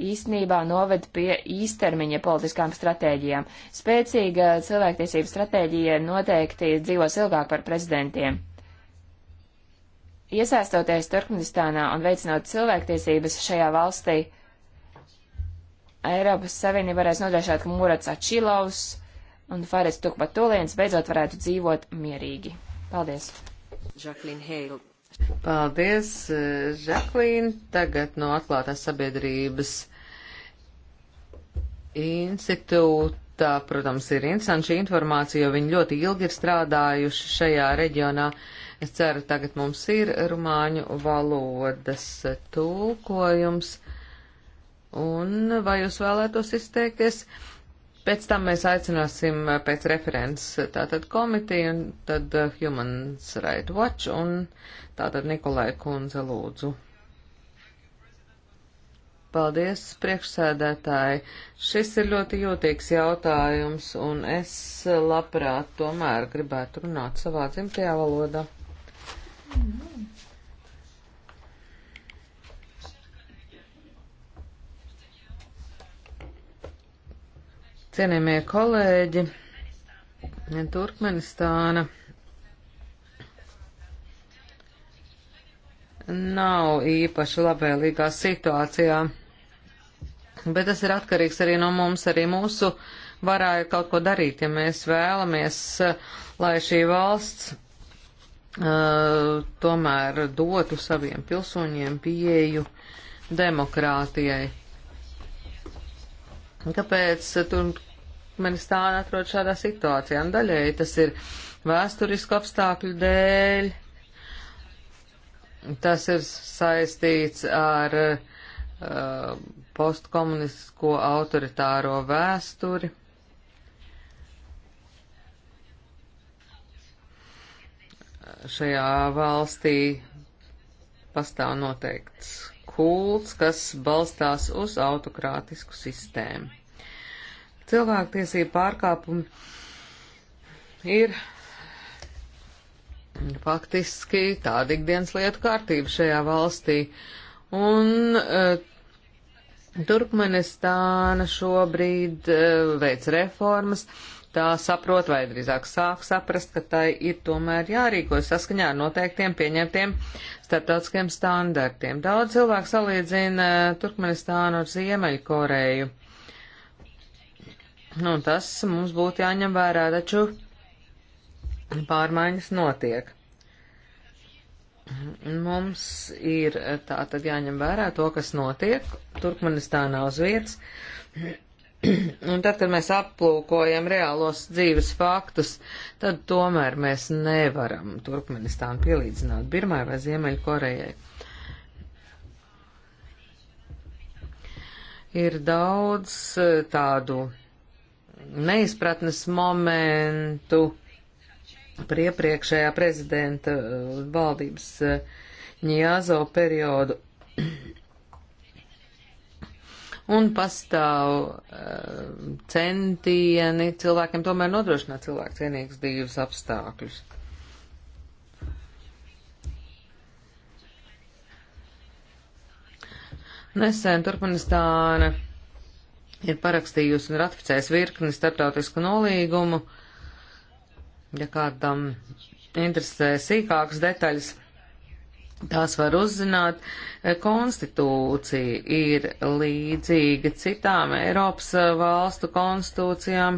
īstenībā noved pie īstermiņa politiskām stratēģijām. Spēcīga cilvēktiesība stratēģija noteikti dzīvos ilgāk par prezidentiem. Iesaistoties Turkmenistānā un veicinot cilvēktiesības šajā valstī, Eiropas Savienība varēs nodrošināt, ka Murats Ačilovs un Fares Tukpatulīns beidzot varētu dzīvot mierīgi. Paldies! Žaklīna Heila. Paldies, eh, Žaklīna. Tagad no atklātās sabiedrības institūta, protams, ir interesanti šī informācija, jo viņi ļoti ilgi ir strādājuši šajā reģionā. Uh, Es ceru, tagad mums ir rumāņu valodas tulkojums. Un vai jūs vēlētos izteikties? Pēc tam mēs aicināsim pēc referents tātad komiteju un tad uh, Humans Right Watch un tātad Nikolai Kunze lūdzu. Paldies, priekšsēdētāji. Šis ir ļoti jūtīgs jautājums, un es labprāt tomēr gribētu runāt savā dzimtajā valodā. Cienījamie kolēģi, Turkmenistāna nav īpaši labvēlīgā situācijā, bet tas ir atkarīgs arī no mums, arī mūsu varāja kaut ko darīt, ja mēs vēlamies, eh, lai šī valsts tomēr dotu saviem pilsoņiem pieeju demokrātijai. Kāpēc Turkmenistāna atrod šādā situācijā? Un daļēji tas ir vēsturisku apstākļu dēļ, tas ir saistīts ar uh, postkomunistisko autoritāro vēsturi. šajā valstī pastāv noteikts kults, kas balstās uz autokrātisku sistēmu. Cilvēktiesība pārkāpumi ir faktiski tāda ikdienas lietu kārtība šajā valstī. Un uh, Turkmenistāna šobrīd uh, veic reformas, uh, tā saprot, vai drīzāk sāk saprast, ka tai ir tomēr jārīkojas saskaņā ar noteiktiem pieņemtiem starptautiskiem standartiem. Daudz cilvēku salīdzina eh, Turkmenistānu ar Ziemeļkoreju. Nu, tas mums būtu jāņem vērā, taču pārmaiņas notiek. Mums ir eh, tā tad jāņem vērā to, kas notiek Turkmenistānā uz vietas. Un tad, kad mēs aplūkojam reālos dzīves faktus, tad tomēr mēs nevaram Turkmenistānu pielīdzināt Birmai vai Ziemeļkorejai. Ir daudz eh, tādu neizpratnes momentu par iepriekšējā prezidenta eh, valdības ņāzo eh, periodu. un pastāv uh, centieni cilvēkiem tomēr nodrošināt cilvēku cienīgus dzīves apstākļus. Nesen Turkmenistāna ir parakstījusi un ratificējusi virkni starptautisku nolīgumu. Ja kādam interesē sīkākas detaļas, Tās var uzzināt. E, konstitūcija ir līdzīga citām Eiropas e, valstu konstitūcijām,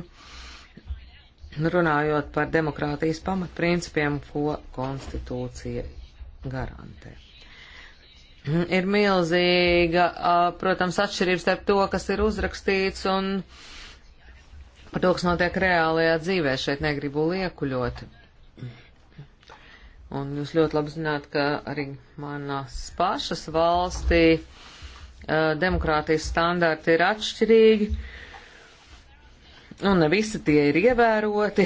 runājot par demokrātijas pamatprincipiem, ko konstitūcija garantē. Ir milzīga, protams, atšķirības starp to, kas ir uzrakstīts un par to, kas notiek reālajā dzīvē. Šeit negribu liekuļot. Un jūs ļoti labi zināt, ka arī manas pašas valstī demokrātijas standarti ir atšķirīgi. Un ne visi tie ir ievēroti.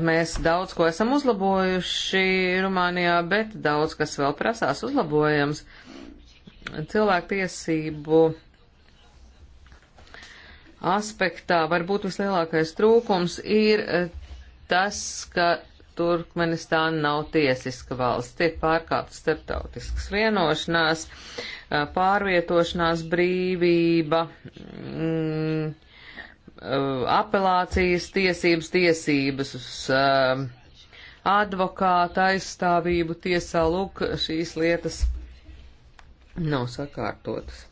Mēs daudz ko esam uzlabojuši Rumānijā, bet daudz kas vēl prasās uzlabojams. Cilvēktiesību aspektā varbūt vislielākais trūkums ir tas, ka Turkmenistāna nav tiesiska valsts, tiek pārkāptas starptautiskas vienošanās, pārvietošanās brīvība, mm, apelācijas tiesības, tiesības uz advokāta aizstāvību tiesā, lūk, šīs lietas nav sakārtotas.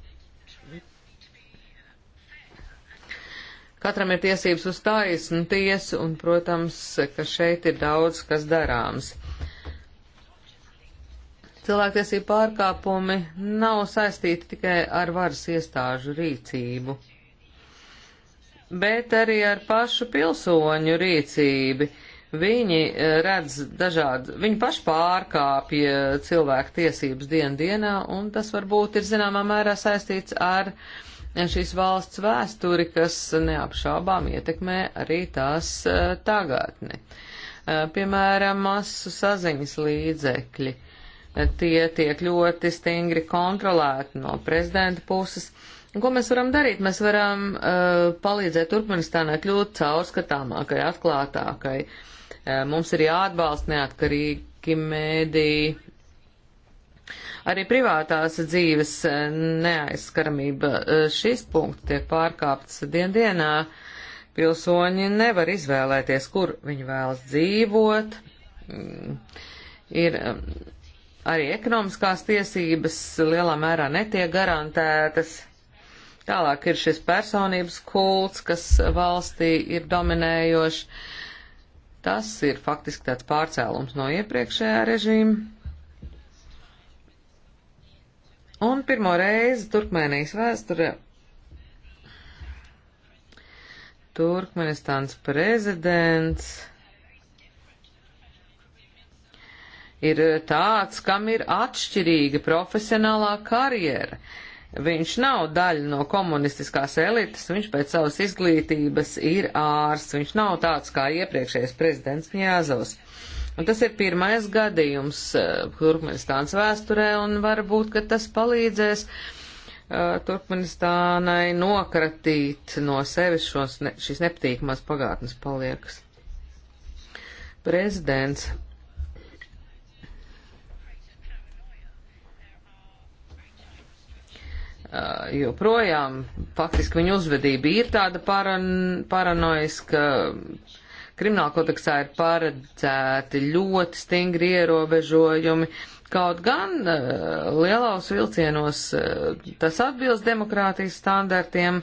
Katram ir tiesības uz taisnu tiesu, un, protams, ka šeit ir daudz, kas darāms. Cilvēktiesību pārkāpumi nav saistīti tikai ar varas iestāžu rīcību, bet arī ar pašu pilsoņu rīcību viņi eh, redz dažādi, viņi paši pārkāpja cilvēku tiesības dienu dienā, un tas varbūt ir zināmā mērā saistīts ar uh, šīs valsts vēsturi, kas neapšābām ietekmē arī tās e, tagadni. E, piemēram, masu saziņas līdzekļi. E, tie tiek ļoti stingri kontrolēti no prezidenta puses. Ko mēs varam darīt? Mēs varam uh, palīdzēt Turkmenistānai kļūt caurskatāmākai, atklātākai. Uh, mums ir jāatbalsta neatkarīgi mēdī, Arī privātās dzīves eh, neaizskaramība eh, šis punkts tiek pārkāpts diendienā. Pilsoņi nevar izvēlēties, kur viņi vēlas dzīvot. Mm, ir eh, arī ekonomiskās tiesības lielā mērā netiek garantētas. Tālāk ir šis personības kults, kas valstī ir dominējošs. Tas ir faktiski tāds pārcēlums no iepriekšējā režīma. Un pirmo reizi Turkmēnijas vēsturē Turkmenistāns prezidents ir tāds, kam ir atšķirīga profesionālā karjera. Viņš nav daļa no komunistiskās elites, viņš pēc savas izglītības ir ārsts, viņš nav tāds kā iepriekšējais prezidents Ņēzovs. Uh, Un tas ir pirmais gadījums eh, Turkmenistānas vēsturē, un varbūt, ka tas palīdzēs eh, Turkmenistānai nokratīt no sevis šos, ne, šīs nepatīkamās pagātnes paliekas. Prezidents Uh, joprojām faktiski viņa uzvedība ir tāda paran, paranoiska, Krimināla kodeksā ir paredzēti ļoti stingri ierobežojumi. Kaut gan uh, lielos vilcienos uh, tas atbilst demokrātijas standartiem,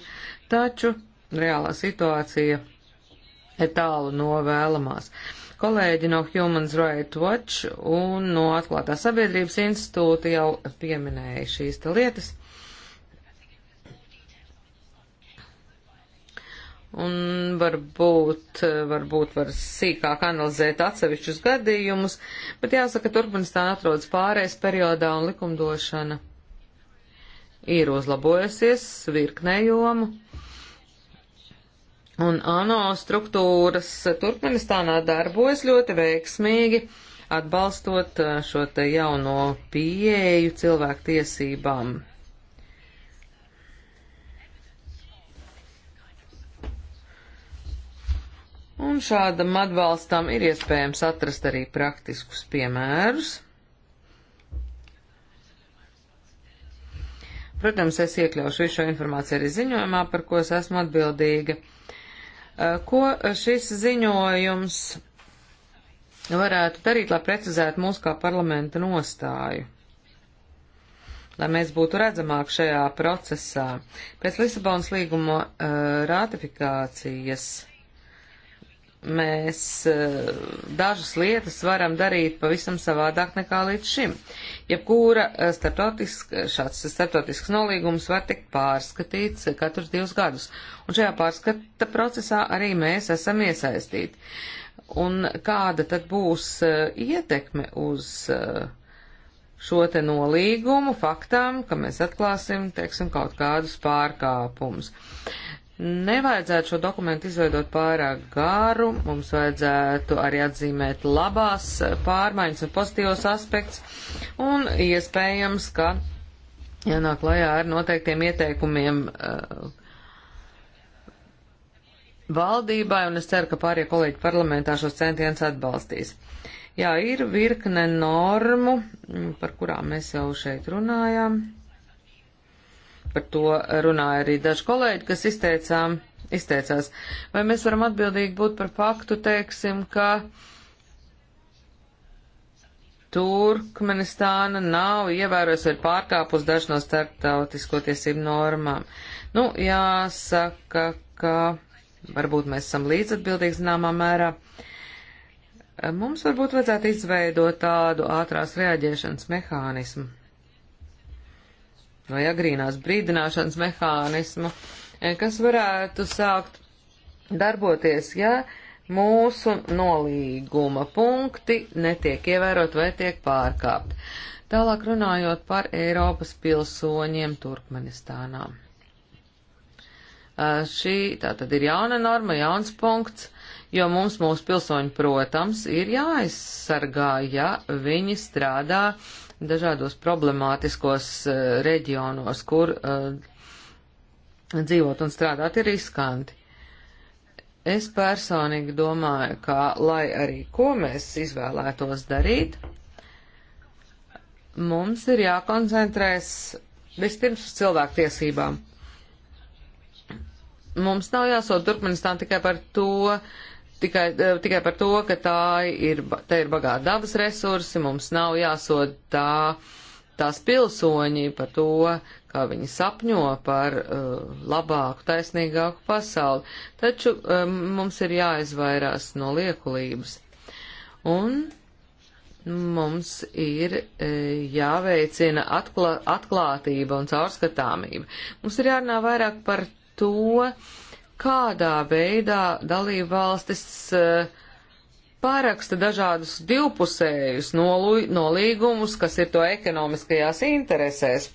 taču reālā situācija ir tālu no vēlamās. Kolēģi no Human Rights Watch un no Atklātā sabiedrības institūta jau pieminēja šīs lietas. un varbūt, varbūt var sīkāk analizēt atsevišķus gadījumus, bet jāsaka, Turkmenistāna atrodas pārējais periodā un likumdošana ir uzlabojusies virknējomu. Un ANO struktūras Turkmenistānā darbojas ļoti veiksmīgi, atbalstot uh, šo te jauno pieeju cilvēku tiesībām. Un šādam atbalstam ir iespējams atrast arī praktiskus piemērus. Protams, es iekļaušu visu šo informāciju arī ziņojumā, par ko es esmu atbildīga. Eh, ko šis ziņojums varētu darīt, lai precizētu mūsu kā parlamenta nostāju? Lai mēs būtu redzamāk šajā procesā. Pēc Lisabonas līguma eh, ratifikācijas mēs eh, dažas lietas varam darīt pavisam savādāk nekā līdz šim. Jebkura eh, starptautisk, šāds starptautisks nolīgums var tikt pārskatīts eh, katrus divus gadus, un šajā pārskata procesā arī mēs esam iesaistīti. Un kāda tad būs ietekme uz šo te nolīgumu faktām, ka mēs atklāsim, teiksim, kaut kādus pārkāpumus? Nevajadzētu šo dokumentu izveidot pārāk garu, mums vajadzētu arī atzīmēt labās pārmaiņas un pozitīvos aspekts, un iespējams, ka jānāk lajā ar noteiktiem ieteikumiem uh, valdībai, un es ceru, ka pārējie kolēģi parlamentā šos centienus atbalstīs. Jā, ir virkne normu, par kurām mēs jau šeit runājām par to runāja arī daži kolēģi, kas izteicām, izteicās. Vai mēs varam atbildīgi būt par faktu, teiksim, ka Turkmenistāna nav ievērojusi vai pārkāpus dažu no starptautisko tiesību normām? Nu, jāsaka, ka varbūt mēs esam līdzatbildīgi zināmā mērā. Mums varbūt vajadzētu izveidot tādu ātrās reaģēšanas mehānismu vai agrīnās brīdināšanas mehānismu, eh, kas varētu sākt darboties, ja mūsu nolīguma punkti netiek ievērot vai tiek pārkāpt. Tālāk runājot par Eiropas pilsoņiem Turkmenistānā. Eh, šī tā tad ir jauna norma, jauns punkts, jo mums mūsu pilsoņi, protams, ir jāaizsargā, ja viņi strādā uh, dažādos problemātiskos e, reģionos, kur e, dzīvot un strādāt ir riskanti. Es personīgi domāju, ka, lai arī ko mēs izvēlētos darīt, mums ir jākoncentrēs vispirms uz cilvēktiesībām. Mums nav jāsot Turkmenistānu tikai par to, tikai, eh, tikai par to, ka tā ir, tā ir bagāta dabas resursi, mums nav jāsod tā, tās pilsoņi par to, kā viņi sapņo par uh, labāku, taisnīgāku pasauli, taču um, mums ir jāizvairās no liekulības. Un mums ir e, jāveicina atklā, atklātība un caurskatāmība. Mums ir jārunā vairāk par to, uh, kādā veidā dalību valstis eh, paraksta dažādus divpusējus nolīgumus, kas ir to ekonomiskajās interesēs.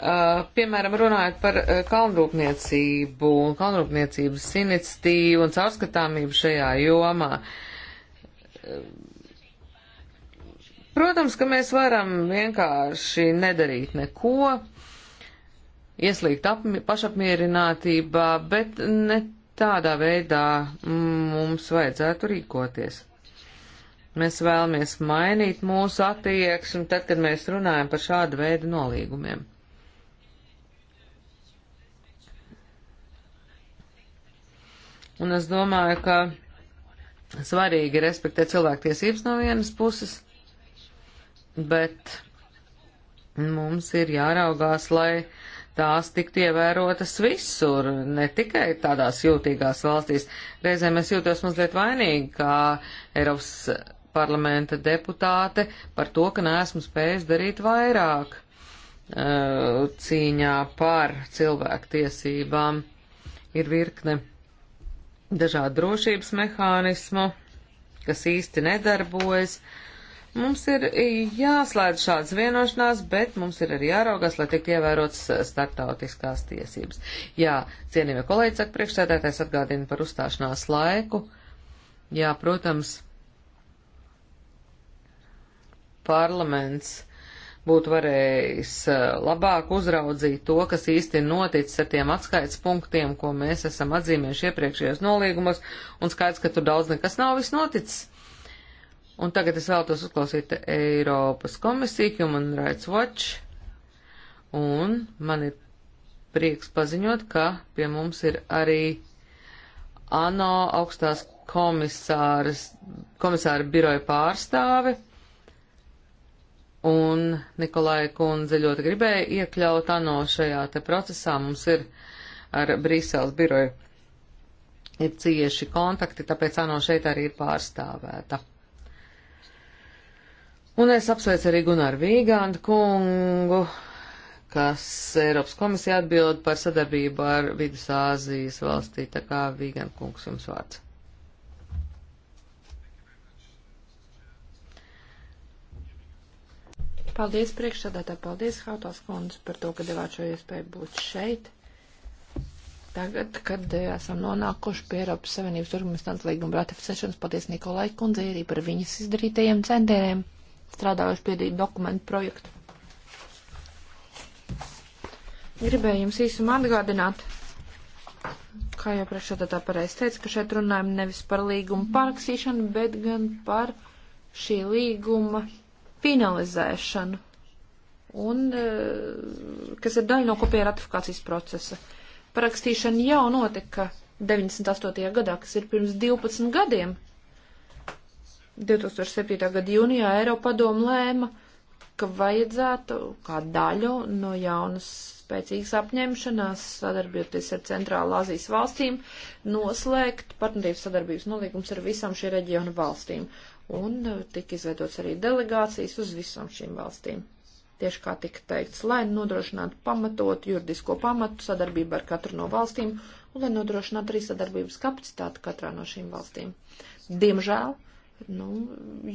Uh, piemēram, runājot par uh, kalnrūpniecību un kalnrūpniecības iniciatīvu un caurskatāmību šajā jomā. Uh, protams, ka mēs varam vienkārši nedarīt neko, ieslīgt apmi, pašapmierinātībā, bet ne tādā veidā mums vajadzētu rīkoties. Mēs vēlamies mainīt mūsu attieksmi tad, kad mēs runājam par šādu veidu nolīgumiem. Un es domāju, ka svarīgi respektēt cilvēktiesības no vienas puses, bet mums ir jāraugās, lai uh, tās tiktu ievērotas visur, ne tikai tādās jūtīgās valstīs. Reizēm es jūtos mazliet vainīgi, kā Eiropas parlamenta deputāte, par to, ka neesmu spējis darīt vairāk eh, cīņā par cilvēku tiesībām. Ir virkne dažādu drošības mehānismu, kas īsti nedarbojas. Uh, Mums ir jāslēdz šādas vienošanās, bet mums ir arī jāraugās, lai tiktu ievērotas eh, startautiskās tiesības. Jā, cienījamie kolēģi, saka priekšsēdētājs atgādina par uzstāšanās laiku. Jā, protams, parlaments būtu varējis eh, labāk uzraudzīt to, kas īsti noticis ar tiem atskaits punktiem, ko mēs esam atzīmējuši iepriekšējos nolīgumos, un skaidrs, ka tur daudz nekas nav viss noticis Un tagad es vēlos uzklausīt Eiropas komisiju, Human Rights Watch. Un man ir prieks paziņot, ka pie mums ir arī ANO augstās komisāras, komisāra biroja pārstāve. Un Nikolai kundze ļoti gribēja iekļaut ANO šajā te procesā. Mums ir ar Brīseles biroju ir cieši kontakti, tāpēc ANO šeit arī ir pārstāvēta. Un es apsveicu arī Gunāru Vīgāndu kungu, kas Eiropas komisija atbild par sadarbību ar Vidusāzijas valstī, tā kā Vīgānda kungs jums vārds. Paldies priekšsādātā, paldies Hautās kundze par to, ka devāt šo iespēju būt šeit. Tagad, kad eh, esam nonākuši pie Eiropas Savienības Turkmenistānas līguma ratificēšanas, paldies Nikolai kundzei arī par viņas izdarītajiem centieniem strādājuši pie dokumentu projektu. Gribēju jums īsumā atgādināt, kā jau priekšsēdētā pareizi teica, ka šeit runājam nevis par līgumu parakstīšanu, bet gan par šī līguma finalizēšanu, un, eh, kas ir daļa no kopējā ratifikācijas procesa. Parakstīšana jau notika 98. gadā, kas ir pirms 12 gadiem, 2007. gada jūnijā Eiropadoma lēma, ka vajadzētu kā daļu no jaunas spēcīgas apņemšanās sadarbjoties ar Centrālā Azijas valstīm noslēgt partnerības sadarbības nolīgums ar visām šī reģiona valstīm. Un e, tika izveidots arī delegācijas uz visām šīm valstīm. Tieši kā tika teikts, lai nodrošinātu pamatotu juridisko pamatu sadarbību ar katru no valstīm un lai nodrošinātu arī sadarbības kapacitāti katrā no šīm valstīm. Diemžēl nu,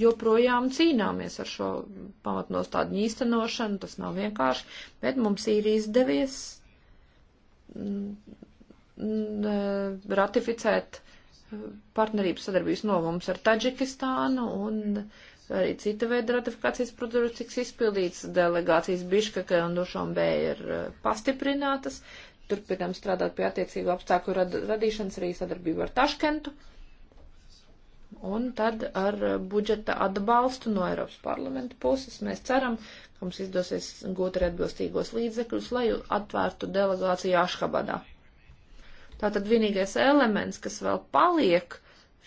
joprojām cīnāmies ar šo pamatnostādņu īstenošanu, tas nav vienkārši, bet mums ir izdevies mm, mm, eh, ratificēt partnerības sadarbības novums ar Taģikistānu un arī cita veida ratifikācijas procedūras tiks izpildīts. Delegācijas Biškakai un Dušombē ir eh, pastiprinātas. Turpinām strādāt pie attiecīgu apstākļu rad radīšanas arī sadarbību ar Taškentu. Uh, Un tad ar budžeta atbalstu no Eiropas parlamenta puses mēs ceram, ka mums izdosies gūt arī atbilstīgos līdzekļus, lai atvērtu delegāciju Ašhabadā. Tātad vienīgais elements, kas vēl paliek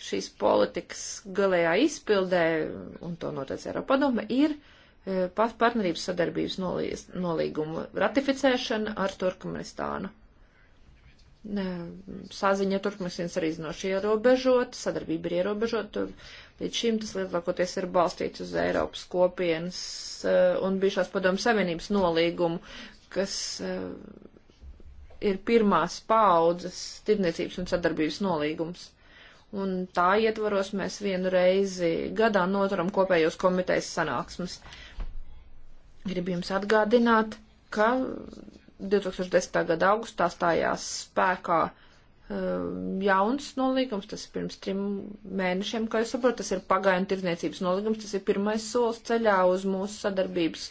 šīs politikas galējā izpildē, un to noteica Eiropa padome, ir e, partnerības sadarbības nolīguma ratificēšana ar Turkmenistānu saziņa Turkmesins arī zinoši ierobežota, sadarbība ir ierobežota. Līdz šim tas lielākoties ir balstīts uz Eiropas kopienas eh, un bijušās padomu savienības nolīgumu, kas eh, ir pirmās paudzes tirdzniecības un sadarbības nolīgums. Un tā ietvaros mēs vienu reizi gadā noturam kopējos komitejas sanāksmes. Gribu jums atgādināt, ka 2010. gada augustā stājās spēkā um, jauns nolīgums, tas ir pirms trim mēnešiem, kā jūs saprotat, tas ir pagaidu tirdzniecības nolīgums, tas ir pirmais solis ceļā uz mūsu sadarbības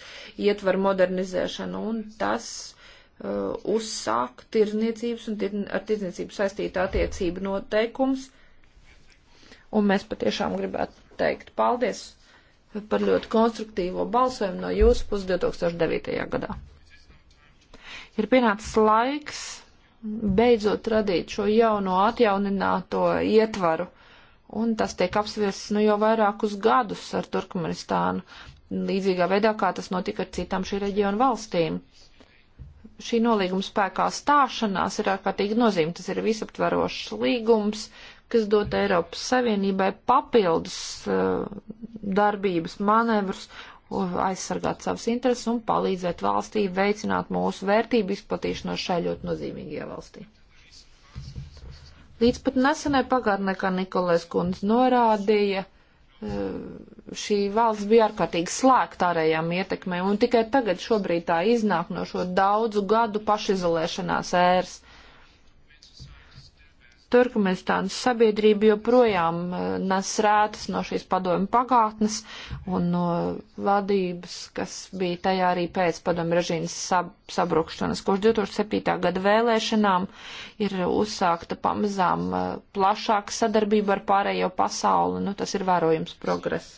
ietvaru modernizēšanu, un tas uh, uzsāk tirdzniecības un tir, ar tirdzniecību saistīta attiecība noteikums, un mēs patiešām gribētu teikt paldies par ļoti konstruktīvo balsojumu no jūsu puses 2009. gadā ir pienācis laiks beidzot radīt šo jauno atjaunināto ietvaru, un tas tiek apsviests nu jau vairākus gadus ar Turkmenistānu, līdzīgā veidā, kā tas notika ar citām šī reģiona valstīm. Šī nolīguma spēkā stāšanās ir ārkārtīgi nozīme, tas ir visaptverošs līgums, kas dot Eiropas Savienībai papildus uh, darbības manevrus aizsargāt savas intereses un palīdzēt valstī veicināt mūsu vērtību izplatīšanos šai ļoti nozīmīgajā valstī. Līdz pat nesenai pagātnē, kā Nikolais kundze norādīja, eh, šī valsts bija ārkārtīgi slēgta ārējām ietekmēm, un tikai tagad šobrīd tā iznāk no šo daudzu gadu pašizolēšanās ēras. Turkmenistānas sabiedrība joprojām eh, nes rētas no šīs padomu pagātnes un no vadības, kas bija tajā arī pēc padomu režīmas sab sabrukšanas, kurš 2007. gada vēlēšanām ir uzsākta pamazām eh, plašāka sadarbība ar pārējo pasauli. Nu, tas ir vērojams progress.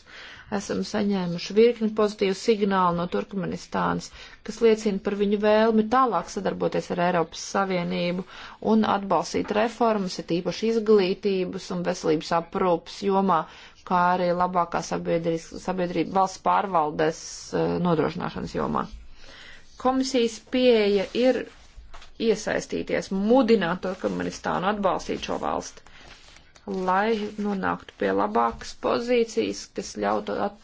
Esam saņēmuši virkni pozitīvu signālu no Turkmenistānas, kas liecina par viņu vēlmi tālāk sadarboties ar Eiropas Savienību un atbalstīt reformas, ir īpaši izglītības un veselības aprūpas jomā, kā arī labākā sabiedrība valsts pārvaldes eh, nodrošināšanas jomā. Komisijas pieeja ir iesaistīties, mudināt Turkmenistānu atbalstīt šo valsti lai nonāktu pie labākas pozīcijas, kas ļautu, at,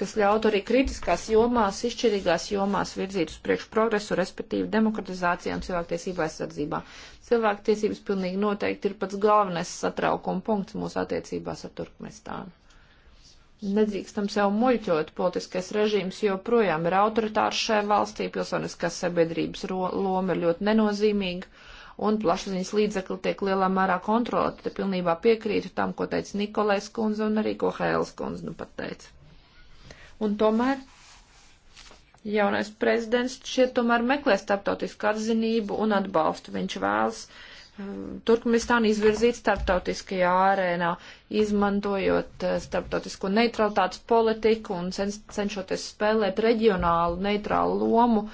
kas ļautu arī kritiskās jomās, izšķirīgās jomās virzīt uz priekšu progresu, respektīvi demokratizācijā un cilvēktiesību aizsardzībā. Cilvēktiesības pilnīgi noteikti ir pats galvenais satraukuma punkts mūsu attiecībās ar Turkmenistānu. Nedrīkstam sev muļķot, politiskais režīms joprojām ir autoritārs šajā valstī, pilsoniskās sabiedrības loma ir ļoti nenozīmīga un plašsaziņas līdzekļi tiek lielā mērā kontrolēti. Te pilnībā piekrītu tam, ko teica Nikolais kundze un arī ko Hēls kundze nu pat teica. Un tomēr jaunais prezidents šie tomēr meklē starptautisku atzinību un atbalstu. Viņš vēlas uh, Turkmenistānu izvirzīt starptautiskajā arēnā, izmantojot eh, starptautisko neutralitātes politiku un cenšoties spēlēt reģionālu neitrālu lomu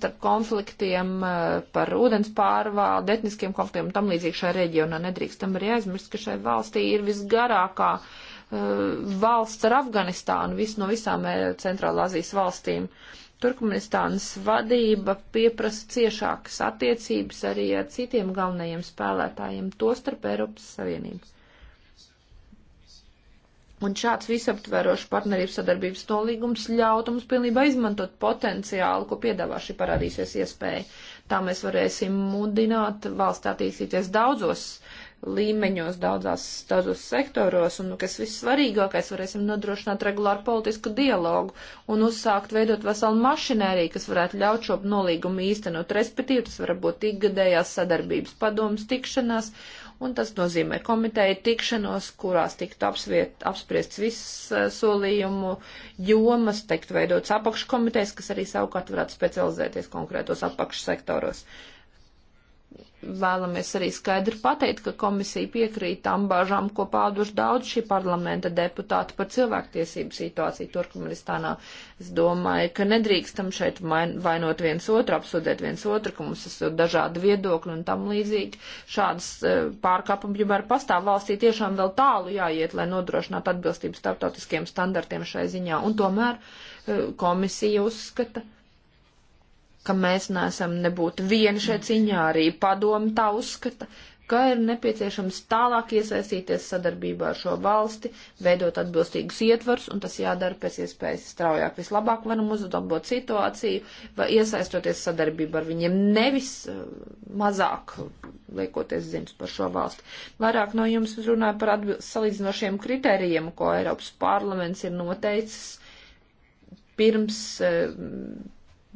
starp konfliktiem eh, par ūdens pārvaldu, etniskiem konfliktiem un tam līdzīgi šajā reģionā. Nedrīkstam arī aizmirst, ka šai valstī ir visgarākā uh, valsts ar Afganistānu, vis no visām Centrālā Azijas valstīm. Uh, Turkmenistānas vadība pieprasa ciešākas attiecības arī ar citiem galvenajiem spēlētājiem, tostarp Eiropas Savienības. Un šāds visaptverošs partnerības sadarbības nolīgums ļautu mums pilnībā izmantot potenciālu, ko piedāvā šī parādīsies iespēja. Tā mēs varēsim mudināt valsts attīstīties daudzos uh, līmeņos, daudzās daudzos sektoros, un, nu, kas vissvarīgākais, varēsim nodrošināt regulāru politisku dialogu un uzsākt veidot veselu mašinēriju, kas varētu ļaut šo nolīgumu īstenot, respektīvi tas var būt ikgadējās sadarbības padomas tikšanās, un tas nozīmē komiteja tikšanos, kurās tiktu apsviet, apspriests visas eh, solījumu jomas, teikt veidots apakškomitejas, kas arī savukārt varētu specializēties konkrētos apakšsektoros. sektoros vēlamies arī skaidri pateikt, ka komisija piekrīt tam bāžām, ko pāduši daudz šī parlamenta deputāti par cilvēktiesību situāciju Turkmenistānā. Es domāju, ka nedrīkstam šeit vainot viens otru, apsūdēt viens otru, ka mums ir dažādi viedokļi un tam līdzīgi. Šādas e, pārkāpumi jau var pastāv valstī tiešām vēl tālu jāiet, lai nodrošinātu atbilstību starptautiskiem standartiem šai ziņā. Un tomēr e, komisija uzskata ka mēs neesam nebūtu vieni šeit ciņā, arī padomu tā uzskata, ka ir nepieciešams tālāk iesaistīties sadarbībā ar šo valsti, veidot atbilstīgus ietvars, un tas jādara pēc iespējas straujāk. Vislabāk varam uzlabot situāciju, vai iesaistoties sadarbībā ar viņiem, nevis eh, mazāk liekoties ziņas par šo valsti. Vairāk no jums runāja par salīdzinošiem kritērijiem, ko Eiropas parlaments ir noteicis pirms. Uh,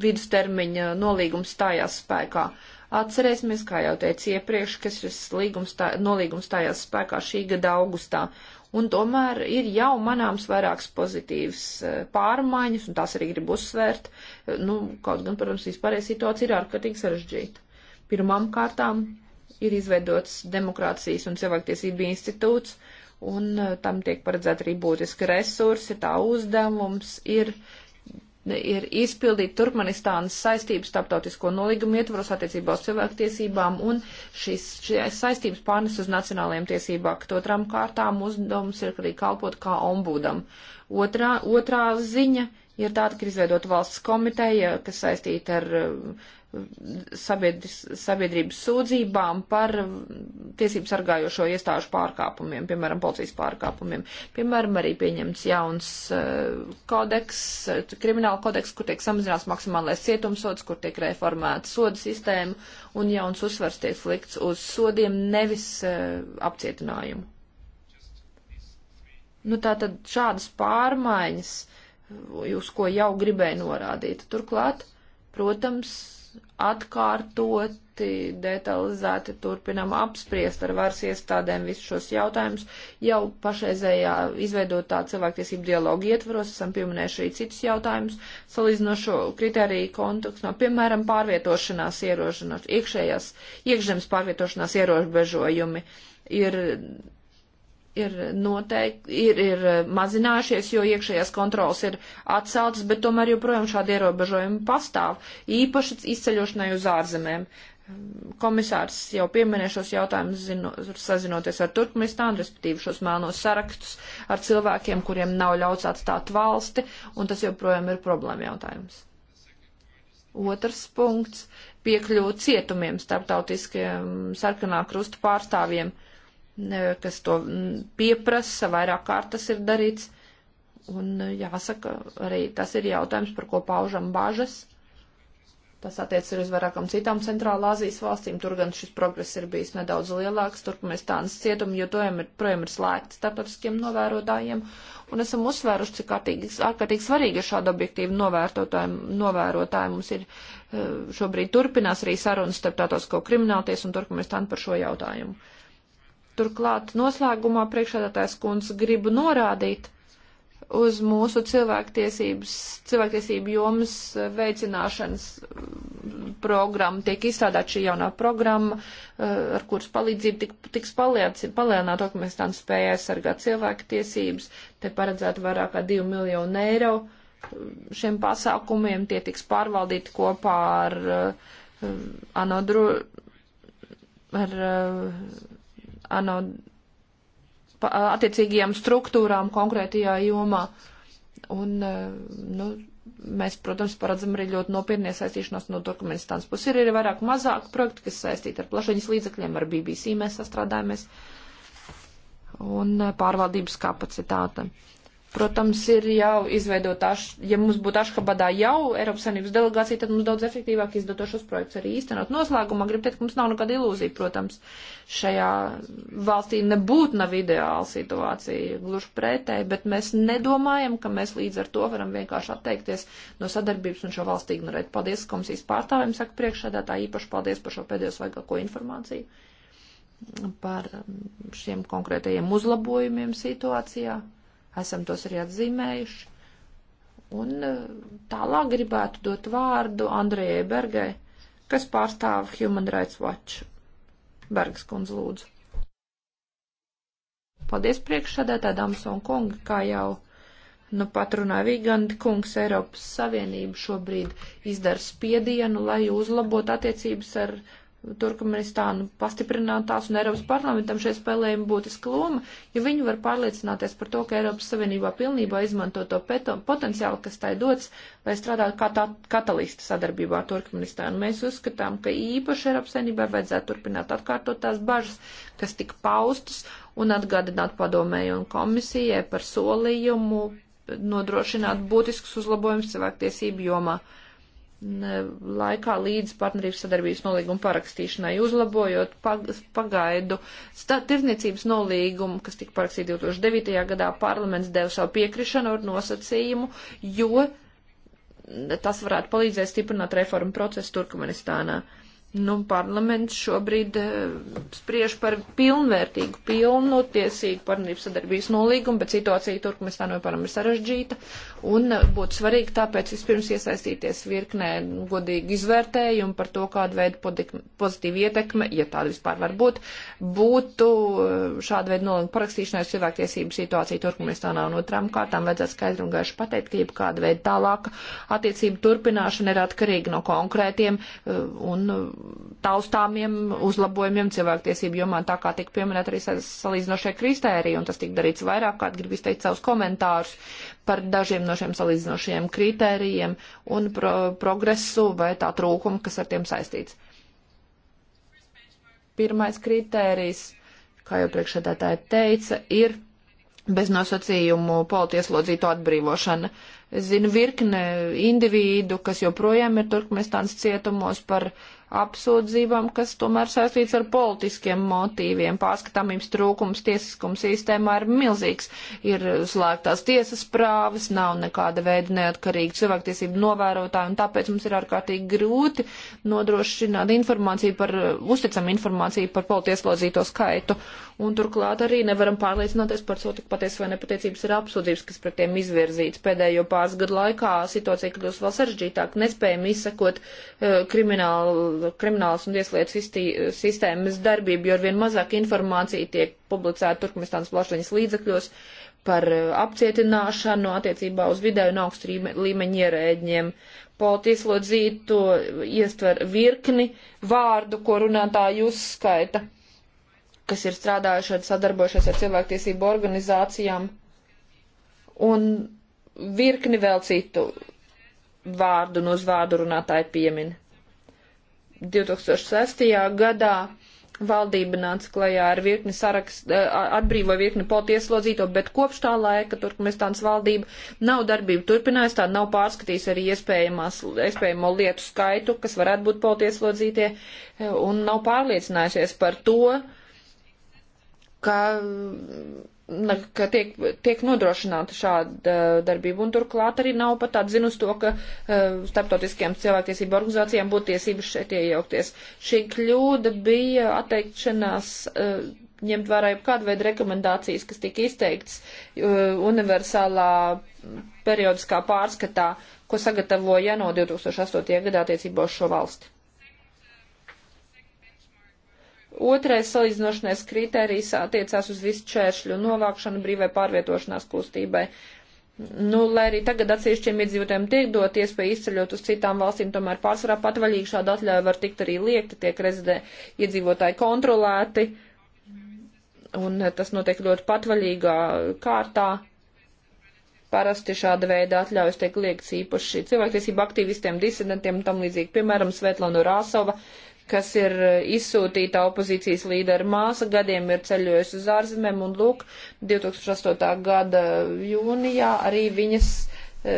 vidustermiņa nolīgums stājās spēkā. Atcerēsimies, kā jau teicu iepriekš, ka šis stā, nolīgums stājās spēkā šī gada augustā. Un tomēr ir jau manāms vairākas pozitīvas e, pārmaiņas, un tās arī gribu uzsvērt. E, nu, kaut gan, protams, vispārējā situācija ir ārkārtīgi sarežģīta. Pirmām kārtām ir izveidots demokrātijas un cilvēktiesību institūts, un e, tam tiek paredzēta arī būtiska resursi, tā uzdevums ir uh, ir izpildīt Turkmenistānas saistības starptautisko nolīgumu ietvaros attiecībā uz cilvēktiesībām un šīs, šīs saistības pārnes uz nacionālajiem tiesību aktu. Otram kārtām uzdevums ir arī kalpot kā ombudam. Otrā, otrā ziņa ir tāda, ka ir izveidota valsts komiteja, kas saistīta ar sabiedris, sabiedrības sūdzībām par tiesību sargājošo iestāžu pārkāpumiem, piemēram, policijas pārkāpumiem. Piemēram, arī pieņemts jauns eh, kodeks, eh, krimināla kodeks, kur tiek samazināts maksimālais cietumsods, kur tiek reformēta soda sistēma un jauns uzsvars tiek likts uz sodiem, nevis eh, apcietinājumu. Nu, tā tad šādas pārmaiņas, uz ko jau gribēju norādīt. Turklāt, protams, atkārtoti, detalizēti turpinam apspriest ar varas iestādēm visus šos jautājumus. Jau pašreizējā izveidotā cilvēktiesību dialogu ietvaros esam pieminējuši arī citus jautājumus, salīdzinošo kritēriju kontekstu, no, piemēram, pārvietošanās ierošanās, iekšējās, iekšzemes pārvietošanās ierobežojumi ir ir, noteik, ir, ir eh, mazinājušies, jo iekšējās kontrols ir atceltas, bet tomēr joprojām šādi ierobežojumi pastāv, īpaši izceļošanai uz ārzemēm. Komisārs jau pieminē šos jautājumus, zino, sazinoties ar Turkmenistānu, respektīvi šos melnos sarakstus ar cilvēkiem, kuriem nav ļauts atstāt valsti, un tas joprojām ir problēma jautājums. Otrs punkts - piekļūt cietumiem starptautiskiem sarkanā krusta pārstāvjiem kas to mm, pieprasa, vairāk kārt tas ir darīts. Un eh, jāsaka, arī tas ir jautājums, par ko paužam bāžas. Tas attiec arī uz vairākām citām centrālā Azijas valstīm. Tur gan šis progress ir bijis nedaudz lielāks. Turkmestānas cietumi joprojām ir, projām ir slēgti starptautiskiem novērotājiem. Un esam uzsvēruši, cik ārkārtīgi svarīgi ir šāda objektīva novērotāja. Mums ir eh, šobrīd turpinās arī sarunas starp tātos, ko kriminālties un Turkmestāna par šo jautājumu. Turklāt noslēgumā priekšādātājs kundze gribu norādīt uz mūsu cilvēktiesības, cilvēktiesību jomas veicināšanas mm, programmu. Tiek izstrādāt šī jaunā programma, eh, ar kuras palīdzību tik, tiks palielināt to, ka mēs tā spēj aizsargāt cilvēktiesības. Te paredzētu vairāk kā 2 miljonu eiro eh, šiem pasākumiem. Tie tiks pārvaldīti kopā ar, eh, ar, ar, ar ano, pa, attiecīgajām struktūrām konkrētajā jomā. Un, e, nu, mēs, protams, paredzam arī ļoti nopietni iesaistīšanos no Turkmenistānas puses. Ir arī vairāk mazāk projekti, kas saistīti ar plašaņas līdzekļiem, ar BBC mēs sastrādājamies un e, pārvaldības kapacitāte. Protams, ir jau izveidot, aš, ja mums būtu Ašhabadā jau Eiropas Savienības delegācija, tad mums daudz efektīvāk izdotos šos projektus arī īstenot. Noslēgumā gribu teikt, ka mums nav nekāda ilūzija, protams, šajā valstī nebūtu nav ideāla situācija, gluži pretēji, bet mēs nedomājam, ka mēs līdz ar to varam vienkārši atteikties no sadarbības un šo valsti ignorēt. Paldies komisijas pārstāvjiem, saka priekšsēdētāji, īpaši paldies par šo pēdējo svaigāko informāciju par um, šiem konkrētajiem uzlabojumiem situācijā esam tos arī atzīmējuši. Un e, tālāk gribētu dot vārdu Andrejai Bergai, kas pārstāv Human Rights Watch. Bergas kundze lūdzu. Paldies priekšsādētā, dāmas un kungi, kā jau nu pat runāja Vigandi kungs, Eiropas Savienība šobrīd izdara spiedienu, lai uzlabotu attiecības ar Turkmenistānu pastiprinātās un Eiropas parlamentam šeit spēlējumi būtiski loma, jo viņi var pārliecināties par to, ka Eiropas Savienībā pilnībā izmanto to peto, potenciālu, kas tai dots, lai strādātu kā tā katalīsta sadarbībā ar Turkmenistānu. Mēs uzskatām, ka īpaši Eiropas Savienībai vajadzētu turpināt atkārtot tās bažas, kas tika paustas, un atgādināt padomēju un komisijai par solījumu nodrošināt būtiskus uzlabojumus cilvēktiesību jomā. Jo laikā līdz partnerības sadarbības nolīguma parakstīšanai, uzlabojot pagaidu tirdzniecības nolīgumu, kas tika parakstīts 2009. gadā, parlaments deva savu piekrišanu ar nosacījumu, jo tas varētu palīdzēt stiprināt reformu procesu Turkmenistānā. Uh, Nu, parlaments šobrīd eh, spriež par pilnvērtīgu, pilnotiesīgu partnerības sadarbības nolīgumu, bet situācija Turkmenistānā joprojām ir sarežģīta un eh, būtu svarīgi tāpēc vispirms iesaistīties virknē godīgi izvērtējumu par to, kāda veida pozitīva ietekme, ja tāda vispār var būt, būtu eh, šāda veida nolīguma parakstīšanai cilvēktiesību situācija Turkmenistānā un otrām kārtām vajadzētu skaidri un gaiši pateikt, ka jebkāda veida tālāka attiecība turpināšana ir atkarīga no konkrētiem un taustāmiem uzlabojumiem cilvēktiesību jomā, tā kā tika pieminēt arī salīdzinošie kriteriji, un tas tika darīts vairāk kārt, gribu izteikt savus komentārus par dažiem no šiem salīdzinošiem kriterijiem un pro progresu vai tā trūkumu, kas ar tiem saistīts. Pirmais kriterijs, kā jau priekšsēdētāja teica, ir bez nosacījumu politieslodzīto atbrīvošana. Es zinu virkne individu, kas joprojām ir Turkmestāns cietumos par uh, apsūdzībām, kas tomēr saistīts ar politiskiem motīviem. Pārskatāmības trūkums tiesiskums sistēmā ir milzīgs. Ir slēgtās tiesas prāvas, nav nekāda veida neatkarīga cilvēktiesību novērotāja, un tāpēc mums ir ārkārtīgi grūti nodrošināt informāciju par, uzticam informāciju par politieslodzīto skaitu un turklāt arī nevaram pārliecināties par to, cik patiesi vai nepatiecības ir apsūdzības, kas pret tiem izvirzīts. Pēdējo pāris gadu laikā situācija kļūst vēl sarežģītāk, nespējam izsekot eh, kriminālu, kriminālas un tieslietu sistēmas darbību, jo ar vien mazāk informācija tiek publicēta Turkmenistānas plašsaziņas līdzekļos par eh, apcietināšanu attiecībā uz vidēju un augstu līmeņu ierēģiem. Politieslodzīto iestver virkni vārdu, ko runātāji uzskaita kas ir strādājuši un sadarbojušies ar cilvēktiesību organizācijām un virkni vēl citu vārdu un uzvārdu runātāju piemin. 2006. gadā valdība nāca klajā ar virkni sarakst, eh, atbrīvoja virkni politieslodzīto, bet kopš tā laika Turkmenistānas valdība nav darbību turpinājusi, tā nav pārskatījis arī iespējamo lietu skaitu, kas varētu būt politieslodzītie, eh, un nav pārliecinājusies par to, ka, mm, na, ka tiek, tiek nodrošināta šāda darbība. Un turklāt arī nav pat atzinu uz to, ka uh, starptautiskajām cilvēktiesību organizācijām būtu tiesības šeit iejaukties. Šī kļūda bija atteikšanās. Uh, ņemt vērā jau kādu veidu rekomendācijas, kas tika izteikts uh, universālā periodiskā pārskatā, ko sagatavoja no 2008. gadā attiecībā uz šo valsti. Otrais salīdzinošanais kritērijs attiecās uz visu čēršļu novākšanu brīvai pārvietošanās kustībai. Nu, lai arī tagad atsevišķiem iedzīvotājiem tiek dot iespēja izceļot uz citām valstīm, tomēr pārsvarā patvaļīgi šāda atļauja var tikt arī liekta, tiek rezidē iedzīvotāji kontrolēti, un tas notiek ļoti patvaļīgā kārtā. Parasti šāda veida atļaujas tiek liekts īpaši cilvēktiesību aktīvistiem, disidentiem un tam līdzīgi. Piemēram, Svetlana Rāsova kas ir e, izsūtīta opozīcijas līdera māsa, gadiem ir ceļojusi uz ārzemēm, un lūk, 2008. gada jūnijā arī viņas e,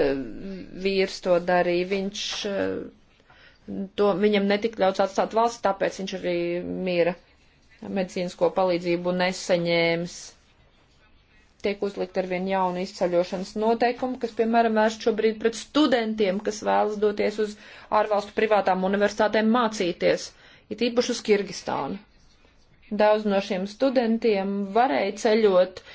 vīrs to darīja. Viņš, e, to, viņam netika ļauts atstāt valsts, tāpēc viņš arī mīra medicīnisko palīdzību nesaņēmis tiek uzlikt ar vien jaunu izceļošanas noteikumu, kas, piemēram, vērst šobrīd pret studentiem, kas vēlas doties uz ārvalstu privātām universitātēm mācīties, it īpaši uz Kirgistānu. Daudz no šiem studentiem varēja ceļot eh,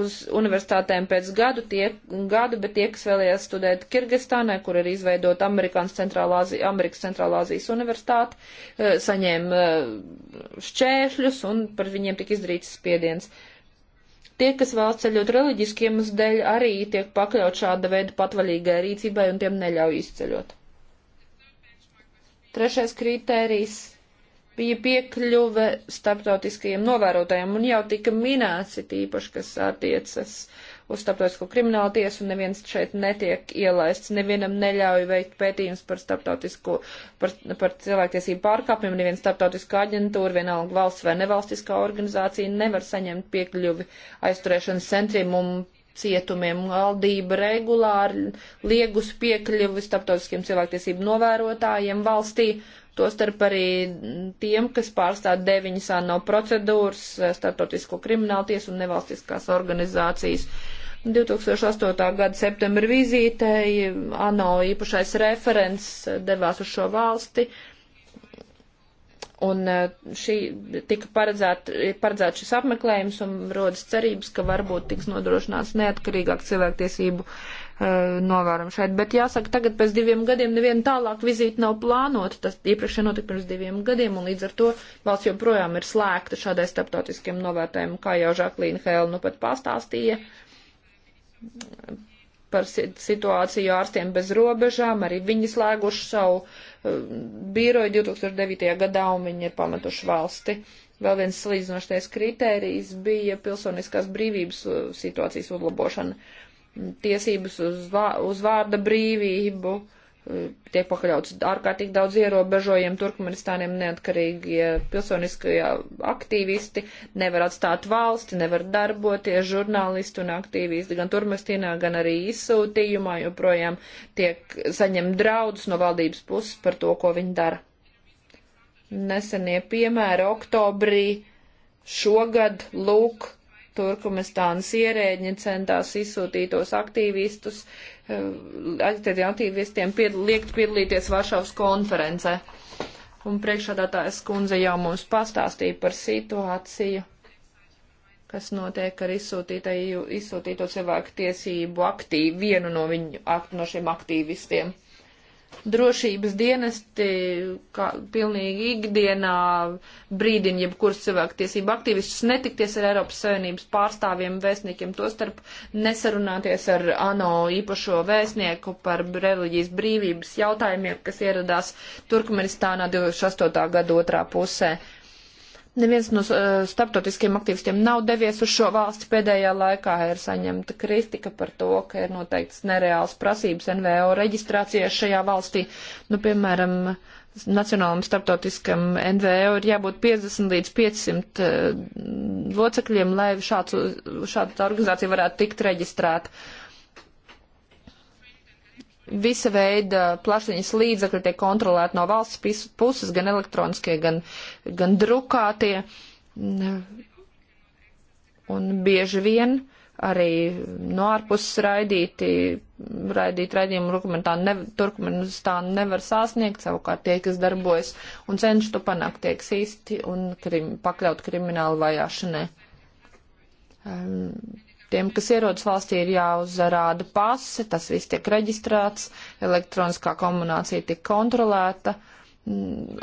uz universitātēm pēc gadu, tie, gadu bet tie, kas vēlējās studēt Kirgistānai, kur ir izveidota Amerikas Centrālāzijas universitāte, eh, saņēma eh, šķēršļus un par viņiem tika izdarīts spiediens. Tie, kas vēlas ceļot reliģiskiem uzdēļ, arī tiek pakļaut šāda veida patvaļīgai rīcībai un tiem neļauj izceļot. Trešais kritērijs bija piekļuve starptautiskajiem novērotājiem un jau tika minēts, it īpaši, kas attiecas uh, uz starptautisko kriminālu tiesu, un neviens šeit netiek ielaists, nevienam neļauj veikt pētījums par starptautisko, par, par cilvēktiesību pārkāpumiem, neviena starptautiskā aģentūra, vienalga valsts vai nevalstiskā organizācija nevar saņemt piekļuvi aizturēšanas centriem un cietumiem. Valdība regulāri liegus piekļuvi starptautiskiem cilvēktiesību novērotājiem valstī, Tostarp arī tiem, kas pārstāv deviņas ANO procedūras, starptautisko kriminālu tiesu un nevalstiskās organizācijas. Uh, 2008. gada septembra vizītei ANO īpašais referents devās uz šo valsti. Un e, šī tika paredzēta paredzēt šis apmeklējums un rodas cerības, ka varbūt tiks nodrošināts neatkarīgāk cilvēktiesību uh, e, novēram šeit. Bet jāsaka, tagad pēc diviem gadiem neviena tālāk vizīte nav plānota. Tas iepriekšē notika pirms diviem gadiem un līdz ar to valsts joprojām ir slēgta šādai starptautiskiem novērtējumam, kā jau Žaklīna Hēla nu pat pastāstīja. Uh, par situāciju ārstiem bez robežām, arī viņi slēguši savu eh, bīroju 2009. gadā un viņi ir pametuši valsti. Vēl viens slīdzinošais kritērijs bija pilsoniskās brīvības eh, situācijas uzlabošana, tiesības uz, vā, uz vārda brīvību, uh, tiek pakļauts ārkārtīgi daudz ierobežojumu. Turkmenistāniem neatkarīgie pilsoniskie aktīvisti nevar atstāt valsti, nevar darboties, žurnālisti un aktīvisti gan Turkmenistānā, gan arī izsūtījumā joprojām tiek saņem draudus no valdības puses par to, ko viņi dara. Nesenie piemēri oktobrī šogad lūk Turkmenistānas ierēģi centās izsūtītos aktīvistus Eh, aktivistiem pied, liekt piedalīties Varšavas konferencē. Un priekšādātājas kundze jau mums pastāstīja par situāciju, kas notiek ar izsūtīto cilvēku tiesību aktīvu, vienu no, viņu, no šiem aktīvistiem drošības dienesti kā pilnīgi ikdienā brīdina jebkurus cilvēku tiesību aktīvistus netikties ar Eiropas Savienības pārstāvjiem, vēstniekiem, tostarp nesarunāties ar ANO īpašo vēstnieku par reliģijas brīvības jautājumiem, kas ieradās Turkmenistānā 2008. gada otrā pusē. Uh, Neviens no uh, starptautiskiem aktīvistiem nav devies uz šo valsti pēdējā laikā. Ir saņemta kritika par to, ka ir noteikts nereāls prasības NVO reģistrācijai šajā valstī. Nu, piemēram, nacionālam starptautiskam NVO ir jābūt 50 līdz 500 uh, eh, locekļiem, lai šāds, šāda organizācija varētu tikt reģistrēta. Uh, visa veida plašiņas līdzekļi tiek kontrolēti no valsts puses, gan elektroniskie, gan, gan drukātie. Un bieži vien arī no ārpuses raidīti, raidīt raidījumu dokumentāni ne, Turkmenistānu nevar sasniegt, savukārt tie, kas darbojas un cenš to panākt, tiek īsti un krim, pakļaut kriminālu vajāšanai. Um, Tiem, kas ierodas valstī, ir jāuzrāda pase, tas viss tiek reģistrēts, elektroniskā komunikācija tiek kontrolēta. Mm,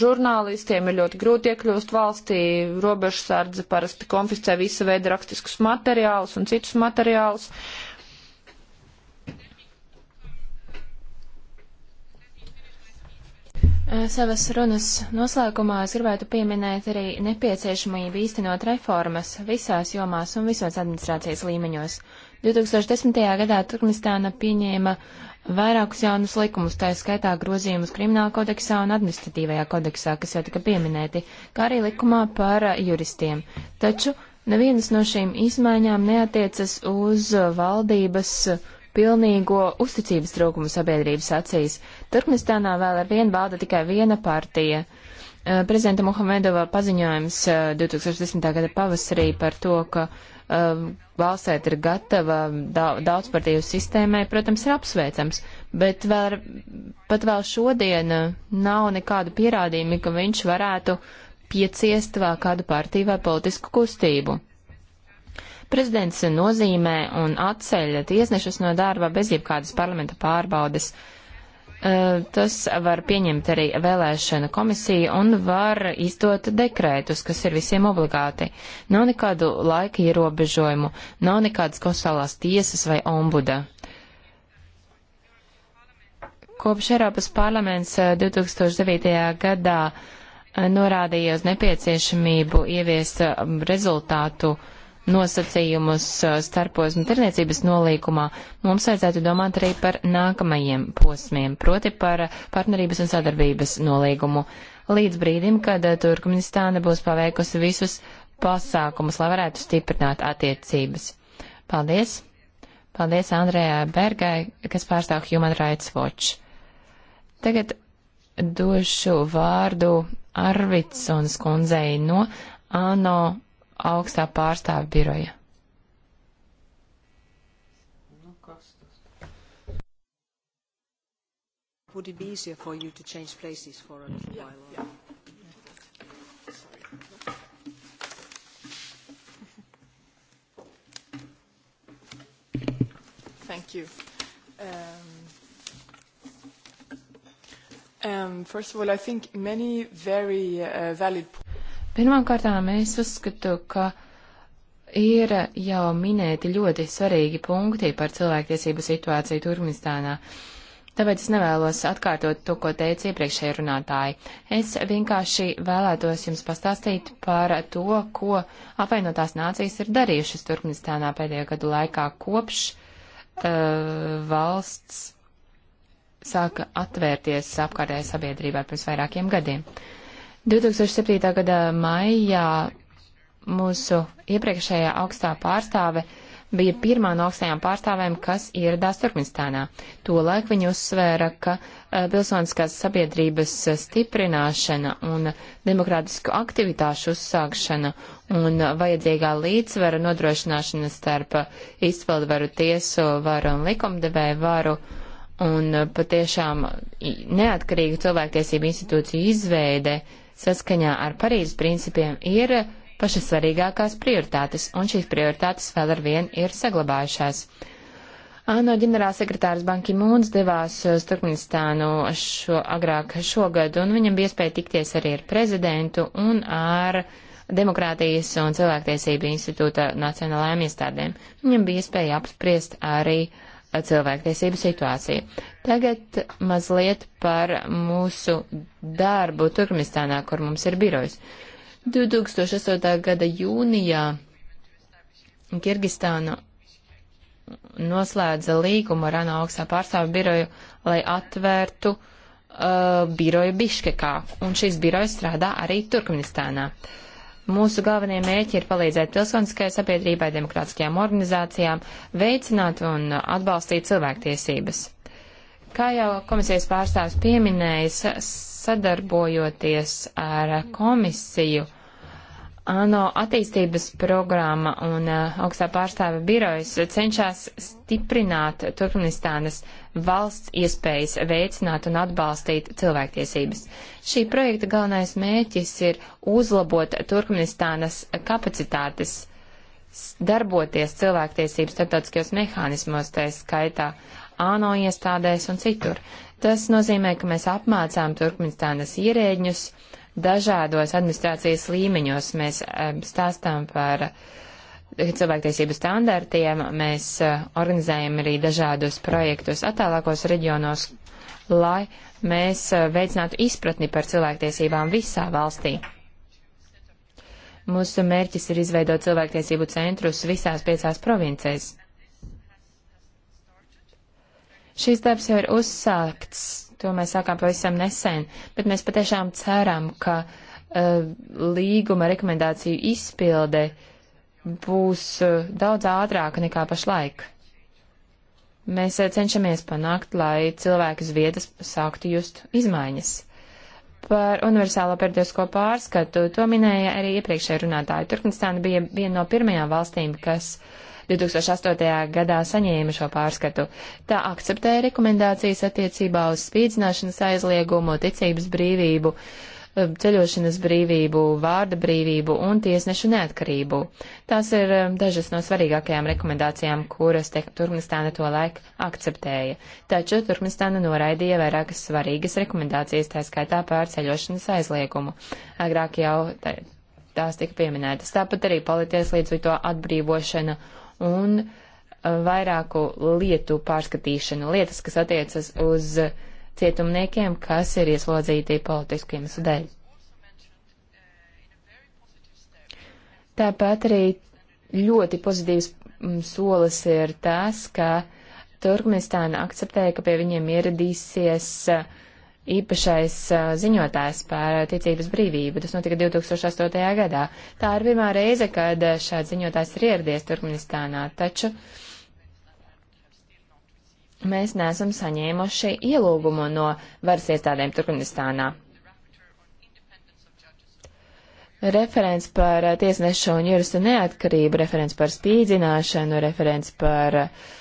žurnālistiem ir ļoti grūti iekļūst valstī, robežsardze parasti konfiscē visu veidu rakstiskus materiālus un citus materiālus, Eh, savas runas noslēgumā es gribētu pieminēt arī nepieciešamību īstenot reformas visās jomās un visos administrācijas līmeņos. 2010. gadā Turkmenistāna pieņēma vairākus jaunus likumus, tā skaitā grozījumus krimināla kodeksā un administratīvajā kodeksā, kas jau tika pieminēti, kā arī likumā par juristiem. Taču nevienas no šīm izmaiņām neatiecas uz valdības pilnīgo uzticības trūkumu sabiedrības acīs. Turkmenistānā vēl ar vienu valda tikai viena partija. Eh, prezidenta Muhamedova paziņojums 2010. Eh, gada pavasarī par to, ka eh, valstēt ir gatava daudzpartiju sistēmai, protams, ir apsveicams, bet vēl, pat vēl šodien nav nekādu pierādījumu, ka viņš varētu pieciest vēl kādu partiju vai politisku kustību. Prezidents nozīmē un atceļ tiesnešus no darba bez jebkādas parlamenta pārbaudes. Eh, tas var pieņemt arī vēlēšana komisija un var izdot dekrētus, kas ir visiem obligāti. Nav nekādu laika ierobežojumu, nav nekādas konstitucionālās tiesas vai ombuda. Kopš Eiropas parlaments 2009. Eh, gadā eh, norādīja uz nepieciešamību ieviest rezultātu uh, nosacījumus starposmu tirniecības nolīkumā, mums vajadzētu domāt arī par nākamajiem posmiem, proti par partnerības un sadarbības nolīgumu, līdz brīdim, kad Turkmenistāna būs paveikusi visus pasākumus, lai varētu stiprināt attiecības. Paldies! Paldies Andrējai Bergai, kas pārstāv Human Rights Watch. Tagad došu vārdu Arvitsons kundzei no ANO augstā pārstāva biroja. Would it be easier for you to change places for a little mm. yeah, while? Or... Yeah. Thank you. Um, um, first of all, I think many very uh, valid points Pirmkārtām es uzskatu, ka ir jau minēti ļoti svarīgi punkti par cilvēktiesību situāciju Turkmenistānā. Tāpēc es nevēlos atkārtot to, ko teica iepriekšēji runātāji. Es vienkārši vēlētos jums pastāstīt par to, ko apvienotās nācijas ir darījušas Turkmenistānā pēdējo gadu laikā kopš uh, valsts sāka atvērties apkārtējai sabiedrībai pirms vairākiem gadiem. Uh, 2007. gada maijā mūsu iepriekšējā augstā pārstāve bija pirmā no augstajām pārstāvēm, kas ieradās Turkmenistānā. Tolaik viņa uzsvēra, ka eh, pilsoniskās sabiedrības stiprināšana un demokrātisku aktivitāšu uzsākšana un vajadzīgā līdzsvara nodrošināšana starp izpildvaru tiesu varu un likumdevēju varu un patiešām neatkarīgu cilvēktiesību institūciju izveide uh, saskaņā ar Parīzes principiem ir pašas svarīgākās prioritātes, un šīs prioritātes vēl ar vien ir saglabājušās. ANO ģenerālsekretārs Banki Mūns devās uz Turkmenistānu šo, agrāk šogad, un viņam bija iespēja tikties arī ar prezidentu un ar Demokrātijas un cilvēktiesību institūta nacionālajām iestādēm. Viņam bija iespēja apspriest arī uh, cilvēktiesību situāciju. Tagad mazliet par mūsu darbu Turkmistānā, kur mums ir birojs. 2008. gada jūnijā Kirgistāna noslēdza līgumu ar ANO augstā pārstāvu biroju, lai atvērtu uh, biroju Biškekā, un šīs birojas strādā arī Turkmenistānā. Uh, Mūsu galvenie mēķi ir palīdzēt pilsoniskajai sabiedrībai, demokrātiskajām organizācijām, veicināt un atbalstīt cilvēktiesības. Kā jau komisijas pārstāvs pieminējis, sadarbojoties ar komisiju, uh, ANO attīstības programma un uh, augstā pārstāve birojas cenšas stiprināt Turkmenistānas valsts iespējas veicināt un atbalstīt cilvēktiesības. Šī projekta galvenais mēķis ir uzlabot Turkmenistānas kapacitātes darboties cilvēktiesības starptautiskajos mehānismos, tā skaitā ANO iestādēs un citur. Tas nozīmē, ka mēs apmācām Turkmenistānas ierēģņus, uh, dažādos administrācijas līmeņos. Mēs stāstām par cilvēktiesību standartiem, mēs eh, organizējam arī dažādus projektus attālākos reģionos, lai mēs eh, veicinātu izpratni par cilvēktiesībām visā valstī. Mūsu mērķis ir izveidot cilvēktiesību centrus visās piecās provincēs. Šis darbs jau ir uzsākts To mēs sākām pavisam nesen, bet mēs patiešām ceram, ka uh, līguma rekomendāciju izpilde būs uh, daudz ātrāka nekā pašlaik. Mēs uh, cenšamies panākt, lai cilvēki uz vietas sāktu just izmaiņas. Par universālo periodisko pārskatu to minēja arī iepriekšēja runātāja. Turkmenistāna bija viena no pirmajām valstīm, kas uh, 2008. gadā saņēma šo pārskatu. Tā akceptēja rekomendācijas attiecībā uz spīdzināšanas aizliegumu, ticības brīvību, eh, ceļošanas brīvību, vārda brīvību un tiesnešu neatkarību. Tās ir eh, dažas no svarīgākajām rekomendācijām, kuras Turkmenistāna to laiku akceptēja. Taču Turkmenistāna noraidīja vairākas svarīgas rekomendācijas, tā skaitā pār ceļošanas aizliegumu. Agrāk jau tās tika pieminētas. Tāpat arī politieslīdzīto atbrīvošana un uh, vairāku lietu pārskatīšanu, lietas, kas attiecas uz cietumniekiem, kas ir ieslodzīti politiskiem sudēļ. Tāpat arī ļoti pozitīvs mm, solis ir tas, ka Turkmenistāna akceptēja, ka pie viņiem ieradīsies uh, īpašais ziņotājs par ticības brīvību. Tas notika 2008. gadā. Tā ir pirmā reize, kad šāds ziņotājs ir ieradies Turkmenistānā, taču mēs neesam saņēmuši ielūgumu no varas iestādēm Turkmenistānā. Referents par tiesnešu un juristu neatkarību, referents par spīdzināšanu, referents par uh,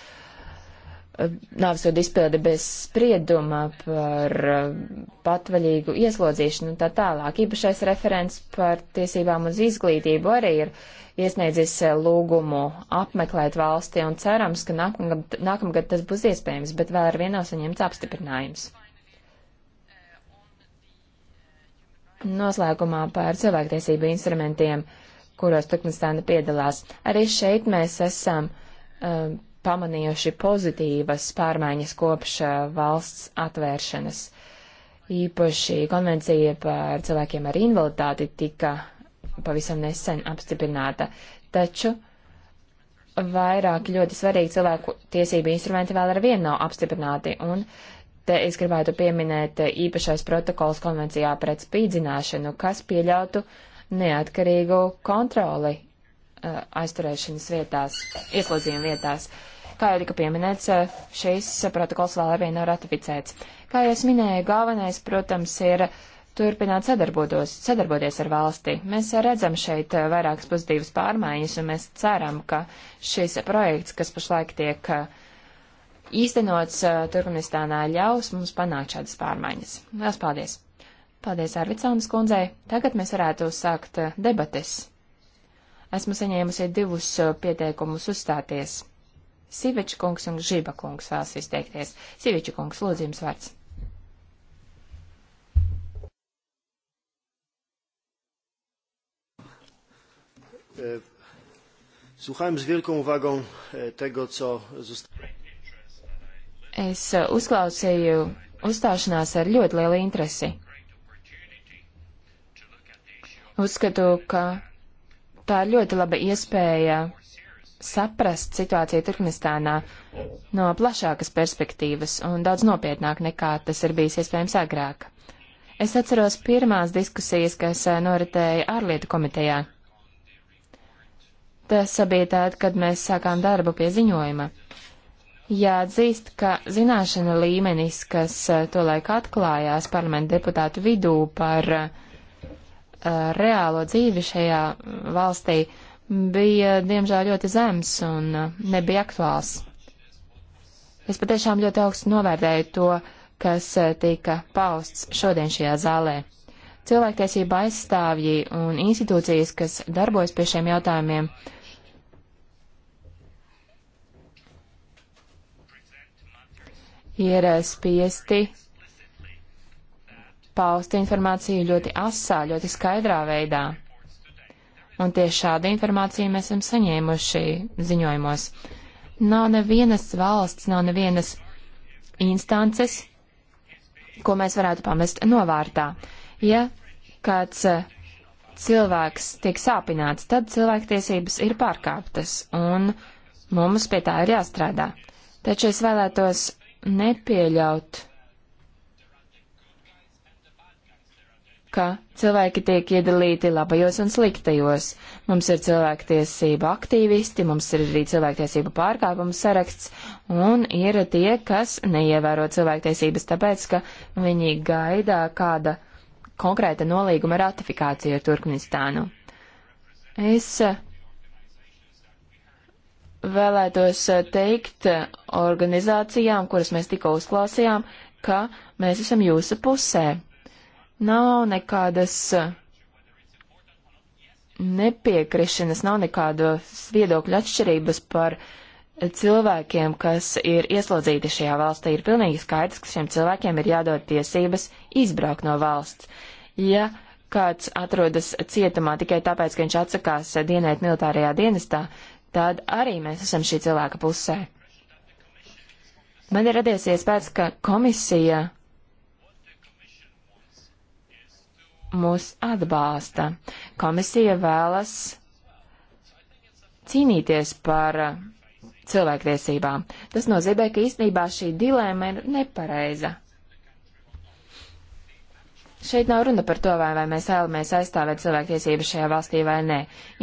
nāvsodu izpildi bez sprieduma par eh, patvaļīgu ieslodzīšanu un tā tālāk. Īpašais referents par tiesībām uz izglītību arī ir iesniedzis eh, lūgumu apmeklēt valsti un cerams, ka nākamgad, nākamgad tas būs iespējams, bet vēl ar vienu nav saņemts apstiprinājums. Noslēgumā par cilvēktiesību instrumentiem, kuros Turkmenistāna piedalās. Arī šeit mēs esam uh, pamanījuši pozitīvas pārmaiņas kopš valsts atvēršanas. Īpaši konvencija par cilvēkiem ar invaliditāti tika pavisam nesen apstiprināta, taču vairāk ļoti svarīgi cilvēku tiesību instrumenti vēl ar vienu nav apstiprināti, un te es gribētu pieminēt īpašais protokols konvencijā pret spīdzināšanu, kas pieļautu neatkarīgu kontroli uh, aizturēšanas vietās, ieslodzījuma vietās. Uh, Kā jau tika pieminēts, šis protokols vēl arī nav ratificēts. Kā jau es minēju, galvenais, protams, ir turpināt sadarboties ar valsti. Mēs redzam šeit vairākas pozitīvas pārmaiņas, un mēs ceram, ka šis projekts, kas pašlaik tiek uh, īstenots uh, Turkmenistānā, ļaus mums panākt šādas pārmaiņas. Lielas paldies! Paldies Arvicānas kundzei. Tagad mēs varētu sākt uh, debates. Esmu saņēmusi divus pieteikumus uzstāties. Siveča kungs un Žiba kungs vēlas izteikties. Siveča kungs, lūdzu jums vārds. E, słuchałem z wielką uwagą e, tego, co zostało. Es e, uzklausīju uzstāšanās ar ļoti lielu interesi. Uzskatu, ka tā ir ļoti laba iespēja saprast situāciju Turkmenistānā no plašākas perspektīvas un daudz nopietnāk nekā tas ir bijis iespējams agrāk. Es atceros pirmās diskusijas, kas eh, noritēja ārlietu komitejā. Tas eh, bija tad, kad mēs sākām darbu pie ziņojuma. Jāatzīst, ka zināšana līmenis, kas eh, tolaik atklājās parlamenta deputātu vidū par uh, reālo dzīvi šajā mm, valstī, uh, bija, diemžēl, ļoti zems un uh, nebija aktuāls. Es patiešām ļoti augstu novērtēju to, kas uh, tika pausts šodien šajā zālē. Cilvēktiesība aizstāvji un institūcijas, kas darbojas pie šiem jautājumiem, ir uh, spiesti paust informāciju ļoti asā, ļoti skaidrā veidā. Un tieši šādu informāciju mēs esam saņēmuši ziņojumos. Nav nevienas valsts, nav nevienas instances, ko mēs varētu pamest novārtā. Ja kāds eh, cilvēks tiek sāpināts, tad cilvēktiesības ir pārkāptas, un mums pie tā ir jāstrādā. Taču es vēlētos nepieļaut ka cilvēki tiek iedalīti labajos un sliktajos. Mums ir cilvēktiesība aktīvisti, mums ir arī cilvēktiesība pārkāpums saraksts, un ir tie, kas neievēro cilvēktiesības, tāpēc, ka viņi gaidā kāda konkrēta nolīguma ratifikāciju ar Turkmenistānu. Es eh, vēlētos eh, teikt eh, organizācijām, kuras mēs tikko uzklausījām, ka mēs esam jūsu pusē Nav nekādas uh, nepiekrišanas, nav nekādas viedokļu atšķirības par cilvēkiem, kas ir ieslodzīti šajā valstī. Ir pilnīgi skaidrs, ka šiem cilvēkiem ir jādod tiesības izbraukt no valsts. Ja kāds atrodas cietumā tikai tāpēc, ka viņš atsakās dienēt militārajā dienestā, tad arī mēs esam šī cilvēka pusē. Man ir radies iespējas, ka komisija mūs atbalsta. Komisija vēlas cīnīties par cilvēktiesībām. Tas nozīmē, ka īstenībā šī dilēma ir nepareiza. Šeit nav runa par to, vai, vai mēs vēlamies aizstāvēt cilvēktiesības šajā valstī vai nē.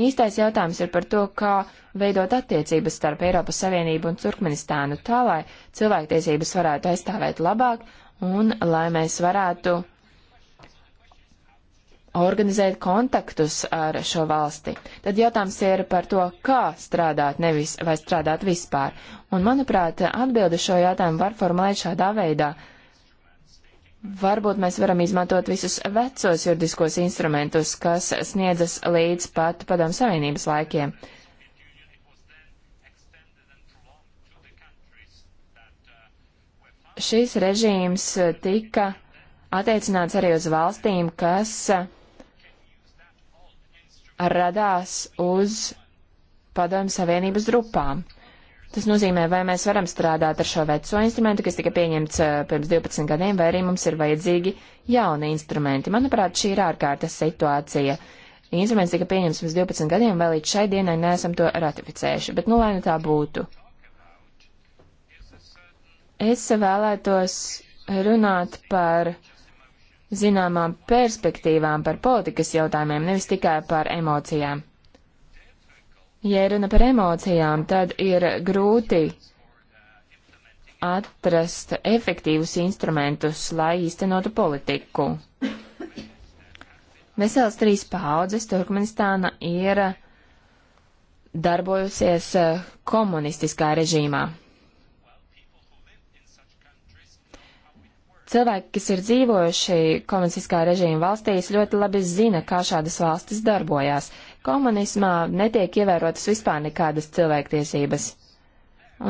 Īstais jautājums ir par to, kā veidot attiecības starp Eiropas Savienību un Turkmenistānu tā, lai cilvēktiesības varētu aizstāvēt labāk un lai mēs varētu organizēt kontaktus ar šo valsti. Tad jautājums ir par to, kā strādāt, nevis vai strādāt vispār. Un, manuprāt, atbildi šo jautājumu var formulēt šādā veidā. Varbūt mēs varam izmantot visus vecos juridiskos instrumentus, kas sniedzas līdz pat padomu savienības laikiem. Šis režīms tika attiecināts arī uz valstīm, kas radās uz padomju savienības grupām. Tas nozīmē, vai mēs varam strādāt ar šo veco instrumentu, kas tika pieņemts eh, pirms 12 gadiem, vai arī mums ir vajadzīgi jauni instrumenti. Manuprāt, šī ir ārkārtas situācija. Instruments tika pieņemts pirms 12 gadiem, vai līdz šai dienai neesam to ratificējuši, bet nu lai nu tā būtu. Es vēlētos runāt par uh, zināmām perspektīvām par politikas jautājumiem, nevis tikai par emocijām. Ja runa par emocijām, tad ir grūti atrast efektīvus instrumentus, lai īstenotu politiku. Vesels trīs paudzes Turkmenistāna ir darbojusies eh, komunistiskā režīmā. Cilvēki, kas ir dzīvojuši komunistiskā režīma valstīs, ļoti labi zina, kā šādas valstis darbojās. Komunismā netiek ievērotas vispār nekādas cilvēktiesības.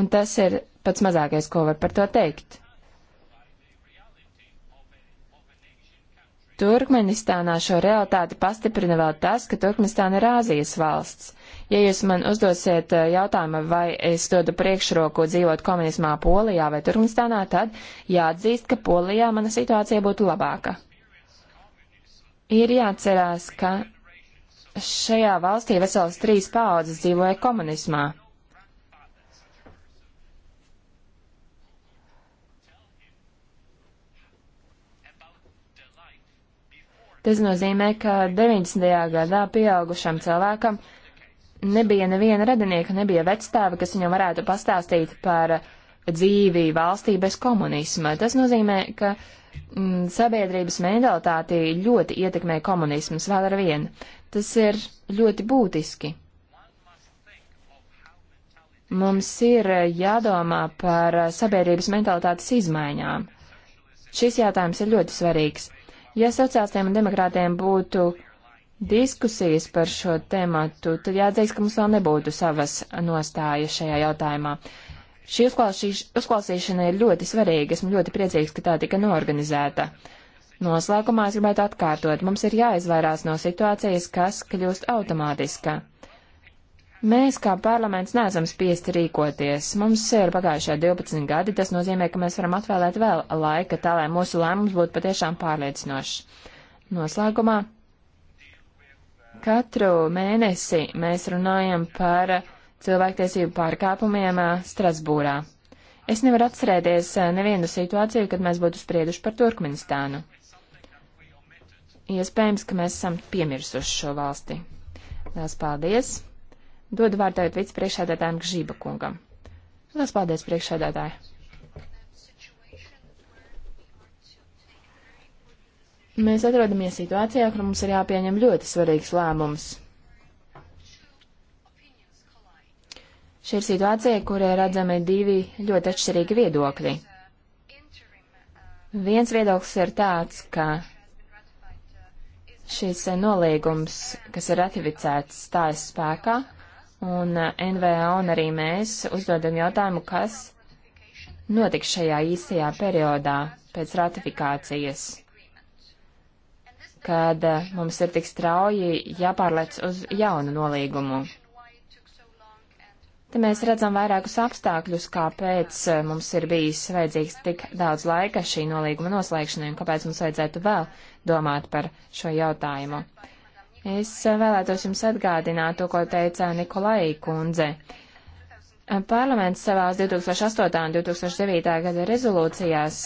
Un tas ir pats mazākais, ko var par to teikt. Turkmenistānā šo realitāti pastiprina vēl tas, ka Turkmenistāna ir Āzijas valsts. Ja jūs man uzdosiet eh, jautājumu, vai es dodu priekšroku dzīvot komunismā Polijā vai Turkmenistānā, tad jāatzīst, ka Polijā mana situācija būtu labāka. Ir jāatcerās, ka šajā valstī veselas trīs paaudzes dzīvoja komunismā. Tas nozīmē, ka 90. gadā pieaugušam cilvēkam nebija neviena radinieka, nebija vecstāva, kas viņam varētu pastāstīt par dzīvi valstī bez komunisma. Tas nozīmē, ka mm, sabiedrības mentalitāti ļoti ietekmē komunisms vēl ar vienu. Tas ir ļoti būtiski. Mums ir jādomā par sabiedrības mentalitātes izmaiņām. Šis jautājums ir ļoti svarīgs. Ja sociālistiem un demokrātiem būtu uh, diskusijas par šo tēmatu, tad jāteiks, ka mums vēl nebūtu savas nostājas šajā jautājumā. Šī uzklausīšana ir ļoti svarīga, esmu ļoti priecīgs, ka tā tika norganizēta. Noslēgumā es gribētu atkārtot, mums ir jāizvairās no situācijas, kas kļūst automātiska. Mēs kā parlaments neesam spiesti rīkoties. Mums ir pagājušā 12 gadi, tas nozīmē, ka mēs varam atvēlēt vēl laika tā, lai mūsu lēmums būtu patiešām pārliecinošs. Noslēgumā Katru mēnesi mēs runājam par cilvēktiesību pārkāpumiem Strasbūrā. Es nevaru atcerēties nevienu situāciju, kad mēs būtu sprieduši par Turkmenistānu. Iespējams, ka mēs esam piemirsuši šo valsti. Lielas paldies! Dodu vārdu vicepriekšēdētājiem Gžība kungam. Lielas paldies, priekšēdētāji! Mēs atrodamies situācijā, kur mums ir jāpieņem ļoti svarīgs lēmums. Šī ir situācija, kurā redzami divi ļoti atšķirīgi viedokļi. Viens viedoklis ir tāds, ka šis nolīgums, kas ir ratificēts, stājas spēkā, un NVO un arī mēs uzdodam jautājumu, kas notiks šajā īsajā periodā pēc ratifikācijas kad eh, mums ir tik strauji jāpārlec uz jaunu nolīgumu. Te mēs redzam vairākus apstākļus, kāpēc eh, mums ir bijis vajadzīgs tik daudz laika šī nolīguma noslēgšanai un kāpēc mums vajadzētu vēl domāt par šo jautājumu. Es eh, vēlētos jums atgādināt to, ko teica Nikolai kundze. Parlaments savās 2008. un 2009. gada rezolūcijās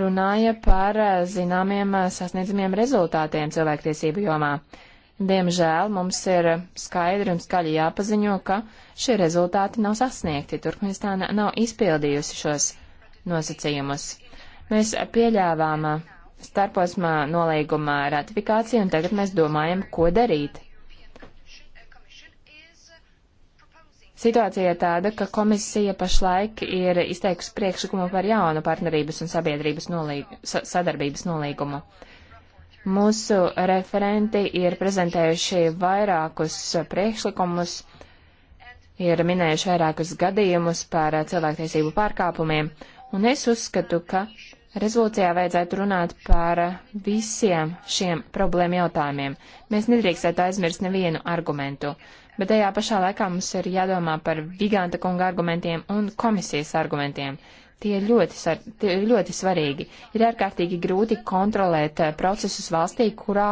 runāja par eh, zināmiem eh, sasniedzamiem rezultātiem cilvēktiesību jomā. Diemžēl mums ir skaidri un skaļi jāpaziņo, ka šie rezultāti nav sasniegti. Turkmenistāna nav izpildījusi šos nosacījumus. Mēs pieļāvām eh, starposmā nolīguma ratifikāciju un tagad mēs domājam, ko darīt. Situācija ir tāda, ka komisija pašlaik ir izteikusi priekšlikumu par jaunu partnerības un sabiedrības nolīgu, sa sadarbības nolīgumu. Mūsu referenti ir prezentējuši vairākus priekšlikumus, ir minējuši vairākus gadījumus par cilvēktiesību pārkāpumiem, un es uzskatu, ka rezolūcijā vajadzētu runāt par visiem šiem problēmu jautājumiem. Mēs nedrīkstētu aizmirst nevienu argumentu bet tajā pašā laikā mums ir jādomā par Viganta kunga argumentiem un komisijas argumentiem. Tie ir ļoti, sar, tie ir ļoti svarīgi. Ir ārkārtīgi grūti kontrolēt eh, procesus valstī, kurā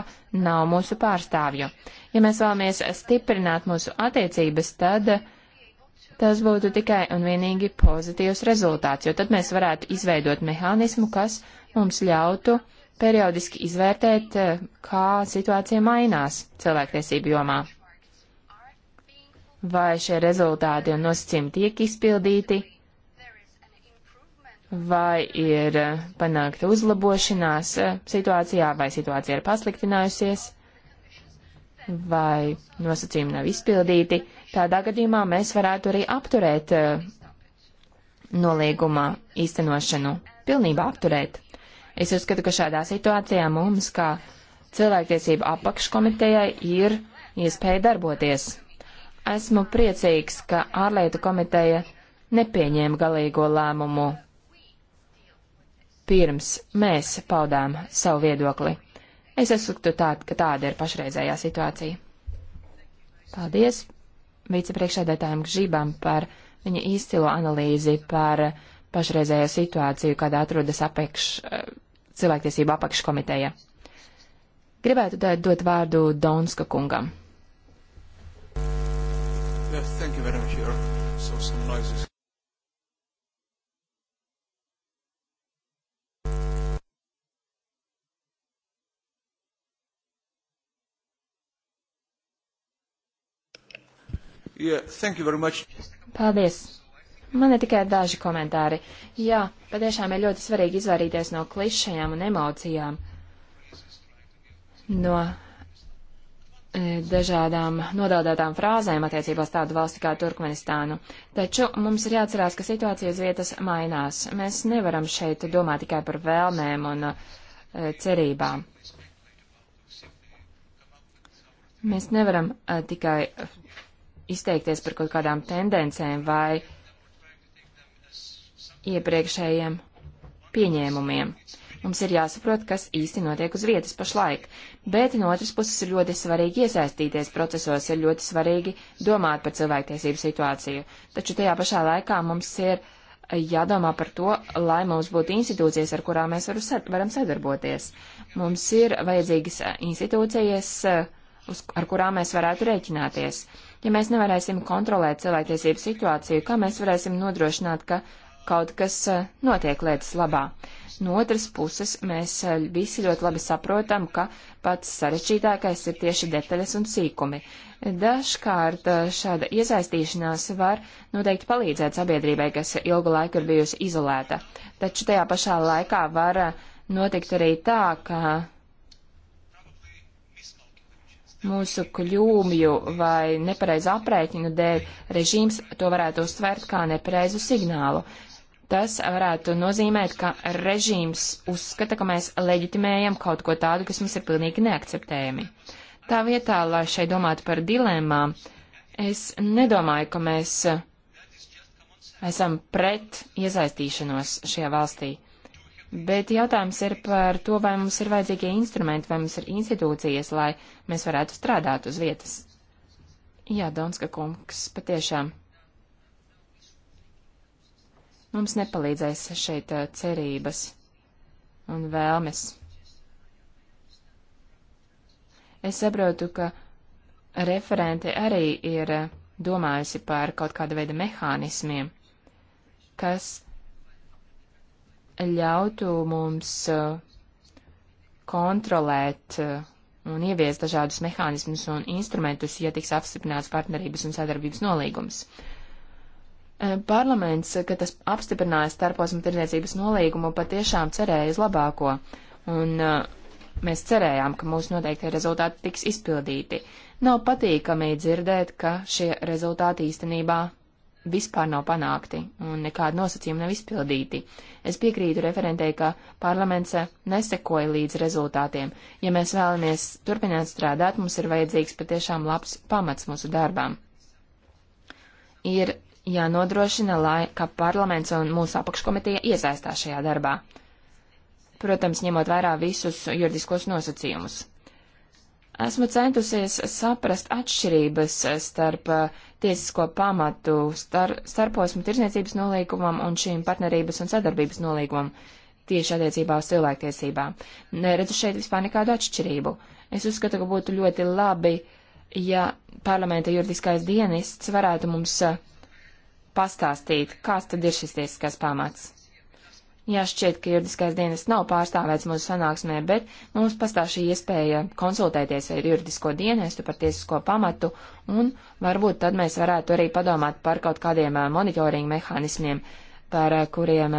nav mūsu pārstāvju. Ja mēs vēlamies stiprināt mūsu attiecības, tad tas būtu tikai un vienīgi pozitīvs rezultāts, jo tad mēs varētu izveidot mehānismu, kas mums ļautu periodiski izvērtēt, eh, kā situācija mainās cilvēktiesību jomā vai šie rezultāti un nosacījumi tiek izpildīti, vai ir panākta uzlabošanās situācijā, vai situācija ir pasliktinājusies, vai nosacījumi nav izpildīti. Tādā gadījumā mēs varētu arī apturēt eh, nolieguma īstenošanu, pilnībā apturēt. Es uzskatu, ka šādā situācijā mums, kā cilvēktiesību apakškomitejai, ir iespēja darboties. Esmu priecīgs, ka ārlietu komiteja nepieņēma galīgo lēmumu pirms mēs paudām savu viedokli. Es uzskatu, tā, ka tāda ir pašreizējā situācija. Paldies vicepriekšēdētājiem Gžībam par viņa izcilo analīzi par pašreizējo situāciju, kādā atrodas apekš, cilvēktiesība apakškomiteja. Gribētu dot vārdu Donska kungam. Yeah, thank you very much. Paldies. Man ir tikai daži komentāri. Jā, patiešām ir ļoti svarīgi izvairīties no klišajām un emocijām, no e, dažādām nodaudētām frāzēm attiecībās tādu valsti kā Turkmenistānu. Taču mums ir jāatcerās, ka situācijas vietas mainās. Mēs nevaram šeit domāt tikai par vēlmēm un uh, cerībām. Mēs nevaram uh, tikai izteikties par kaut kādām tendencēm vai iepriekšējiem pieņēmumiem. Mums ir jāsaprot, kas īsti notiek uz vietas pašlaik, bet no otras puses ir ļoti svarīgi iesaistīties procesos, ir ļoti svarīgi domāt par cilvēktiesību situāciju. Taču tajā pašā laikā mums ir jādomā par to, lai mums būtu institūcijas, ar kurām mēs varu, varam sadarboties. Mums ir vajadzīgas institūcijas, uz, ar kurām mēs varētu rēķināties. Uh, Ja mēs nevarēsim kontrolēt cilvēktiesību situāciju, kā mēs varēsim nodrošināt, ka kaut kas eh, notiek lietas labā? No otras puses, mēs eh, visi ļoti labi saprotam, ka pats sarežģītākais ir tieši detaļas un sīkumi. Dažkārt eh, šāda iesaistīšanās var noteikti palīdzēt sabiedrībai, kas ilgu laiku ir bijusi izolēta. Taču tajā pašā laikā var notikt arī tā, ka mūsu kļūmju vai nepareizu aprēķinu dēļ režīms to varētu uztvert kā nepareizu signālu. Tas varētu nozīmēt, ka režīms uzskata, ka mēs leģitimējam kaut ko tādu, kas mums ir pilnīgi neakceptējami. Tā vietā, lai šai domātu par dilēmām, es nedomāju, ka mēs esam pret iesaistīšanos šajā valstī. Bet jautājums ir par to, vai mums ir vajadzīgie instrumenti, vai mums ir institūcijas, lai mēs varētu strādāt uz vietas. Jā, Donska kungs, patiešām. Mums nepalīdzēs šeit uh, cerības un vēlmes. Es saprotu, ka referente arī ir uh, domājusi par kaut kādu veidu mehānismiem, kas ļautu mums uh, kontrolēt uh, un ievies dažādus mehānismus un instrumentus, ja tiks apstiprināts partnerības un sadarbības nolīgums. Uh, parlaments, kad tas apstiprināja starposmu tirdzniecības nolīgumu, patiešām cerēja uz labāko, un mēs cerējām, ka mūsu noteiktie rezultāti tiks izpildīti. Nav patīkami dzirdēt, ka šie rezultāti īstenībā vispār nav panākti un nekādi nosacījumi nav izpildīti. Es piekrītu referentei, ka parlaments nesekoja līdz rezultātiem. Ja mēs vēlamies turpināt strādāt, mums ir vajadzīgs patiešām labs pamats mūsu darbām. Ir jānodrošina, lai, ka parlaments un mūsu apakškomiteja iesaistās šajā darbā. Protams, ņemot vērā visus juridiskos nosacījumus. Esmu centusies saprast atšķirības starp eh, tiesisko pamatu star, starposmu tirzniecības nolīgumam un šīm partnerības un sadarbības nolīgumam tieši attiecībā uz cilvēktiesībām. Neredzu šeit vispār nekādu atšķirību. Es uzskatu, ka būtu ļoti labi, ja parlamenta juridiskais dienests varētu mums eh, pastāstīt, kāds tad ir šis tiesiskais pamats. Jā, šķiet, ka juridiskais dienas nav pārstāvēts mūsu sanāksmē, bet mums pastāv šī iespēja konsultēties ar juridisko dienestu par tiesisko pamatu, un varbūt tad mēs varētu arī padomāt par kaut kādiem monitoringa mehānismiem, par kuriem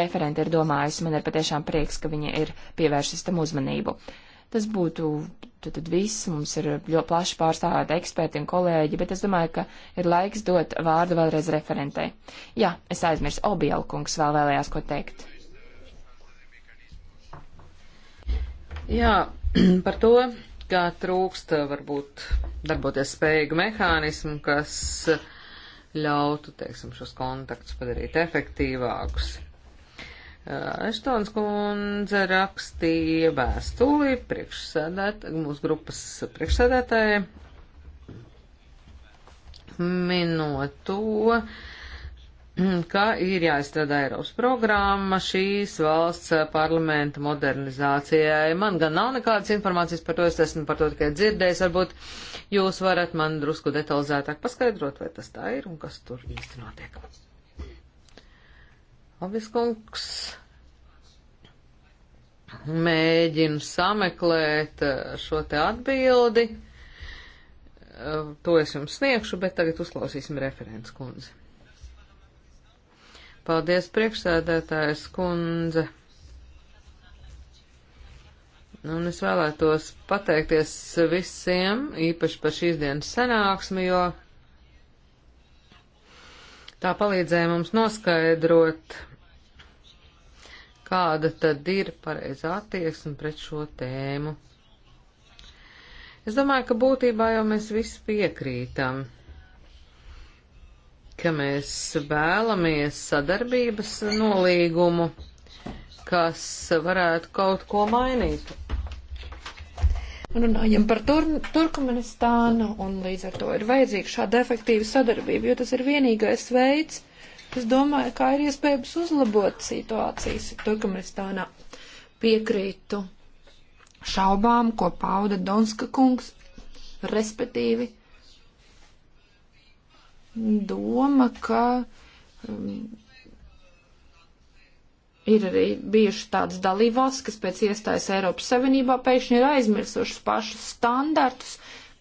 referenti ir domājusi. Man ir patiešām prieks, ka viņa ir pievēršis tam uzmanību. Tas būtu tad, tad viss, mums ir ļoti plaši pārstāvēti eksperti un kolēģi, bet es domāju, ka ir laiks dot vārdu vēlreiz referentei. Jā, es aizmirsu, Obielkungs vēl vēlējās ko teikt. Jā, par to, kā trūkst varbūt darboties spējīgu mehānismu, kas ļautu, teiksim, šos kontaktus padarīt efektīvākus. Eštons kundze rakstīja vēstuli mūsu grupas priekšsēdētājai, minot to, ka ir jāizstrādā Eiropas programma šīs valsts parlamenta modernizācijai. Man gan nav nekādas informācijas par to, es esmu par to tikai dzirdējis, varbūt jūs varat man drusku detalizētāk paskaidrot, vai tas tā ir un kas tur īsti notiek. Abiskungs mēģinu sameklēt eh, šo te atbildi. Eh, to es jums sniegšu, bet tagad uzklausīsim referents kundzi. Paldies, priekšsēdētājs kundze. Un es vēlētos pateikties visiem, īpaši par šīs dienas sanāksmi, jo tā palīdzēja mums noskaidrot kāda tad ir pareizā attieksme pret šo tēmu. Es domāju, ka būtībā jau mēs visi piekrītam, ka mēs vēlamies sadarbības nolīgumu, kas varētu kaut ko mainīt. Runājam par Tur Turkmenistānu, un līdz ar to ir vajadzīga šāda efektīva sadarbība, jo tas ir vienīgais veids, Es domāju, kā ir iespējams uzlabot situācijas Turkmenistānā. Piekrītu šaubām, ko pauda Donska kungs, respektīvi doma, ka um, ir arī bijuši tāds dalībvalsts, kas pēc iestājas Eiropas Savienībā pēkšņi ir aizmirsušas pašas standartus,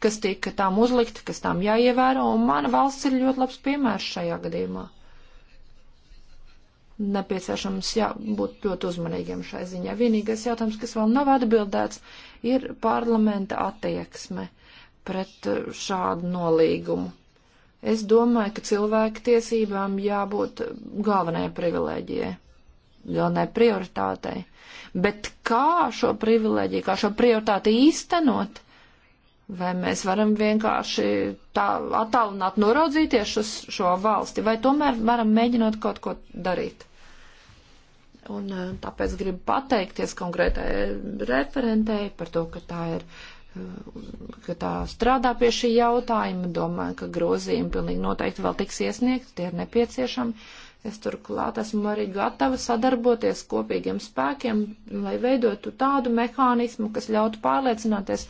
kas tika tām uzlikti, kas tām jāievēro, un mana valsts ir ļoti labs piemērs šajā gadījumā nepieciešams jā, būt ļoti uzmanīgiem šai ziņā. Vienīgais jautājums, kas vēl nav atbildēts, ir parlamenta attieksme pret eh, šādu nolīgumu. Es domāju, ka cilvēku tiesībām jābūt galvenajai privilēģijai, galvenajai prioritātei. Bet kā šo privilēģiju, kā šo prioritāti īstenot, vai mēs varam vienkārši tā attālināt, noraudzīties uz šo valsti, vai tomēr varam mēģinot kaut ko darīt? Un eh, tāpēc gribu pateikties konkrētai referentei par to, ka tā ir eh, ka tā strādā pie šī jautājuma, domāju, ka grozījumi pilnīgi noteikti vēl tiks iesniegti, tie ir nepieciešami. Es turklāt esmu arī gatava sadarboties kopīgiem spēkiem, lai veidotu tādu mehānismu, kas ļautu pārliecināties,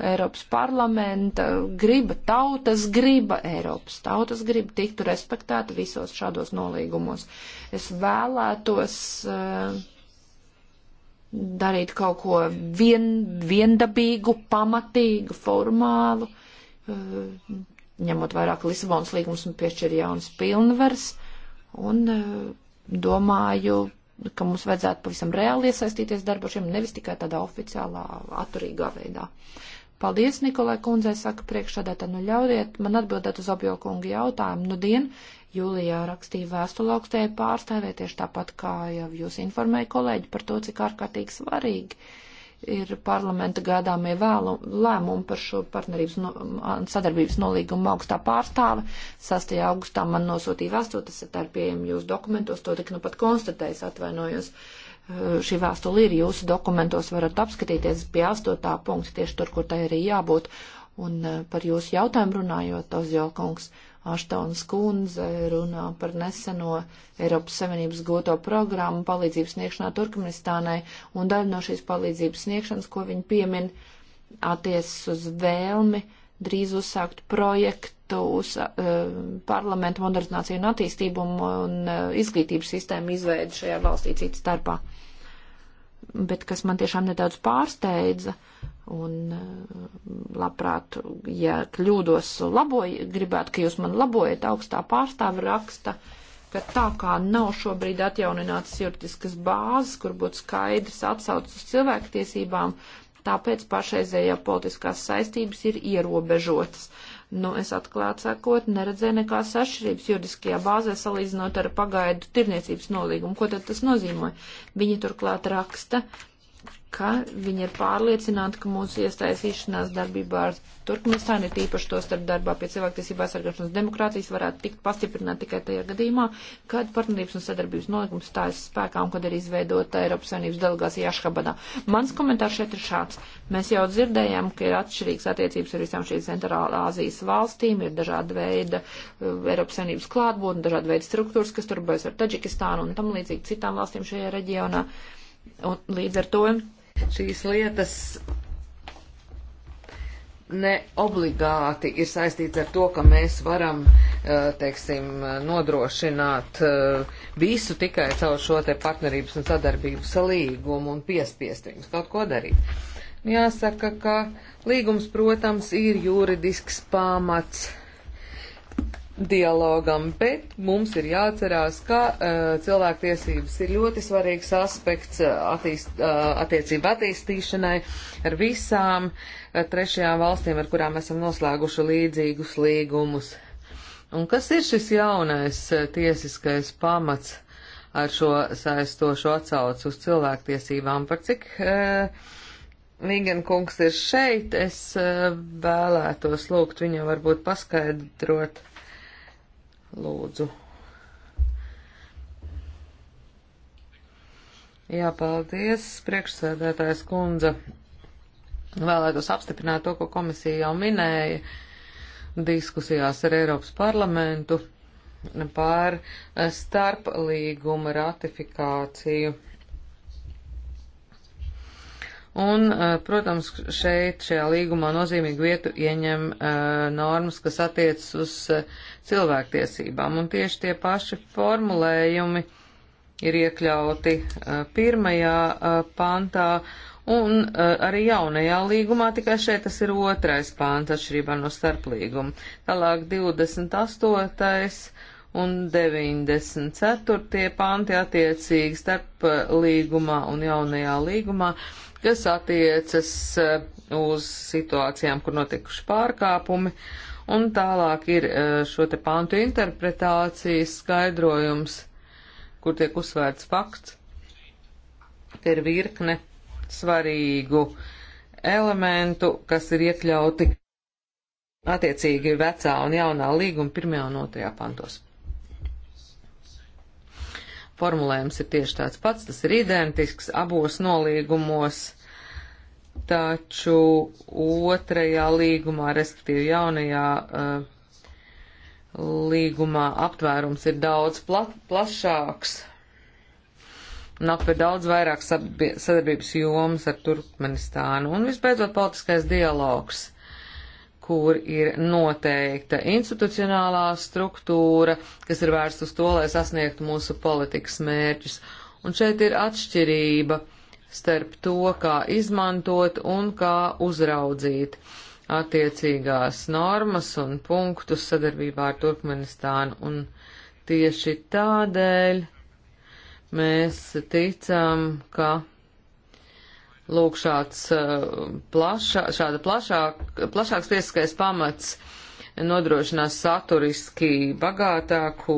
Eiropas parlamenta griba, tautas griba, Eiropas tautas griba tiktu respektēta visos šādos nolīgumos. Es vēlētos uh, darīt kaut ko vien, viendabīgu, pamatīgu, formālu, uh, ņemot vairāk Lisabonas līgums un piešķir jaunas pilnvars, un uh, domāju, ka mums vajadzētu pavisam reāli iesaistīties darba šiem, nevis tikai tādā oficiālā, atturīgā veidā. Paldies, Nikolai kundze, saka priekšsādātā, nu ļaujiet man atbildēt uz objokungu jautājumu. Nu dien, Jūlijā rakstīja vēstuli augstēji pārstāvēt tieši tāpat, kā jau jūs informēja kolēģi par to, cik ārkārtīgi svarīgi ir parlamenta gādāmie vēlu lēmumi par šo partnerības no, sadarbības nolīgumu augstā pārstāve. 6. augustā man nosūtīja vēstuli, tas ir tā pieejami jūsu dokumentos, to tik nu pat konstatējis, atvainojos. Uh, Eh, šī vēstule ir jūsu dokumentos, varat apskatīties pie astotā punkta, tieši tur, kur tai arī jābūt. Un eh, par jūsu jautājumu runājot, Ozjokungs, Aštauns kundze runā par neseno Eiropas Savienības goto programmu palīdzības sniegšanā Turkmenistānai, un daļa no šīs palīdzības sniegšanas, ko viņi piemin, attiecas uz vēlmi drīz uzsākt projektu uz uh, parlamentu modernizāciju un attīstību un uh, izglītības sistēmu izveidu šajā valstī citas starpā bet kas man tiešām nedaudz pārsteidza, un eh, labprāt, ja kļūdos, laboj, gribētu, ka jūs man labojat augstā pārstāva raksta, ka tā kā nav šobrīd atjaunināts juridiskas bāzes, kur būtu skaidrs atsaucis uz cilvēktiesībām, tāpēc pašreizējā politiskās saistības ir ierobežotas. Uh, Nu, es atklāt sakot, neredzēju nekādas atšķirības juridiskajā bāzē salīdzinot ar pagaidu tirniecības nolīgumu. Ko tad tas nozīmē? Viņi turklāt raksta, ka viņi ir pārliecināti, ka mūsu iestaisīšanās darbībā ar Turkmenistānu, ir tīpaši to starp darbā pie cilvēktiesību aizsargāšanas demokrātijas, varētu tikt pastiprināt tikai tajā gadījumā, kad partnerības un sadarbības nolikums stājas spēkā un kad ir izveidota Eiropas Savienības delegācija Ašhabadā. Mans komentārs šeit ir šāds. Mēs jau dzirdējām, ka ir atšķirīgs attiecības ar visām šīs centrālā Āzijas valstīm, ir dažāda veida uh, Eiropas Savienības klātbūtne, dažāda veida struktūras, kas turbojas ar Taģikistānu un tam līdzīgi citām valstīm šajā reģionā. Un līdz ar to Šīs lietas ne obligāti ir saistīts ar to, ka mēs varam, eh, teiksim, nodrošināt eh, visu tikai caur šo te partnerības un sadarbības līgumu un piespiest viņus kaut ko darīt. Jāsaka, ka līgums, protams, ir juridisks pamats dialogam, bet mums ir jāatcerās, ka uh, cilvēktiesības ir ļoti svarīgs aspekts eh, attīst, uh, attiecību attīstīšanai ar visām uh, trešajām valstīm, ar kurām esam noslēguši līdzīgus līgumus. Un kas ir šis jaunais uh, tiesiskais pamats ar šo saistošo atsaucu uz cilvēktiesībām? Par cik uh, Vīgan kungs ir šeit, es uh, vēlētos lūgt viņam varbūt paskaidrot Lūdzu. Jā, paldies, priekšsēdētājs kundze. Vēlētos apstiprināt to, ko komisija jau minēja diskusijās ar Eiropas parlamentu par starplīguma ratifikāciju. Un, eh, protams, šeit šajā līgumā nozīmīgu vietu ieņem uh, normas, kas attiecas uz uh, cilvēktiesībām. Un tieši tie paši formulējumi ir iekļauti eh, pirmajā eh, pantā un eh, arī jaunajā līgumā, tikai šeit tas ir otrais pāns atšķirībā no starplīguma. Tālāk 28. un 94. panti attiecīgi starp līgumā un jaunajā līgumā, kas attiecas uz situācijām, kur notikuši pārkāpumi. Uh, Un tālāk ir e, šo te pantu interpretācijas skaidrojums, kur tiek uzsvērts fakts, ka ir virkne svarīgu elementu, kas ir iekļauti attiecīgi vecā un jaunā līguma pirmajā un otrajā pantos. Formulējums ir tieši tāds pats, tas ir identisks abos nolīgumos taču otrajā līgumā, respektīvi jaunajā uh, līgumā, aptvērums ir daudz pla plašāks un aptver daudz vairāk sadarbības jomas ar Turkmenistānu. Un visbeidzot, politiskais dialogs kur ir noteikta institucionālā struktūra, kas ir vērsta uz to, lai sasniegtu mūsu politikas mērķus. Un šeit ir atšķirība uh, starp to, kā izmantot un kā uzraudzīt attiecīgās normas un punktus sadarbībā ar Turkmenistānu. Un tieši tādēļ mēs ticam, ka lūk šāds eh, plašā, šāda plašāk, plašāks tiesiskais pamats uh, nodrošinās saturiski bagātāku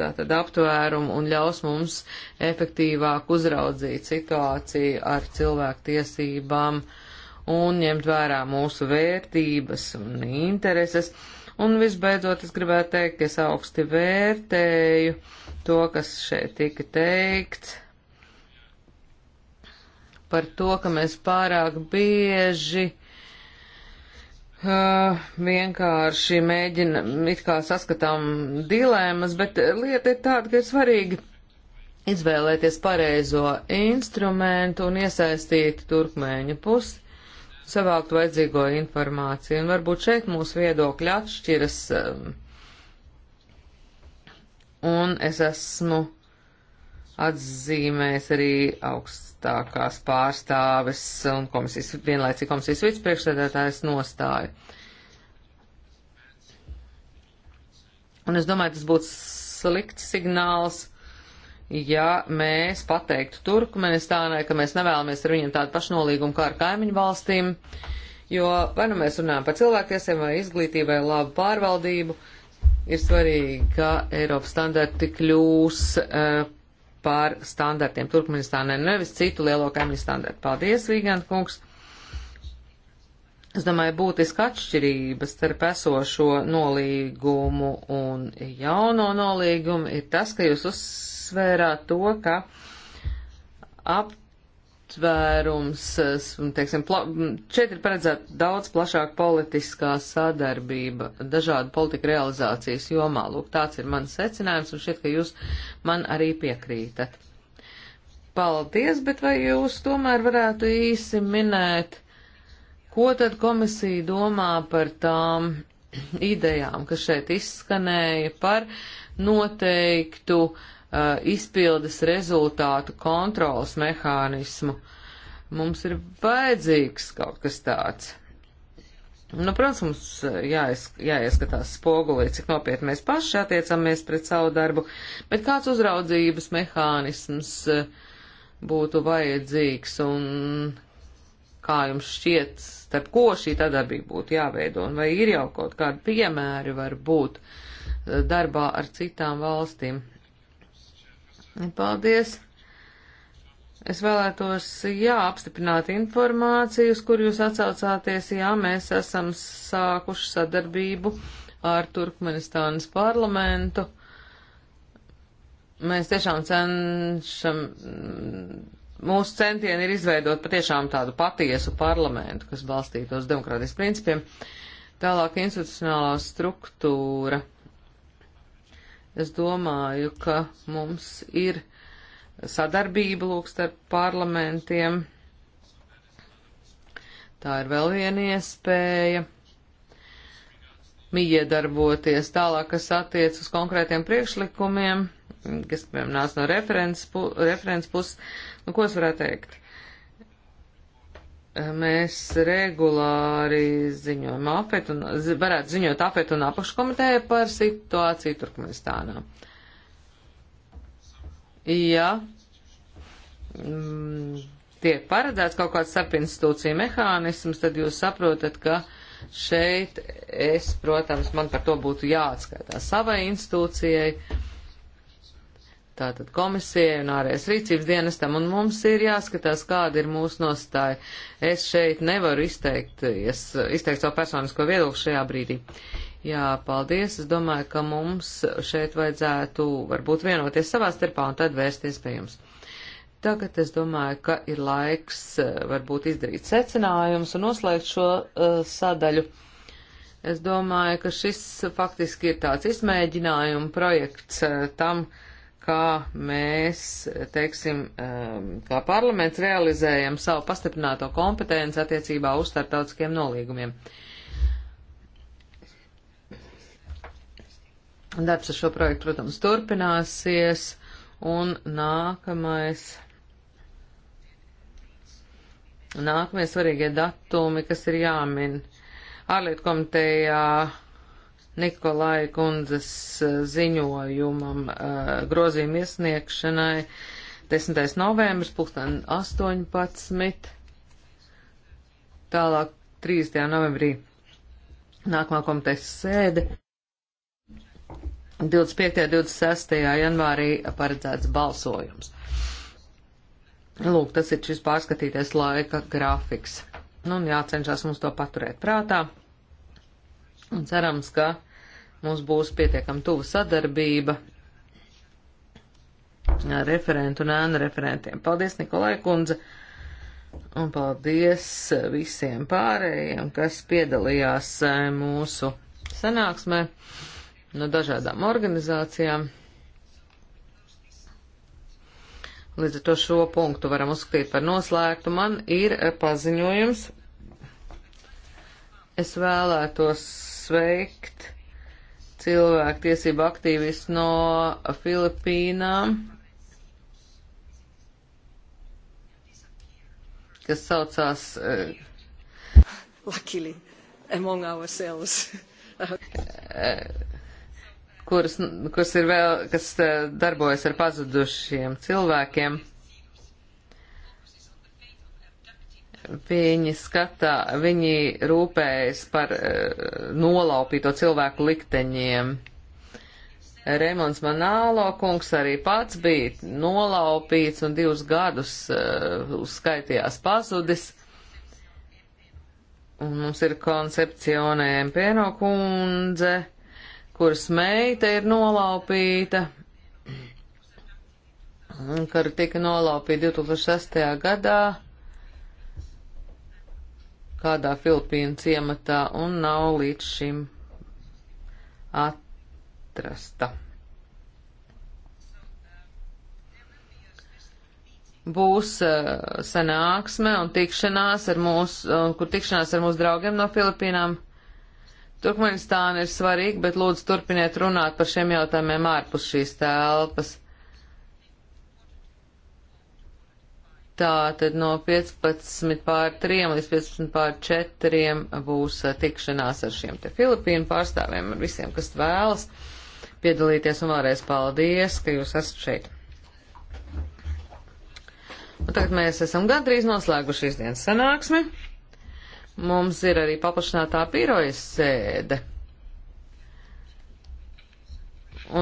tātad aptvērumu un ļaus mums efektīvāk uzraudzīt situāciju ar cilvēku tiesībām un ņemt vērā mūsu vērtības un intereses. Un visbeidzot, es gribētu teikt, ka es augsti vērtēju to, kas šeit tika teikts par to, ka mēs pārāk bieži Uh, vienkārši mēģina, it kā saskatām dilēmas, bet lieta ir tāda, ka ir svarīgi izvēlēties pareizo instrumentu un iesaistīt turkmēņu pusi, savākt vajadzīgo informāciju. Un varbūt šeit mūsu viedokļi atšķiras. Un es esmu atzīmējis arī augsts augstākās pārstāves un komisijas, vienlaicīgi komisijas vicepriekšsēdētājas nostāju. Un es domāju, tas būtu slikts signāls, ja mēs pateiktu Turkmenistānai, ka mēs nevēlamies ar viņiem tādu pašnolīgumu kā ar kaimiņu valstīm, jo vai nu mēs runājam par cilvēktiesiem vai izglītībai labu pārvaldību, ir svarīgi, ka Eiropas standarti kļūs uh, par standartiem Turkmenistānai, nevis citu lielo kaimiņu standartu. Paldies, Vīgant kungs! Es domāju, būtiska atšķirība starp esošo nolīgumu un jauno nolīgumu ir tas, ka jūs uzsvērāt to, ka ap aptvērums, teiksim, šeit ir paredzēta daudz plašāka politiskā sadarbība dažādu politiku realizācijas jomā. Lūk, tāds ir mans secinājums, un šķiet, ka jūs man arī piekrītat. Paldies, bet vai jūs tomēr varētu īsi minēt, ko tad komisija domā par tām idejām, kas šeit izskanēja par noteiktu uh, Uh, izpildes rezultātu kontrolas mehānismu. Mums ir vajadzīgs kaut kas tāds. Nu, protams, mums uh, jāies, jāieskatās spogulī, cik nopietni mēs paši attiecamies pret savu darbu, bet kāds uzraudzības mehānisms uh, būtu vajadzīgs un kā jums šķiet, starp ko šī tadarbība būtu jāveido, un vai ir jau kaut kādi piemēri var būt darbā ar citām valstīm. Paldies! Es vēlētos, jā, apstiprināt informāciju, uz kur jūs atsaucāties. Jā, mēs esam sākuši sadarbību ar Turkmenistānas parlamentu. Mēs tiešām cenšam, mūsu centieni ir izveidot patiešām tādu patiesu parlamentu, kas balstītos demokrātijas principiem. Tālāk institucionālā struktūra. Es domāju, ka mums ir sadarbība lūk starp parlamentiem. Tā ir vēl viena iespēja miedarboties tālāk, kas attiec uz konkrētiem priekšlikumiem, kas, piemēram, nāca no referents, pu, referents puses. Nu, ko es varētu teikt? mēs regulāri ziņojam apet un varētu ziņot apet un apakškomiteja par situāciju Turkmenistānā. Ja mm, tiek paredzēts kaut kāds starpinstitūcija mehānisms, tad jūs saprotat, ka šeit es, protams, man par to būtu jāatskaitās savai institūcijai tātad komisijai un ārējas rīcības dienestam, un mums ir jāskatās, kāda ir mūsu nostāja. Es šeit nevaru izteikt, es izteikt savu personisko viedokli šajā brīdī. Jā, paldies. Es domāju, ka mums šeit vajadzētu varbūt vienoties savā starpā un tad vērsties pie jums. Tagad es domāju, ka ir laiks eh, varbūt izdarīt secinājumus un noslēgt šo uh, sadaļu. Es domāju, ka šis faktiski ir tāds izmēģinājuma projekts uh, tam, uh, kā mēs, teiksim, um, kā parlaments realizējam savu pastiprināto kompetenci attiecībā uz starptautiskiem nolīgumiem. Darbs ar šo projektu, protams, turpināsies, un nākamais, nākamie svarīgie datumi, kas ir jāmin ārlietu komitejā Nikolai kundzes eh, ziņojumam eh, grozījuma iesniegšanai 10. novembris, 2018. Tālāk 30. novembrī nākamā komitejas sēde. 25. un 26. janvārī paredzēts balsojums. Lūk, tas ir šis pārskatīties laika grafiks. Nu, un jācenšas mums to paturēt prātā. Un cerams, ka mums būs pietiekam tuva sadarbība ar referentu un ēnu referentiem. Paldies, Nikolai Kundze! Un paldies visiem pārējiem, kas piedalījās eh, mūsu sanāksmē no dažādām organizācijām. Līdz ar to šo punktu varam uzskatīt par noslēgtu. Man ir eh, paziņojums. Es vēlētos sveikt cilvēku tiesību aktīvistu no Filipīnām, kas saucās. Uh, eh, Luckily, among ourselves. Eh, kuras, kuras ir vēl, kas eh, darbojas ar pazudušiem cilvēkiem. Viņi skatā, viņi rūpējas par eh, nolaupīto cilvēku likteņiem. Remons Manālo kungs arī pats bija nolaupīts un divus gadus eh, uzskaitījās pazudis. Un mums ir koncepcionē Pieno kundze, kuras meita ir nolaupīta, kura tika nolaupīta 2006. gadā kādā Filipīnu ciematā un nav līdz šim atrasta. Būs uh, sanāksme un tikšanās ar mūsu, uh, kur tikšanās ar mūsu draugiem no Filipīnām. Turkmenistāna ir svarīga, bet lūdzu turpiniet runāt par šiem jautājumiem ārpus šīs telpas. Tā tad no 15 pār 3 līdz 15 pār 4 būs tikšanās ar šiem te Filipīnu pārstāvjiem, ar visiem, kas vēlas piedalīties un vēlreiz paldies, ka jūs esat šeit. Un tagad mēs esam gandrīz noslēguši šīs dienas sanāksmi. Mums ir arī paplašinātā pīrojas sēde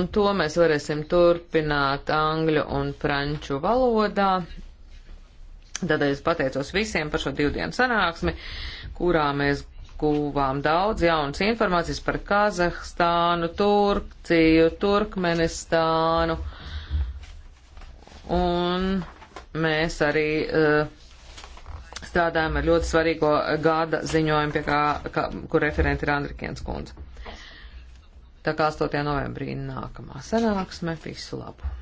un to mēs varēsim turpināt angļu un franču valodā. Tad es pateicos visiem par šo divdienu sanāksmi, kurā mēs guvām daudz jaunas informācijas par Kazahstānu, Turciju, Turkmenistānu. Un mēs arī uh, strādājam ar ļoti svarīgo gada ziņojumu, pie kā, kā, kur referenti ir Andrikiens kundze. Tā kā 8. novembrī nākamā sanāksme. Visu labu!